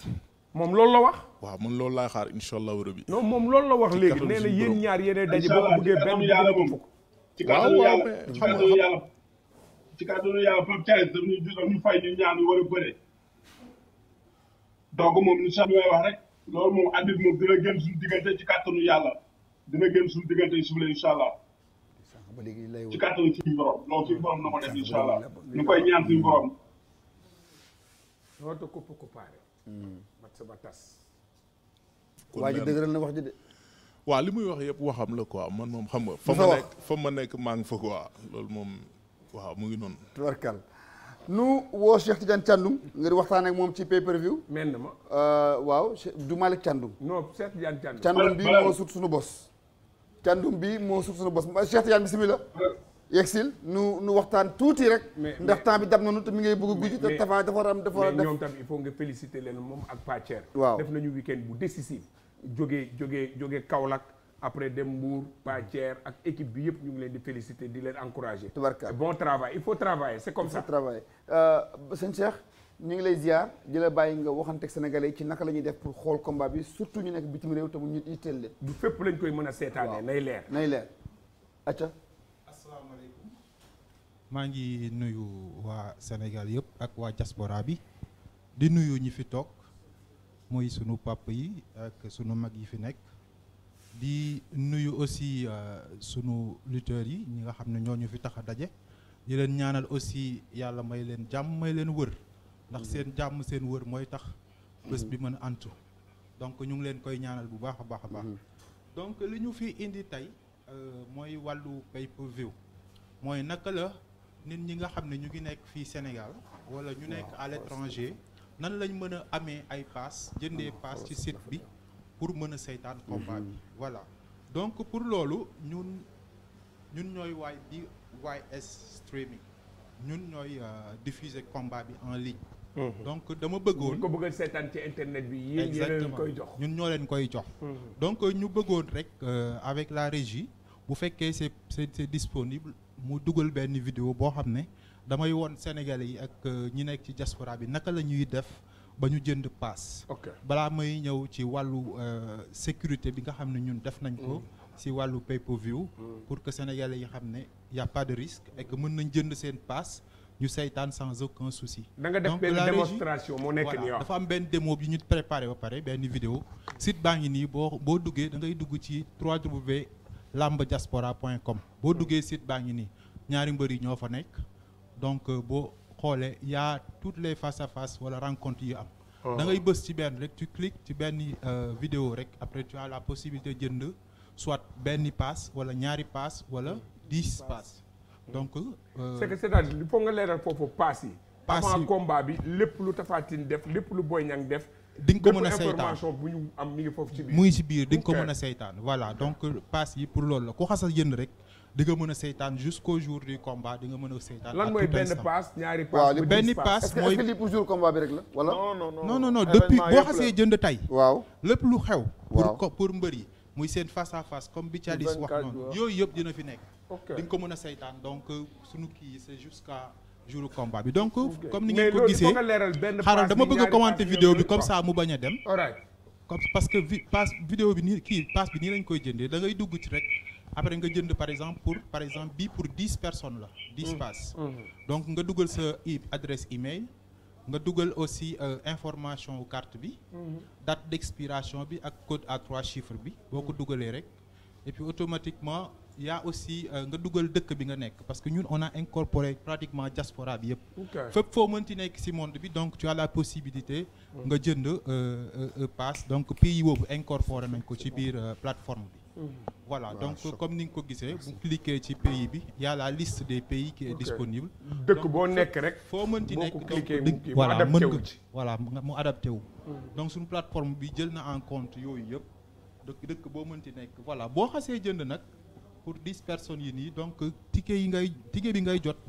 moom loolu la wax. waaw man loolu laay xaar incha allahu rabi. non moom loolu la wax léegi ñaar yéenay daje ci kàttanu yàlla ci kàttanu yàlla ci kàttanu yàlla Pape Thiès fay ñu ñaan war a bëre. donc moom li sax li may wax rek loolu moom àddit moom dina gën suñu diggante ci kàttanu yàlla dina gën suñu diggante yi suuf la incha allah ci kàttanu suñu borom loolu suñu na ko def incha allah ba tas. waa wax ji li muy wax yëpp waxam la quoi man moom xam nga. fa ma nekk fa ma nekk maa ngi fa quoi loolu moom waa mu ngi noonu. tubarkal. nu woo Cheikh Tidiane Thiandoum ngir waxtaan ak moom ci pay per view. na ma. Euh, waaw du Malick Thiandoum. non Cheikh Tidiane Thiandoum. Thiandoum bi moo sut suñu bos. Thiandoum bi moo sut suñu bos Cheikh Tidiane bisimilah. yegsil nu nu waxtaan tuuti rek. ndax temps bi dab nañu te mi ngay bëgg a gujj. te dafa dafa war a dafa a def mais ñoom tam leen moom ak Pathère. waaw def nañu week-end bu décisif. jógee jóge jógee Kaolack. après dem Mbour Pàcceer ak équipe bi yëpp ñu ngi leen di féliciter di leen encourager. tubarkaal bon travail il faut travailler c'est comme il ça. il faut travailler euh, ñu ngi lay ziar di la bàyyi nga waxanteeg sénégalais ci naka la ñuy def pour xool combat bi surtout ñu nekk bitim réew te mu ñu itteel leen. du fépp lañ koy mën a seetaanee. nay leer nay leer. acca. asalaamaaleykum. maa ngi nuyu waa Sénégal yëpp ak waa diaspora bi di nuyu ñi fi toog muy sunu papa yi ak sunu mag yi fi nekk. di nuyu aussi euh, sunu lutteurs yi ñi nga xam ne ñoo ñu fi tax a daje di leen ñaanal aussi yàlla may leen jàmm may leen wër ndax seen jàmm seen wër mooy tax bés bi mën a antu donc ñu ngi leen koy ñaanal bu baax a baax a baax donc li ñu fi indi tey euh, mooy wàllu pay-per-view mooy naka la nit ñi nga xam ne ñu ngi nekk fii Sénégal wala ñu nekk à l'étranger nan lañ mën a amee ay paas jëndee paas ci site bi pour mën a saytaan mhm. combat bi voilà donc pour loolu ñun ñun ñooy waay di YS streaming ñun ñooy euh, diffuser combat bi en ligne mhm. donc dama bëggoon ko bëgg a ci internet bi yéen leen koy jox ñun ñoo leen koy jox mhm. donc euh, ñu bëggoon rek euh, avec la régie bu fekkee c'est c'est disponible mu dugal benn vidéo boo xam ne damay won Sénégalais yi ak ñi nekk ci diaspora bi naka la ñuy def ba ñu jënd paas. balaa may ñëw ci wàllu euh, sécurité bi nga xam ne ñun def nañ ko. si mm. wàllu pay per view. Mm. pour que sénégalais yi xam ne y' a pas de risque et mën nañ jënd seen paas ñu seytaan sans aucun souci. da nga def benn moo nekk nii waaw dafa am benn démo bi ñu préparé ba pare benn vidéo site baa ngi nii boo boo duggee dangay dugg ci trois 3 lamb lambdiaspora point comme boo duggee site baa ngi nii ñaari mbër yi ñoo fa nekk donc euh, boo. xoolee y a les face a face wala rencontre yi am oh. da ngay bës ci benn rek tu cliques ci benn euh, vidéo rek après tu la possibilité jënd soit benn pass wala ñaari pass wala dix pass mm. donc euh, c'est que c'est-à-dire il nga leeral foofu pass yi avant combat bi lépp lu Tapha Tine def lépp lu Boy Niang def di nga ko mën a saytaan bu ñu am mi ngi mu ngi ci biir di nga ko mën a saytaan voilà donc euh, pass yi pour loolu la ku xasa jënd rek di nga mën seytaan seytaan jusqu'au jour du combat di nga mën a seytaan. lan mooy benn passe ñaari mooy est-ce que pour depuis boo xasee jënd tey. lépp lu xew. pour mbër yi. muy seen face à face comme bi Thialis wax noonu yooyu yëpp dina fi nekk. di nga ko mën a seytaan donc euh, suñu kii yi c'est jusqu'à jour combat bi donc. comme ni ngeen ko gisee xaaral dama bëgg a commenter vidéo bi comme ça mu bañ a dem. comme parce que vi passe bi nii kii passe bi nii lañ koy jëndee da dugg ci rek après nga jënd par exemple pour par exemple bii pour dix personnes la dix mm. pass mm. donc nga dugal sa adresse email nga dugal aussi euh, information carte bi mm-hmm. date d'expiration bi ak code à trois chiffres bi boo ko mm. dugalee rek et puis automatiquement y aussi euh, nga dugal dëkk bi nga nekk parce que ñun on a incorporé pratiquement diaspora bi yëpp fépp foo mënti nekk ci monde bi donc tu as possibilité nga jënd euh, pass donc pays boobu incorporé nañ ko ci biir plateforme bi Mm-hmm. voilà donc comme ni nga ko gisee bu cliquer ci pays bi y a la liste des pays qui est disponible mm-hmm. dëkk boo nekk rek foo mën mënti nekk voilà mën nga voilà mu adapté wu mm-hmm. donc suñu plateforme bi jël na en compte yooyu yëpp dëkk dëkk boo mënti nekk voilà boo xasee jënd nag pour dix personnes yi nii donc ticket yi ngay ticket bi ngay jot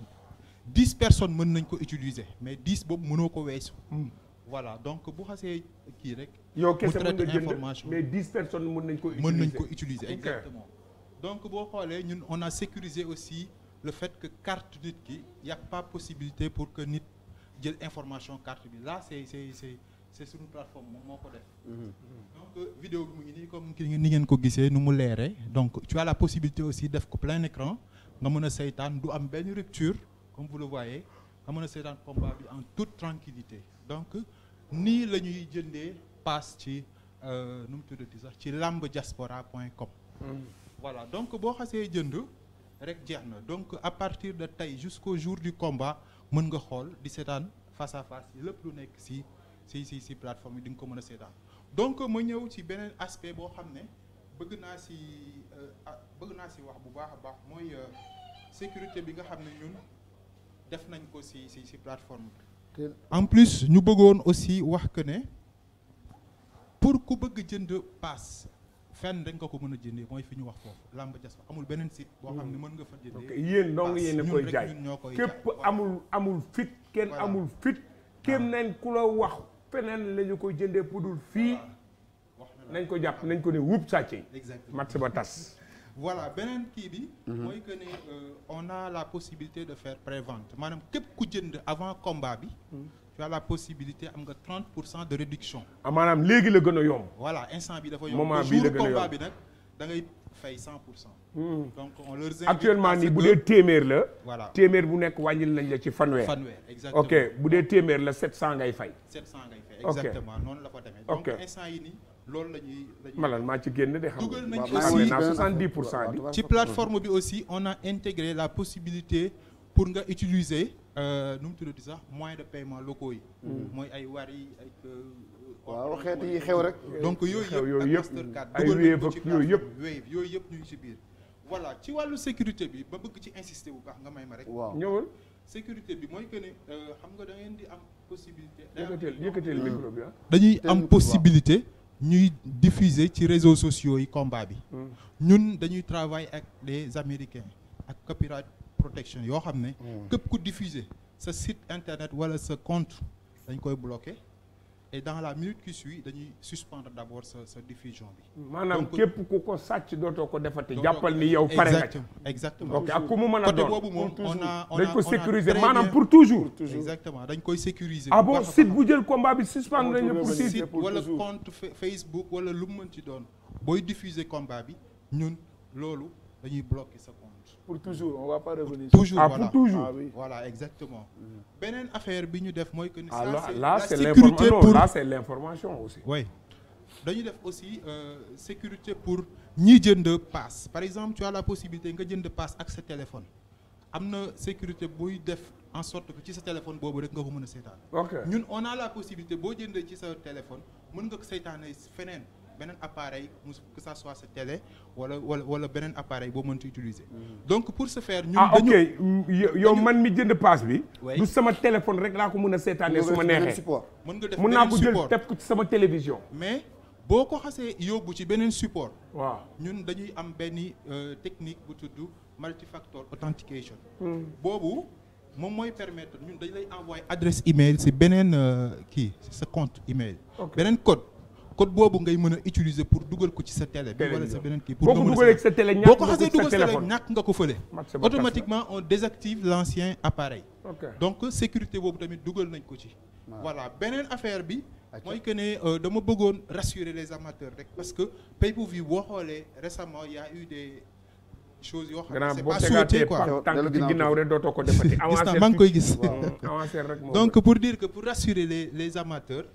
dix personne mën nañ ko utiliser mais dix boobu mënoo ko weesu mm. voilà donc bu xasee kii rek. yow kese mën nga jënd mais dix personnes mën nañ ko. utiliser mën nañ ko utiliser exactement. donc boo xoolee ñun on a sécurisé aussi le fait que carte nit ki y a possibilité pour que nit jël information carte bi là c'est c'est c'est c'est suñu moo ko def. Mhm. donc euh, vidéo bi mu ngi nii comme ni ngeen ko gisee nu mu leeree donc tu as la possibilité aussi def ko plein écran nga mën a saytaan du am benn rupture comme vous le voyez nga mën a saytaan combat bi en toute tranquillité donc. nii la ñuy jëndee paas ci euh, nu mu tuddati sax ci lambdiaspora point com mm. voilà donc boo xasee jënd rek jeex na donc à partir de tey jusqu'au jour du combat mën nga xool di seetaan face à face yi lépp lu nekk si si si si plateforme yi di nga ko mën a seetaan donc ma ñëw ci beneen aspect boo xam ne bëgg naa si euh, ah, bëgg naa si wax bu baax a baax mooy euh, sécurité bi nga xam ne ñun def nañ ko si si si plateforme en plus ñu bëggoon aussi wax que ne pour ku bëgg jënd paas fen dañ ko ko mën a jëndee mooy fi ñu wax foofu làmb jas amul beneen site boo xam ne mën nga fa jëndee yéen dong yéen a koy jaay képp amul amul fit kenn amul fit ah. kenn nañ ku la wax feneen la ko koy jëndee pudul fii nañ ko jàpp nañ ko ne wub sàcce match ba tas voilà beneen kii bi. Mhm. mooy que ne euh, on a la possibilité de fair prévente maanaam képp ku jënd avant combat bi. Mhm. tu as la possibilité am nga 30 pour cent de réduction. ah maanaam léegi la gën a yomb. voilà instant bi dafa yomb moment bii la gën a yomb combat bi nag da ngay fay 100 pour cent. Mhm. donc on leur actuellement nii bu dee téeméer la. voilà téeméer bu nekk wàññil nañ la ci fanweer. fanweer exactement ok bu dee téeméer la 700 ngay fay. 700 ngay fay exactement noonu la ko demee. donc instant yi nii. loolu la ñuy malal ma ci génn de xam naa soixante-dix pour cent bi ci plateforme on a intégré la possibilité pour nga utiliser euh, nu mu tuddati sax moyen de paiement locaux yi mm. mooy ay Wari ay euh, waaw xeet yi xew rek donc yooyu yëpp ak Mastercard yooyu yëpp Wave yooyu yëpp ñu ci biir voilà ci wàllu sécurité bi ba bëgg ci insister bu baax nga may ma rek ñëwal sécurité bi mooy que ne euh, xam nga da ngeen di am possibilité yëkkatel yëkkatel micro bi ah. dañuy am possibilité ñuy diffuser ci réseau sociaux yi combat bi mm. ñun dañuy travail ak des américains ak copyright protection yoo xam ne mm. képp ku diffuser sa site internet wala sa compte dañ koy bloqué et dans la minute qui suit dañuy suspendre d'abord sa bi. maanaam képp ku ko sàcc dootoo ko defati jàppal ni yow. pare a doon côté boobu moom on a on a dañ ko sécuriser maanaam pour toujours. exactement dañ koy sécuriser. ah bon site bu jël combat bi site wala compte Facebook wala lu mu mën ci doon booy diffuser combat bi ñun loolu dañuy bloquer sa. pour toujours on va pas revenir. toujours ah, voilà pour toujours ah, exactement. beneen affaire bi ñu def mooy que. ah là là c'est l'information pour là c'est l'information aussi. oui dañu def aussi euh, sécurité pour ñi jënd passe par exemple tu as la possibilité nga jënd passe ak sa téléphone am na sécurité buy def. en sorte que ci sa téléphone boobu rek nga ko mën a seetaan. ok ñun on a la possibilité boo jëndee ci sa téléphone mën nga ko seetaanee feneen. beneen appareil que ça soit sa télé wala wala wala beneen appareil boo mënti utiliser. donc pour ce faire. ñun ah, dañu mm, yow man mi jënd paas bi. du sama téléphone rek laa ko mën a seetaanee. su ma neexee mën nga def mën naa ko jël teg ko ci sama télévision. mais boo ko xasee yóbbu ci beneen support. waaw ñun dañuy am benn euh, technique bu tudd multifactor authentication. Hmm. boobu. moom mooy permettre ñun dañ lay envoyer adresse email si beneen euh, kii si sa compte email. beneen code. code boobu ngay mën a utiliser pour dugal ko ci sa télé bi wala sa beneen kii pour boo ko xasee dugal sa télé ñàkk nga ko fële automatiquement on désactive l'ancien appareil donc sécurité boobu tamit dugal nañ ko ci voilà beneen affaire bi mooy que ne euh, dama bëggoon rassurer les amateurs rek parce que pay-per-view boo xoolee récemment y a eu des chose yoo xam ne c'est pas souhaité quoi tànk ci ginnaaw rek dootoo ko defati avancé maa ngi koy gis donc pour dire que pour rassurer les les amateurs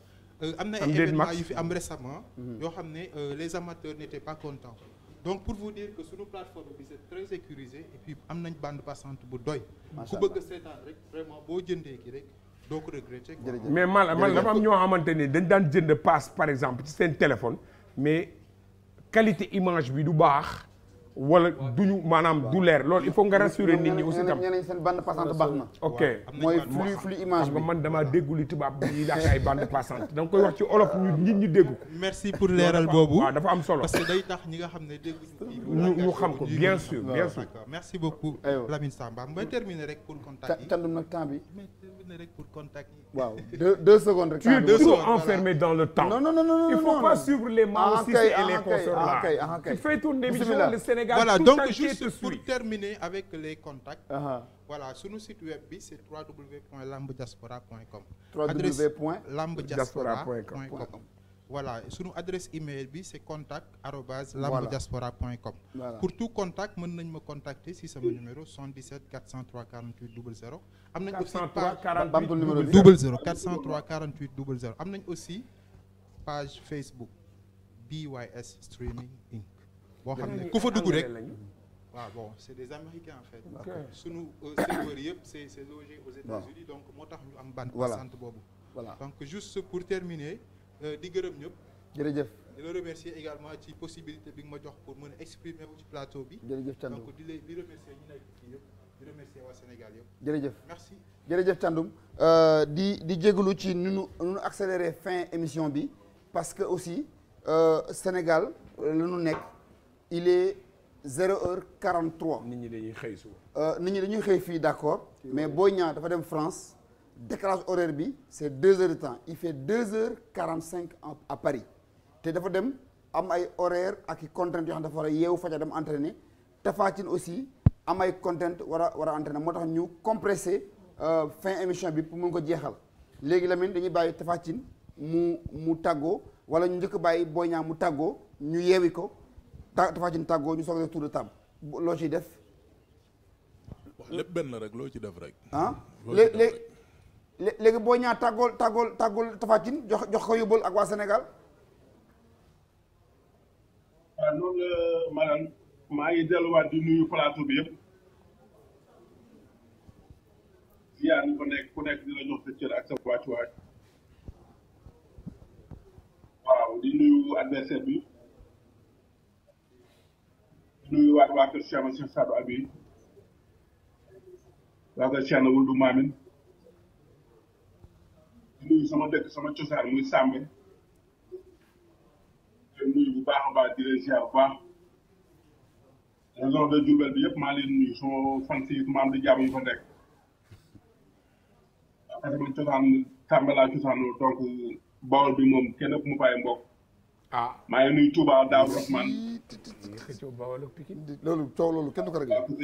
Euh, am na ay événements yu fi am récemment. Mhm. yoo xam ne euh, les amateurs n'étaient pas contents. donc pour vous dire que suñu plateforme bi c'est très sécurisé et puis am nañ bande passante bu doy. ku bëgg a seetaan rek vraiment boo jëndee kii rek doo ko regretter. mais mal man dafa am ñoo xamante ne dañ daan jënd passe par exemple ci seen téléphone mais qualité image bi du baax. wala duñu maanaam du leer loolu il faut nga rassurer nit ñi aussi tam ñeneen seen bande passante baax na ok mooy flux flux image ah bi man damaa déggu tubaab yi yàq ay bande passante da koy wax ci olof ñu nit ñi dégg ko merci pour leeral boobu dafa am solo parce que day tax ñi nga xam ne dégg ñu ñu xam ko bien sûr bien sûr merci beaucoup Lamine Samba may terminer temps bi may terminer rek pour contact yi le temps non il faut pas suivre les mots aussi et les consorts ah, ah, tu fais tourner Sénégal voilà tout donc juste pour terminer avec les contacts. Uh -huh. voilà suñu site web bi c' est www.lambdiaspora.com. www.lambdiaspora.com voilà suñu adresse email bi c' est contact arobase lambdiaspora.com. voilà pour tout contact mën nañ ma contacter si sama numéro 77 403 48 00. am nañ aussi page 403 48 00 am nañ aussi page Facebook BYS Streaming Inc. boo xam ne ku fa dugg rek waaw bon c'est des américains en fait. sunu euh, serveurs yëpp c'est c'est logé aux États-Unis donc moo tax ñu am bande passante boobu. voilà donc juste pour terminer euh, di gërëm ñëpp. jërëjëf di la remercier également ci possibilité bi nga ma jox pour mën a exprimer wu ci plateau bi. jërëjëf Thiandoum donc di la di remercier ñi nekk fii yëpp di remercier waa Sénégal yëpp. jërëjëf merci jërëjëf euh, di di jégalu ci nu nu nu accélérer fin émission bi parce que aussi Sénégal la ñu nekk. il est zéro heure quarante trois. nit ñi dañuy xëy suba. Euh, nit ñi dañuy fii d' accord mais Boy ñaar dafa dem France décalage horaire bi c' deux heures de temps il fait deux heures quarante cinq à Paris te dafa dem am ay horaire ak i contraintes yoo xam dafa war a yeewu faja dem entraîner Tapha aussi am ay contraintes war a war a entraîner moo tax ñu compressé euh, fin émission bi pour mun ko jeexal léegi Lamine dañuy bàyyi Tapha mu mu tàggoo wala ñu njëkk bàyyi Boy Niang mu tàggoo ñu yeewi ko. ta Tapha tàggoo ñu soog def tour de table loo ciy def. loo ci def rek. ah léegi boo ñaar tàggool tàggool tàggool Tapha jox jox ko yóbbal ak waa Sénégal. waaw maa ngi delluwaat di nuyu plateau bi yëpp. ziar ñu ko nekk ku nekk dina jox sa ak sa wàccuwaay. waaw di nuyu adversaire bi. nuyu waat waa kër Cheikh Cheikh Sadou Abi waa kër Cheikh Wuldu Maamin nuyu sama dëkk sama cosaan muy Sàmbe te baax a baax di leen ziar bu baax région de bi yëpp maa leen nuyu fan si maam di jàmm fa nekk parce que man cosaan Sàmbe laa cosaanoo donc Bawol bi moom kenn ku mu bàyyi mbokk ah maa ngi nuyu Touba Daaw Rahman. loolu coow loolu kenn du ko rek. maa ngi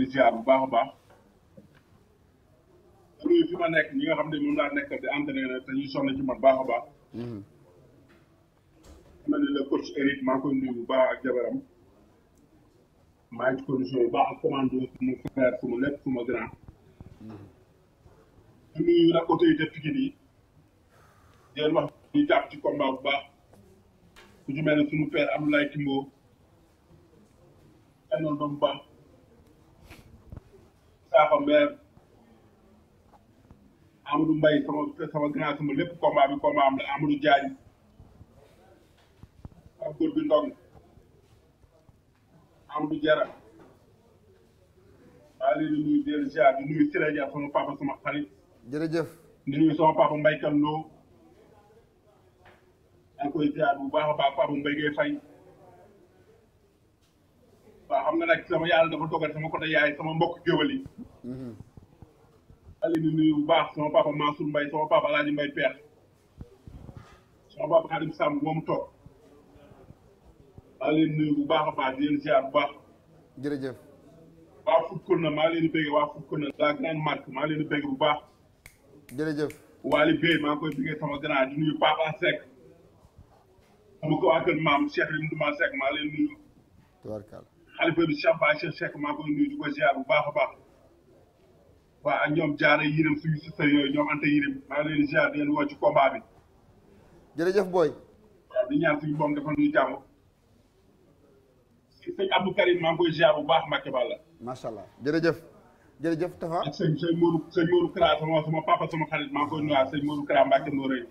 leen bu baax a baax. fi ma nekk ñi nga xam ne moom laa nekk di entraîné te ñuy a ci man baax baax. ma mhm. la coach Eric maa ngi koy nuyu bu baax ak jabaram. maa ngi ko condition bu baax ak commando suma frère suma lépp suma grand. Mhm. di nuyu nag autorité Pikine yi. di leen wax ñu jàpp ci combat bu baax. ku ci mel ne suñu père Abdoulaye Timbo Thierno Dom Ba Sakho Mbeer Amadou Mbaye sama sama grand sama lépp combat bi combat am la Amadou Diagne ak góor bi ndong Amadou Diarra maa ngi leen di nuyu di leen ziar sama papa sama xarit. jërëjëf di nuyu sama papa Mbaye Kando. yaa ngi koy ziar bu baax a baax Pape Mbaye Gueye Faye waaw xam nga nag sama yàlla dafa dogal sama côté yaay sama mbokk géwël yi. ali ni nuyu bu baax ma papa Mansour Mbaye sama papa Alaaji Mbaye Peex sama papa Xadim Samb moomu toog maa leen nuyu bu baax a baax di leen ziar bu baax. jërëjëf. waa Futkona maa leen di bëgg waa Futkona la grande marque maa leen di bëgg bu baax. jërëjëf. Waly Gueye maa ngi koy bëggee sama grand di nuyu Papa Seck. sama ko waa kër maam Cheikh li mu maa Seck maa leen nuyu. tubarkalla xalifa bi Cheikh Ba Cheikh Seck maa koy nuyu di bu baax a baax. waaw ak ñoom jaare yërëm suñu si sër yooyu ñoom ante yërëm maa leen ziar di leen woo ci combat bi. jërëjëf booy. waaw di ñaan bu baax Mbacke Balla. macha jërëjëf. jërëjëf Tafa ak sëñ sëñ Modou sëñ papa sama xarit maa ngi koy nuyuwaat sëñ Modou Kara Mbacke Noreye.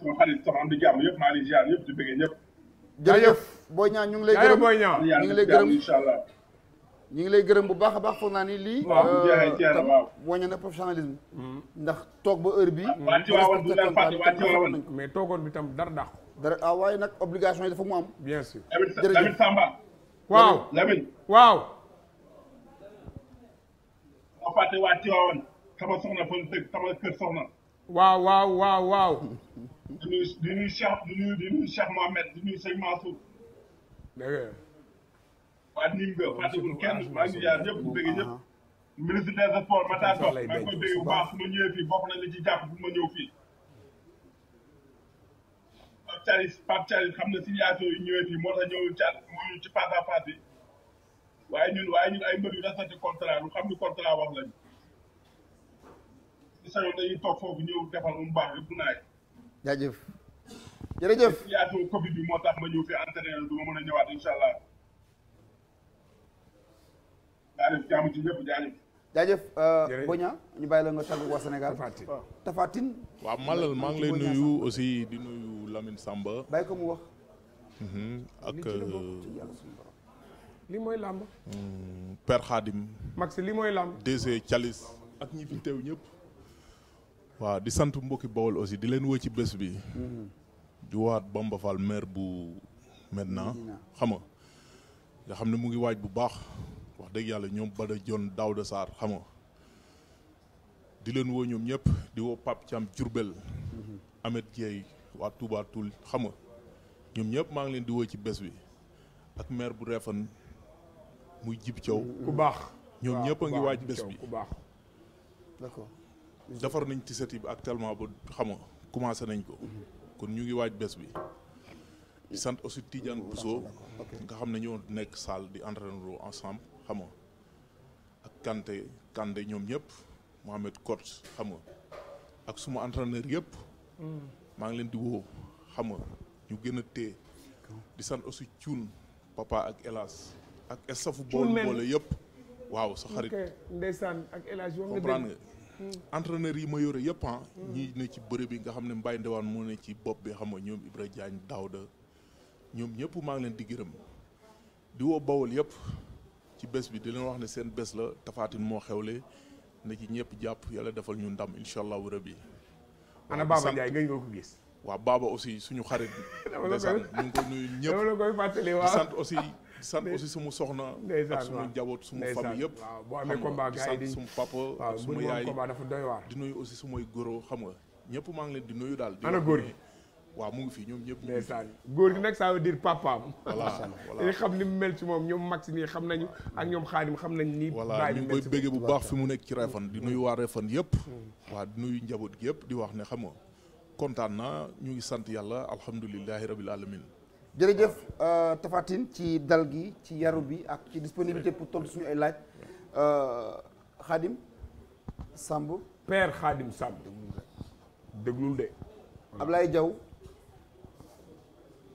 sama xarit sama am di jàmm yëpp maa ñu ngi lay gërëm ñu ngi lay gërëm incha allah ñu ngi lay gërëm bu baax a baax naa ni lii waññe euh, na professionnalisme hmm. ndax toog ba bi mais toogoon bi tam dara dàq dara ah waaye nag obligation yi dafa mu am bien sûr Lamine Samba waaw Lamine waaw a waa Tiwaawan sama soxna fa waaw waaw waaw waaw di nuyu di nuyu Cheikh di nuyu di nuyu Cheikh Mohamed di nuyu sëñ Mansour. dëgg waa nim nga fàttewul kenn maa ngi jaar ñëpp bëgg ñëpp. Ah, ah. ministre des sports Matar Ba maa ngi koy bëgg bu baax su ma ñëwee fii bokk nañ la ci jàpp bu ma ñëw fii. Pape Thialis Pape Thialis xam na situation yi ñëwee fii moo tax ñëwul ca moo ñu ci face à face bi. waaye ñun waaye ñun ay mbër yu respecté contrat lu xam ni contrat wax lañu. di sañoon dañuy toog foofu ñëw defal mu baax yëpp naay. jaajëf jërëjëf yaatu bi moo tax ma ñëw fi entraîné du ñëwaat incha jaajëf jaamu euh, Boña ñu bàyyi la nga tàggu waa Sénégal Tafatine waaw Malal maa ngi lay nuyu aussi di nuyu Lamine Samba bàyyi ko mu wax mhm, ak euh, li mooy làmb hmm, Père Khadim Max li mooy làmb DC Thialis ak ñi fi teew ñëpp waaw di sant mbokki Bawol aussi di leen woo ci bés bi. Mm-hmm. di waat Bamba Fall maire bu maintenant xama nga xam ne mu ngi waaj bu baax wax dëgg yàlla ñoom Bada Jon Daouda Sarr xam nga di leen woo ñoom ñëpp di woo Pape Thiam Diourbel. Mm-hmm. Amet Dieye waa Touba Toul xam nga ñoom ñëpp maa ngi leen di woo ci bés bi ak maire bu Refane muy Jib Thiaw. Mm-hmm. ku baax ñoom ñëpp a ngi waaj bés bi ku defar nañ ci seti yi actuellement ba xam nga commencé nañ ko. kon ñu ngi waaj bés bi. di sant aussi Tidiane Bousso nga xam ne ñoo nekk salle di entraîner ensemble xam nga ak Kanté Kanté ñoom ñëpp Mohamed Kot xam nga ak suma entraîneur yëpp. ngi leen di woo xam nga ñu gën a téye di sant aussi Thioune papa ak Elas ak estafu bool boole yëpp. waaw sa xarit ndeysaan nga entraîneur yi ma yore yëpp ah. ñi ne ci bërëb bi nga xam ne Mbaye Ndewane moo ne ci bopp bi xam nga ñoom Ibra Diagne Daouda ñoom ñëpp maa ngi leen di gërëm di woo Bawol yëpp ci bés bi di leen wax ne seen bés la tafaatin moo xewle na ci ñëpp jàpp yàlla defal ñu ndam incha allahu rabi. ana Baba Ndiaye nga aussi suñu xarit. dama koy dama la sant aussi. sant aussi suma soxna. ak suma njaboot suma famille yëpp. waaw boo amee combat gars yi di sant suma papa. waaw suma yaay di nuyu aussi sumay goro xam nga ñëpp maa ngi leen di nuyu daal. ana góor gi waaw mu ngi fii ñoom ñëpp. ndeysaan góor gi nag saa veut dire papaam. voilà xam ni mu mel ci moom ñoom Max nii xam nañu ak ñoom Xaadim xam nañ ni. voilà ñu ngi koy béggee bu baax fi mu nekk ci Refane di nuyu waa Refane yëpp. Mm. waa di nuyu njaboot gi yëpp di wax ne xam nga kontaan naa ñu ngi sant yàlla alhamdulilahi rabil alamin jërëjëf euh, Tafatine ci dal gi ci yaru bi ak ci disponibilité pour tontu suñu ay laaj euh, Khadim Samb. père Khadim Samb. déglul de. Ablaye Diaw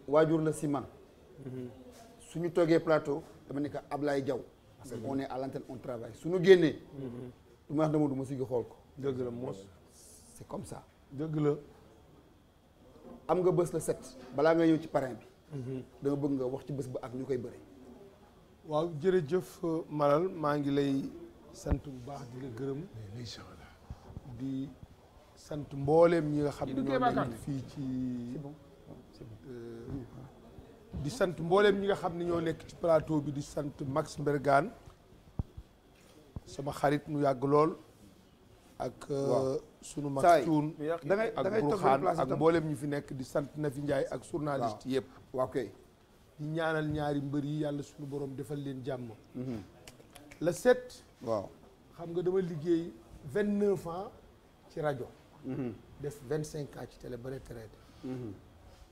waajur la si man. Mhm. suñu toogee plateau dama ne ab Ablaye jaw parce que mhm. on est à l'antenne on travaille suñu génnee. Mhm. du ma duma dama du ma sigg xool ko. comme ça. dëgg la. am nga bës la set balaa nga ñëw ci parrain bi. dama bëgg nga wax ci bés ba ak ñu koy bari waaw jërëjëf euh, Malal maa ngi lay sant bu baax di la gërëm. incha di sant mbooleem ñi nga xam ne ñoo nekk fii ci. Euh, di sant mbooleem ñi nga xam ne ñoo nekk ci plateau bi di sant Max Mbergane sama xarit mu yàgg lool. ak euh, sunu mag cuun da ngay da ak mboolem ñu fi nekk di sant na fi Njaay ak journaliste yëpp waaw kay di ñaanal ñaari mbër yi yàlla sunu boroom defal leen jàmm mhm. la set waaw xam nga dama liggéey vingt neuf ans ci rajo mhm. def vingt cinq ans ci télé ba retraite mhm.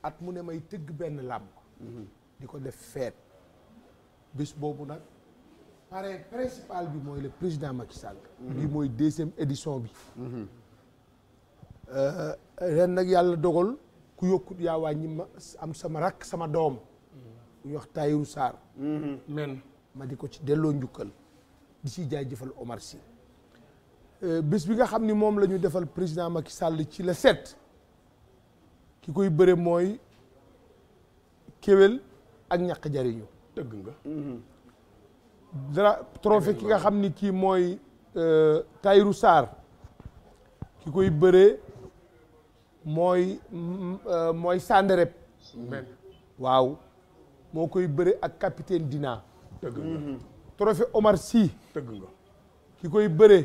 at mu ne may tëgg benn làmb di ko def feet bis boobu nag parrain principal bi mooy le président Macky Sall. bi mooy deuxième édition bi. Euh, ren nag yàlla dogal ku yokkut yaa wàññi ma am sama rakk sama doom. ñu wax Tahirou Sarr. men ma di ko ci delloo njukkal. di ci jaajëfal Omar Sy. Euh, bés bi nga xam ni moom la defal président Macky Sall ci la set. ki koy bëre mooy kéwél ak ñaq jariñu dëgg nga. dara trophée ki nga xam ni kii mooy euh, Tayrou Sarr ki koy bëree mooy euh, mooy Sanderep waaw moo koy bëre ak capitaine Dina dëgg mhm. trophée Omar Sy dëgg nga ki koy bëre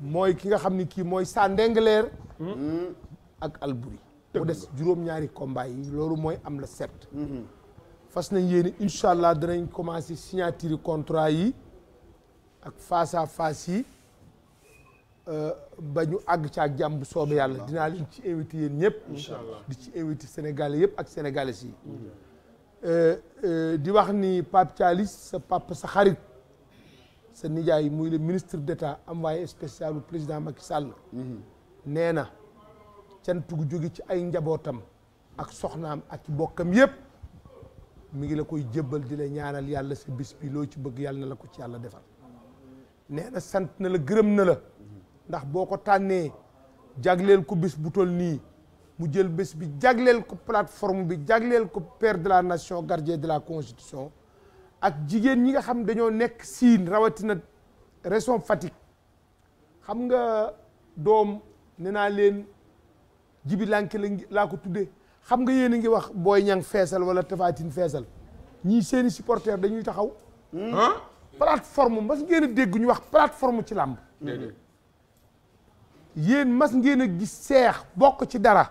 mooy ki nga xam ni kii mooy Sandengleer mhm. ak Albouri mu des juróom-ñaari combat loolu mooy am la set mhm. fas nañ yéene incha allah danañ commencé signature contrat yi ak face à face yi euh, ba ñu àgg ci ak jàmm bu soobee yàlla dinaa leen ci invité yéen ñëpp. di ci invité sénégalais yëpp ak sénégalais yi. Euh, euh, di wax ni Pape Thialis sa papa sa xarit sa nijaay muy le ministre d'État envoyé spécial président Macky Sall. Mhm. nee na cant jóge ci ay njabootam ak soxnaam ak bokkam yëpp. mi ngi la koy jébbal di la ñaanal yàlla sa ci bëgg yàlla ko ci yàlla defal nee sant na la gërëm na la ndax boo ko tànnee jagleel ko bis bu tol nii mu jël bés bi jagleel ko plateforme bi jagleel ko père de la nation gardien de la constitution ak jigéen ñi nga xam dañoo nekk siin rawatina région Fatick xam nga doom nee naa leen jibi lànk laa ko tuddee xam nga yéen a ngi wax Boy Niang feesal wala Tapha Tine feesal ñii seeni supporters dañuy taxaw. plateforme mas ngeen a dégg ñu wax plateforme ci làmb. yéen mas ngeen a gis seex bokk ci dara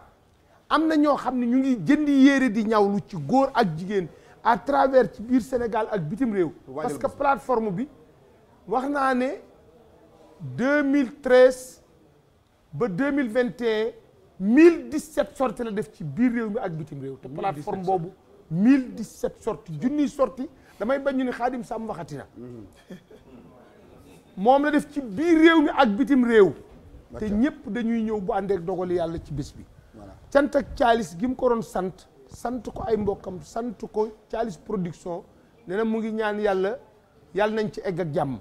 am na ñoo xam ne ñu ngi jënd yére di ñawlu ci góor ak jigéen à travers ci biir Sénégal ak bitim réew. parce que plateforme bi wax naa ne mille 2013 ba mille 2021. mille 1017 sorties la def ci biir réew mi ak bitim réew te plateforme boobu 1017 sorties junniy sorti damay bañ ñu ne xaadim sàmm waxati na mm-hmm. moom la def ci biir réew mi ak bitim réew te ñëpp dañuy ñëw bu àndee dogal yàlla ci bés bi cant ak caalis gim mu ko doon sant sant ko ay mbokkam sant ko caalis production nee mu ngi ñaan yàlla yàlla nañ ci egg ak jàmm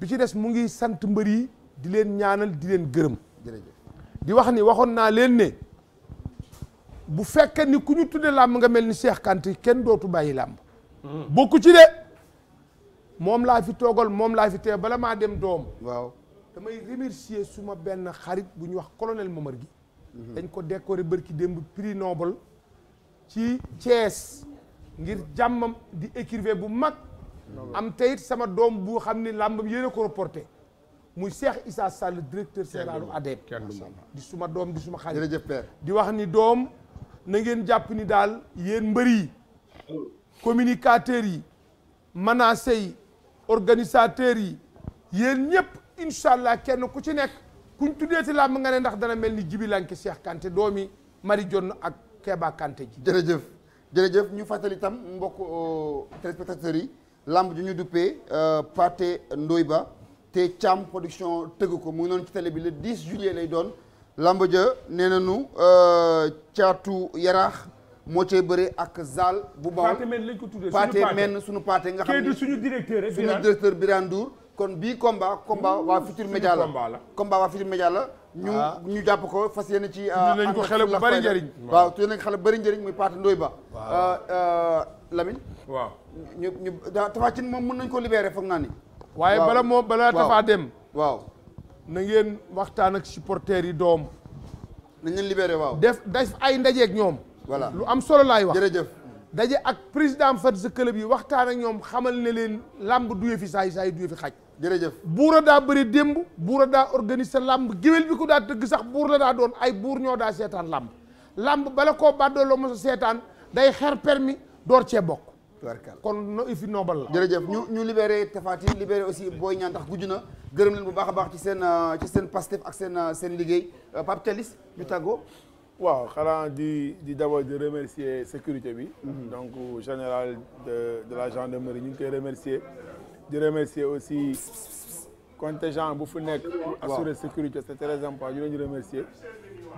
bi ci des mu ngi sant mbër yi di leen ñaanal di leen gërëm jërëjëf di wax ni waxoon naa leen ne bu fekke ni ku ñu tudde làmb nga mel ni Cheikh Kanté kenn dootu bàyyi làmb mm. bokku ci de moom laa fi toogal moom laa fi tee bala maa dem doom waaw damay remercier suma benn xarit bu ñu wax colonel Momar gi mm-hmm. dañ ko décorer bërki démb prix Nobel ci Thiès ngir jàmmam di écrivain bu mag am teyit sama doom bu xam ni làmbam yéen a ko reporté muy Cheikh Issa Sall directeur général u ADEP di suma doom di suma xarit jërëjëf di wax ni doom na ngeen jàpp ni daal yéen mbëri yi communicateurs yi manacé yi organisateurs yi yéen ñëpp incha allah kenn ku ci nekk kuñ tuddee ci làmb nga ne ndax dana mel ni Jibi Lanke Cheikh Kanté doomi Mari Jonn ak Keba Kanté ji jërëjëf jërëjëf ñu fàttali tam mbokk euh, téléspectateurs yi làmb ju ñu duppee euh, Pathé Ndoye Ba te Thiam production tëgg ko mu ngi noonu ci tele bi le 10 lay doon lamba ja nee nañu euh, caatu yaraax moo cay bëre ak Zal bu baax Pathé Men lañ ko tuddee Pathé Men suñu Pathé nga xam ne suñu directeur rek eh, suñu directeur Birane Ndour kon bii combat combat waa Futur Média la combat waa Futur Média la ñu ah. ñu jàpp ko fas yéene ci lañ euh, ko xale bu bëri njëriñ waaw tudd nañ xale bu bëri njëriñ muy Pathé ndoy Ba euh, Lamine waaw ñu ñu Tapha Tine moom mën nañ ko libéré foog naa ni waaye bala moom bala Tapha dem waaw na ngeen waxtaan ak supporters yi doom nañ leen libéré waaw def def ay ndajeeg ñoom voilà lu am solo laay wax jërëjëf daje ak président fans club yi waxtaan ak ñoom xamal ne leen làmb duye fi saay saay duye fi xaj jërëjëf buura daa bëri démb buura daa organiser làmb géwel bi ko daa tëgg sax buur la daa doon ay buur ñoo daa seetaan làmb làmb bala koo bàddoo la mos a seetaan day xer permis door cee bokk kon no ifi noobal la jërëjëf ñu ñu libéré Tapha Tine libéré aussi booy Niang ndax gujj na gërëm leen bu baax a baax ci seen ci seen Pastef ak seen seen liggéey euh, Pape Thialis ñu tàggoo waaw xanaa di di d'abord di remercier sécurité bi mhm. donc général de de la gendarmerie ñu ngi koy remercier di remercier aussi contingent bu fu nekk pour assurer sécurité c'est très important ñu leen remercier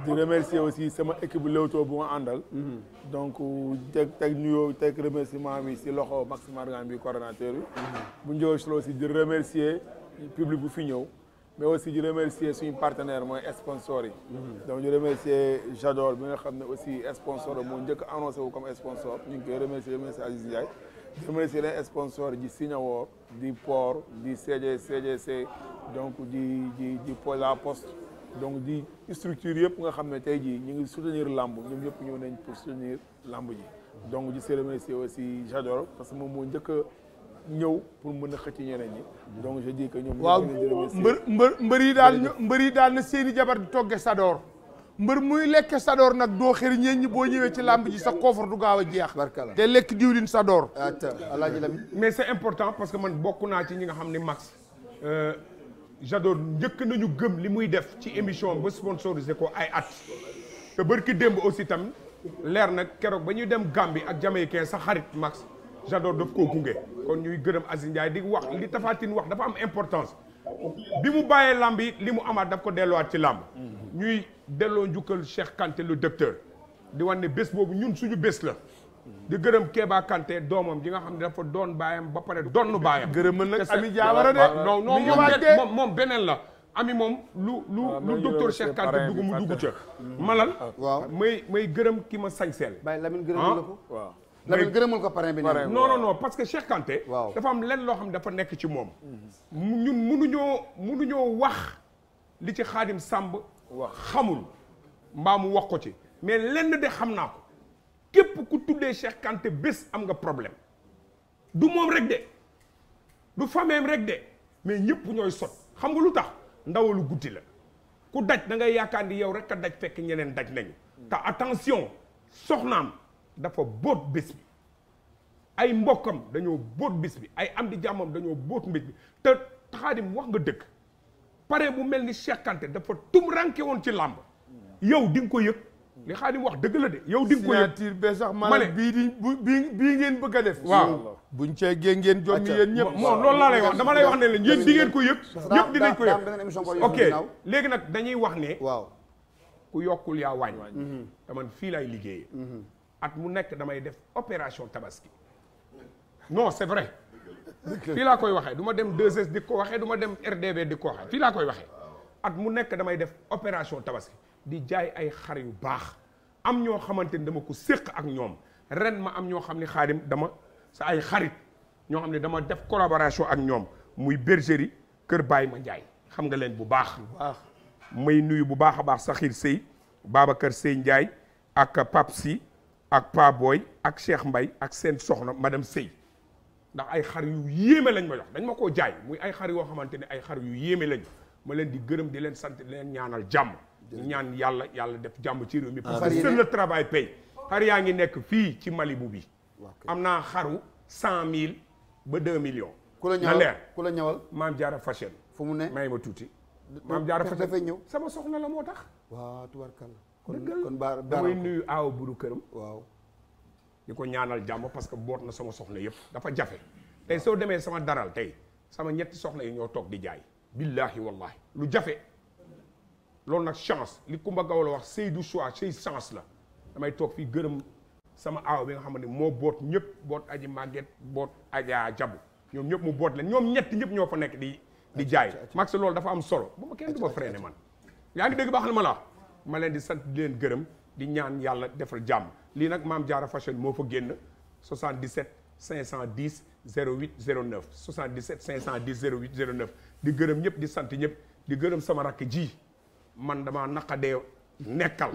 di remercier aussi sama équipe Leewtoo bu ma àndal. donc teg teg nuyoo teg remerciement bi si loxo Maxime Margan bi coordonnateur bi. bu ñu jógee si aussi di remercier public bu fi ñëw. mais aussi di remercier suñu partenaire mooy sponsor yi. donc di remercier Jador bi nga xam ne aussi sponsor moo njëkk annoncé wu comme sponsor ñu ngi koy remercier remercier Aziz Ndiaye. di remercier les sponsors di Signawoor di Port di CDC CDC donc di di di la Poste. donc di structure yëpp nga xam ne tey jii ñu ngi soutenir làmb ñoom ñëpp ñëw nañ pour soutenir làmb ji donc di se remercier aussi Jador parce que moom moo njëkk ñëw pour mën a xëcc ñeneen ñi donc je dis que ñoom waaw mbër mbër mbër yi daal mbër yi daal na seeni jabar di togge sadoor mbër muy lekk Sador nag doo xëri ñeen ñi boo ñëwee ci làmb ji sa koofar du gaaw a jeex te lekk diwlin Sador alaaji Lamine mais c'est important parce que man bokk naa ci ñi nga xam ne max euh, Jador njëkk nañu gëm li muy def ci émission ba sponsorisé ko ay at te ki démb aussi tamit leer nag keroog ba ñuy dem Gambie ak Jamaïcain sa xarit Max Jador daf koo gunge kon ñuy gërëm Aziz Ndiaye di wax li Tapha Tine wax dafa am importance bi mu bàyyee làmb yi li mu amaat daf ko delluwaat ci làmb ñuy delloo njukkal Cheikh Kanté le docteur di wan ne bés boobu ñun suñu bés la di gërëm Kéba Kanté doomam ji nga xam ne dafa doon baayam ba pare donn baayam gërëmal nag Ami Diawara de non non moom moom beneen la ami moom lu lu ah, lu docteur Cheikh Kanté dugg mu dugg ca mm. malal ah, waaw may may gërëm ki ma sañseel bàyyi Lamine gërëmal ah? la ko waaw Lamine gërëmal ko parrain bi non non non parce que Cheikh waaw dafa am lenn loo xam ne dafa nekk ci moom mm-hmm. mu ñun munuñoo munuñoo wax li ci Xaadim Sàmb xamul mbaa mu wax ko ci mais lenn de xam naa ko képp ku tuddee Cheikh bés am nga problème du moom rek de du fameem rek de mais ñëpp ñooy sot xam nga lu tax ndawalu guddi la ku daj da ngay yaakaar ni yow rek a daj fekk ñeneen daj nañu te attention soxnaam dafa boot bis bi ay mbokkam dañoo boot bis bi ay am di jàmmam dañoo boot bés bi te mu wax nga dëkk pare mu mel ni Cheikh dafa tum woon ci làmb yow di ko yëg li xaadim wax dëgg la de yow di nga ko yëg signature bee sax maanaam bii di bii bii ngeen bëgg a def waaw buñ cee gée ngeen jom mi yéen ñëpp moom loolu laa lay wax dama lay wax ne la yéen di ngeen ko yëg ñëpp dinañ ko yëg ok léegi nag dañuy wax ne waaw ku yokkul yaa wàññi dama mhm. fii laay liggéeyee mhm. at mu nekk damay def opération tabaski non c'est vrai fii laa koy waxee du ma dem 2S di ko waxee du dem RDB di ko waxee fii laa koy waxee at mu nekk damay def opération tabaski di jaay ay xar yu baax am ñoo xamante ni dama ko séq ak ñoom ren ma am ñoo xam ni xaadim dama sa ay xarit ñoo xam ne dama def collaboration ak ñoom muy bergerie Kër Baye ma Ndiaye xam nga leen bu baax. may nuyu bu baax a baax Saxiir Sey Babacar Sey Ndiaye ak Pape Sy ak Pa ak Cheikh Mbay ak seen soxna madame Sey ndax ay xar yu yéeme lañ ma jox dañ ma koo jaay muy ay xar yoo xamante ne ay xar yu yéeme lañ ma leen di gërëm di leen sant di leen ñaanal jàmm. ñu ñaan yàlla yàlla def jàmm ci réew mi parce que seul le travail paye xar yaa ngi nekk fii ci mali Malibu bi am naa xaru cent mille ba deux millions ku la ñawal na maam jaara fashion fu mu ne may ma tuuti maam jaara fashion ñëw sama soxna la moo tax waaw tubarkalla dëggal kon baar damay nuyu aaw buru këram waaw di ko ñaanal jàmm parce que boot na sama soxla yëpp dafa jafe tey soo demee sama daral tey sama ñetti soxla yi ñoo toog di jaay billaahi wallahi lu jafe loolu nag chance li Kumba gaw la wax sëy du choix sëy chance la damay toog fii gërëm sama aaw bi nga xam ne moo boot ñëpp boot aji màgget boot ajaa jabu ñoom ñëpp mu boot leen ñoom ñett ñëpp ñoo fa nekk di di jaay max loolu dafa am solo bu ma kenn du ma freiné man yaa ngi dégg baax na ma la ma leen di sant di leen gërëm di ñaan yàlla defal jàmm lii nag maam jaara fashion moo fa génn 77 510 08 09 77 510 08 09 di gërëm ñëpp di sant ñëpp di gërëm sama rakk ji man damaa naqadee nekkal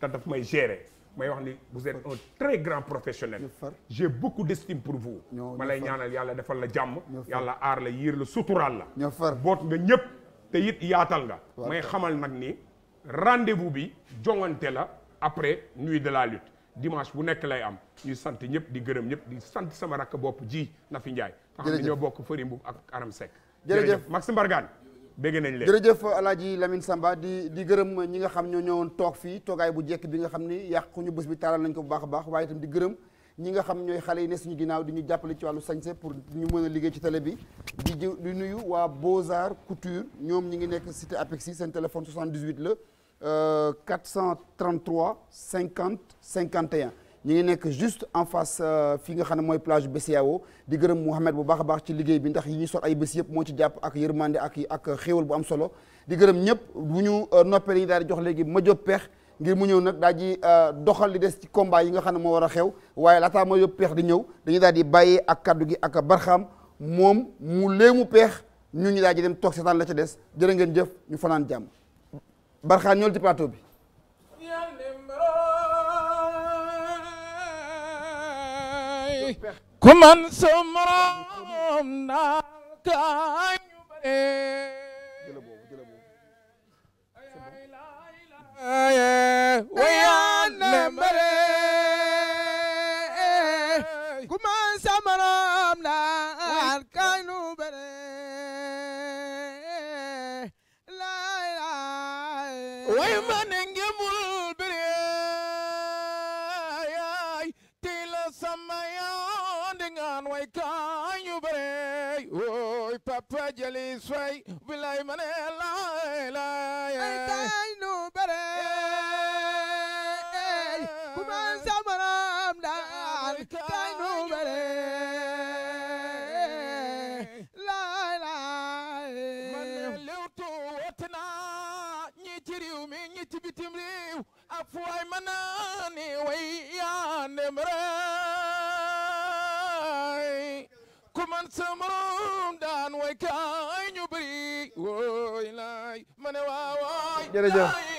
te daf may gérer may wax ni vous êtes un très grand professionnel j'ai beaucoup d'estime pour vous ma lay ñaanal yàlla defal la jàmm yàlla aar la yiir la suturaal la ñoo far boot nga ñëpp te it yaatal nga may xamal nag ni rendez-vous bi jongante la après nuit de la lutte dimanche bu nekk lay am ñuy sant ñëpp di gërëm ñëpp di sant sama rakk bopp ji Nafi Ndiaye. jërëjëf nga xam ne ñoo bokk Fary Mbuub ak Aram Seck. jërëjëf Max bégg nañ leen jërëjëf yi Lamine Samba di di gërëm ñi nga xam ñoo ñëwoon toog fii toogaay bu jekk bi nga xam ni yàquñu bés bi taaral nañ ko bu baax a baax waaye itam di gërëm ñi nga xam ñooy xale yi ne suñu ginnaaw di ñu jàppale ci wàllu sañse pour ñu mën a liggéey ci télé bi di di nuyu waa Beaux Arts Couture ñoom ñi ngi nekk cité Apexi seen téléphone 78 la euh, cinquante 50 51 ñu ngi nekk juste en face euh, fi nga xam ne mooy plage BCEAO di gërëm Mouhamed bu baax baax ci liggéey bi ndax yi ñuy sol ay bés yëpp moo ci jàpp ak yërmande ak ak xéewal bu am solo di gërëm ñëpp bu ñu euh, noppee dañu daal di jox léegi ma jóg peex ngir mu ñëw nag daal di euh, doxal li des ci combat yi nga xam ne moo war a xew waaye laataa ma jóg peex di ñëw dañuy daal di bàyyee ak kàddu gi ak barxaam moom mu léemu peex ñu ñu daal di dem toog seetaan la ci des jërë ngeen jëf ñu fanaan jàmm barxaam ñool ci plateau bi ku man sa morom naa kaa ñu bare jëli soy bilay ma ne laay laay ay tay nu bare ku ma sa maram daan tay nu bare laay laay man lewtu wotna ñi ci réew mi ñi ci bitim réew ak fu waay ma naani way yaa ndem reew man wooy laay ma ne waawoy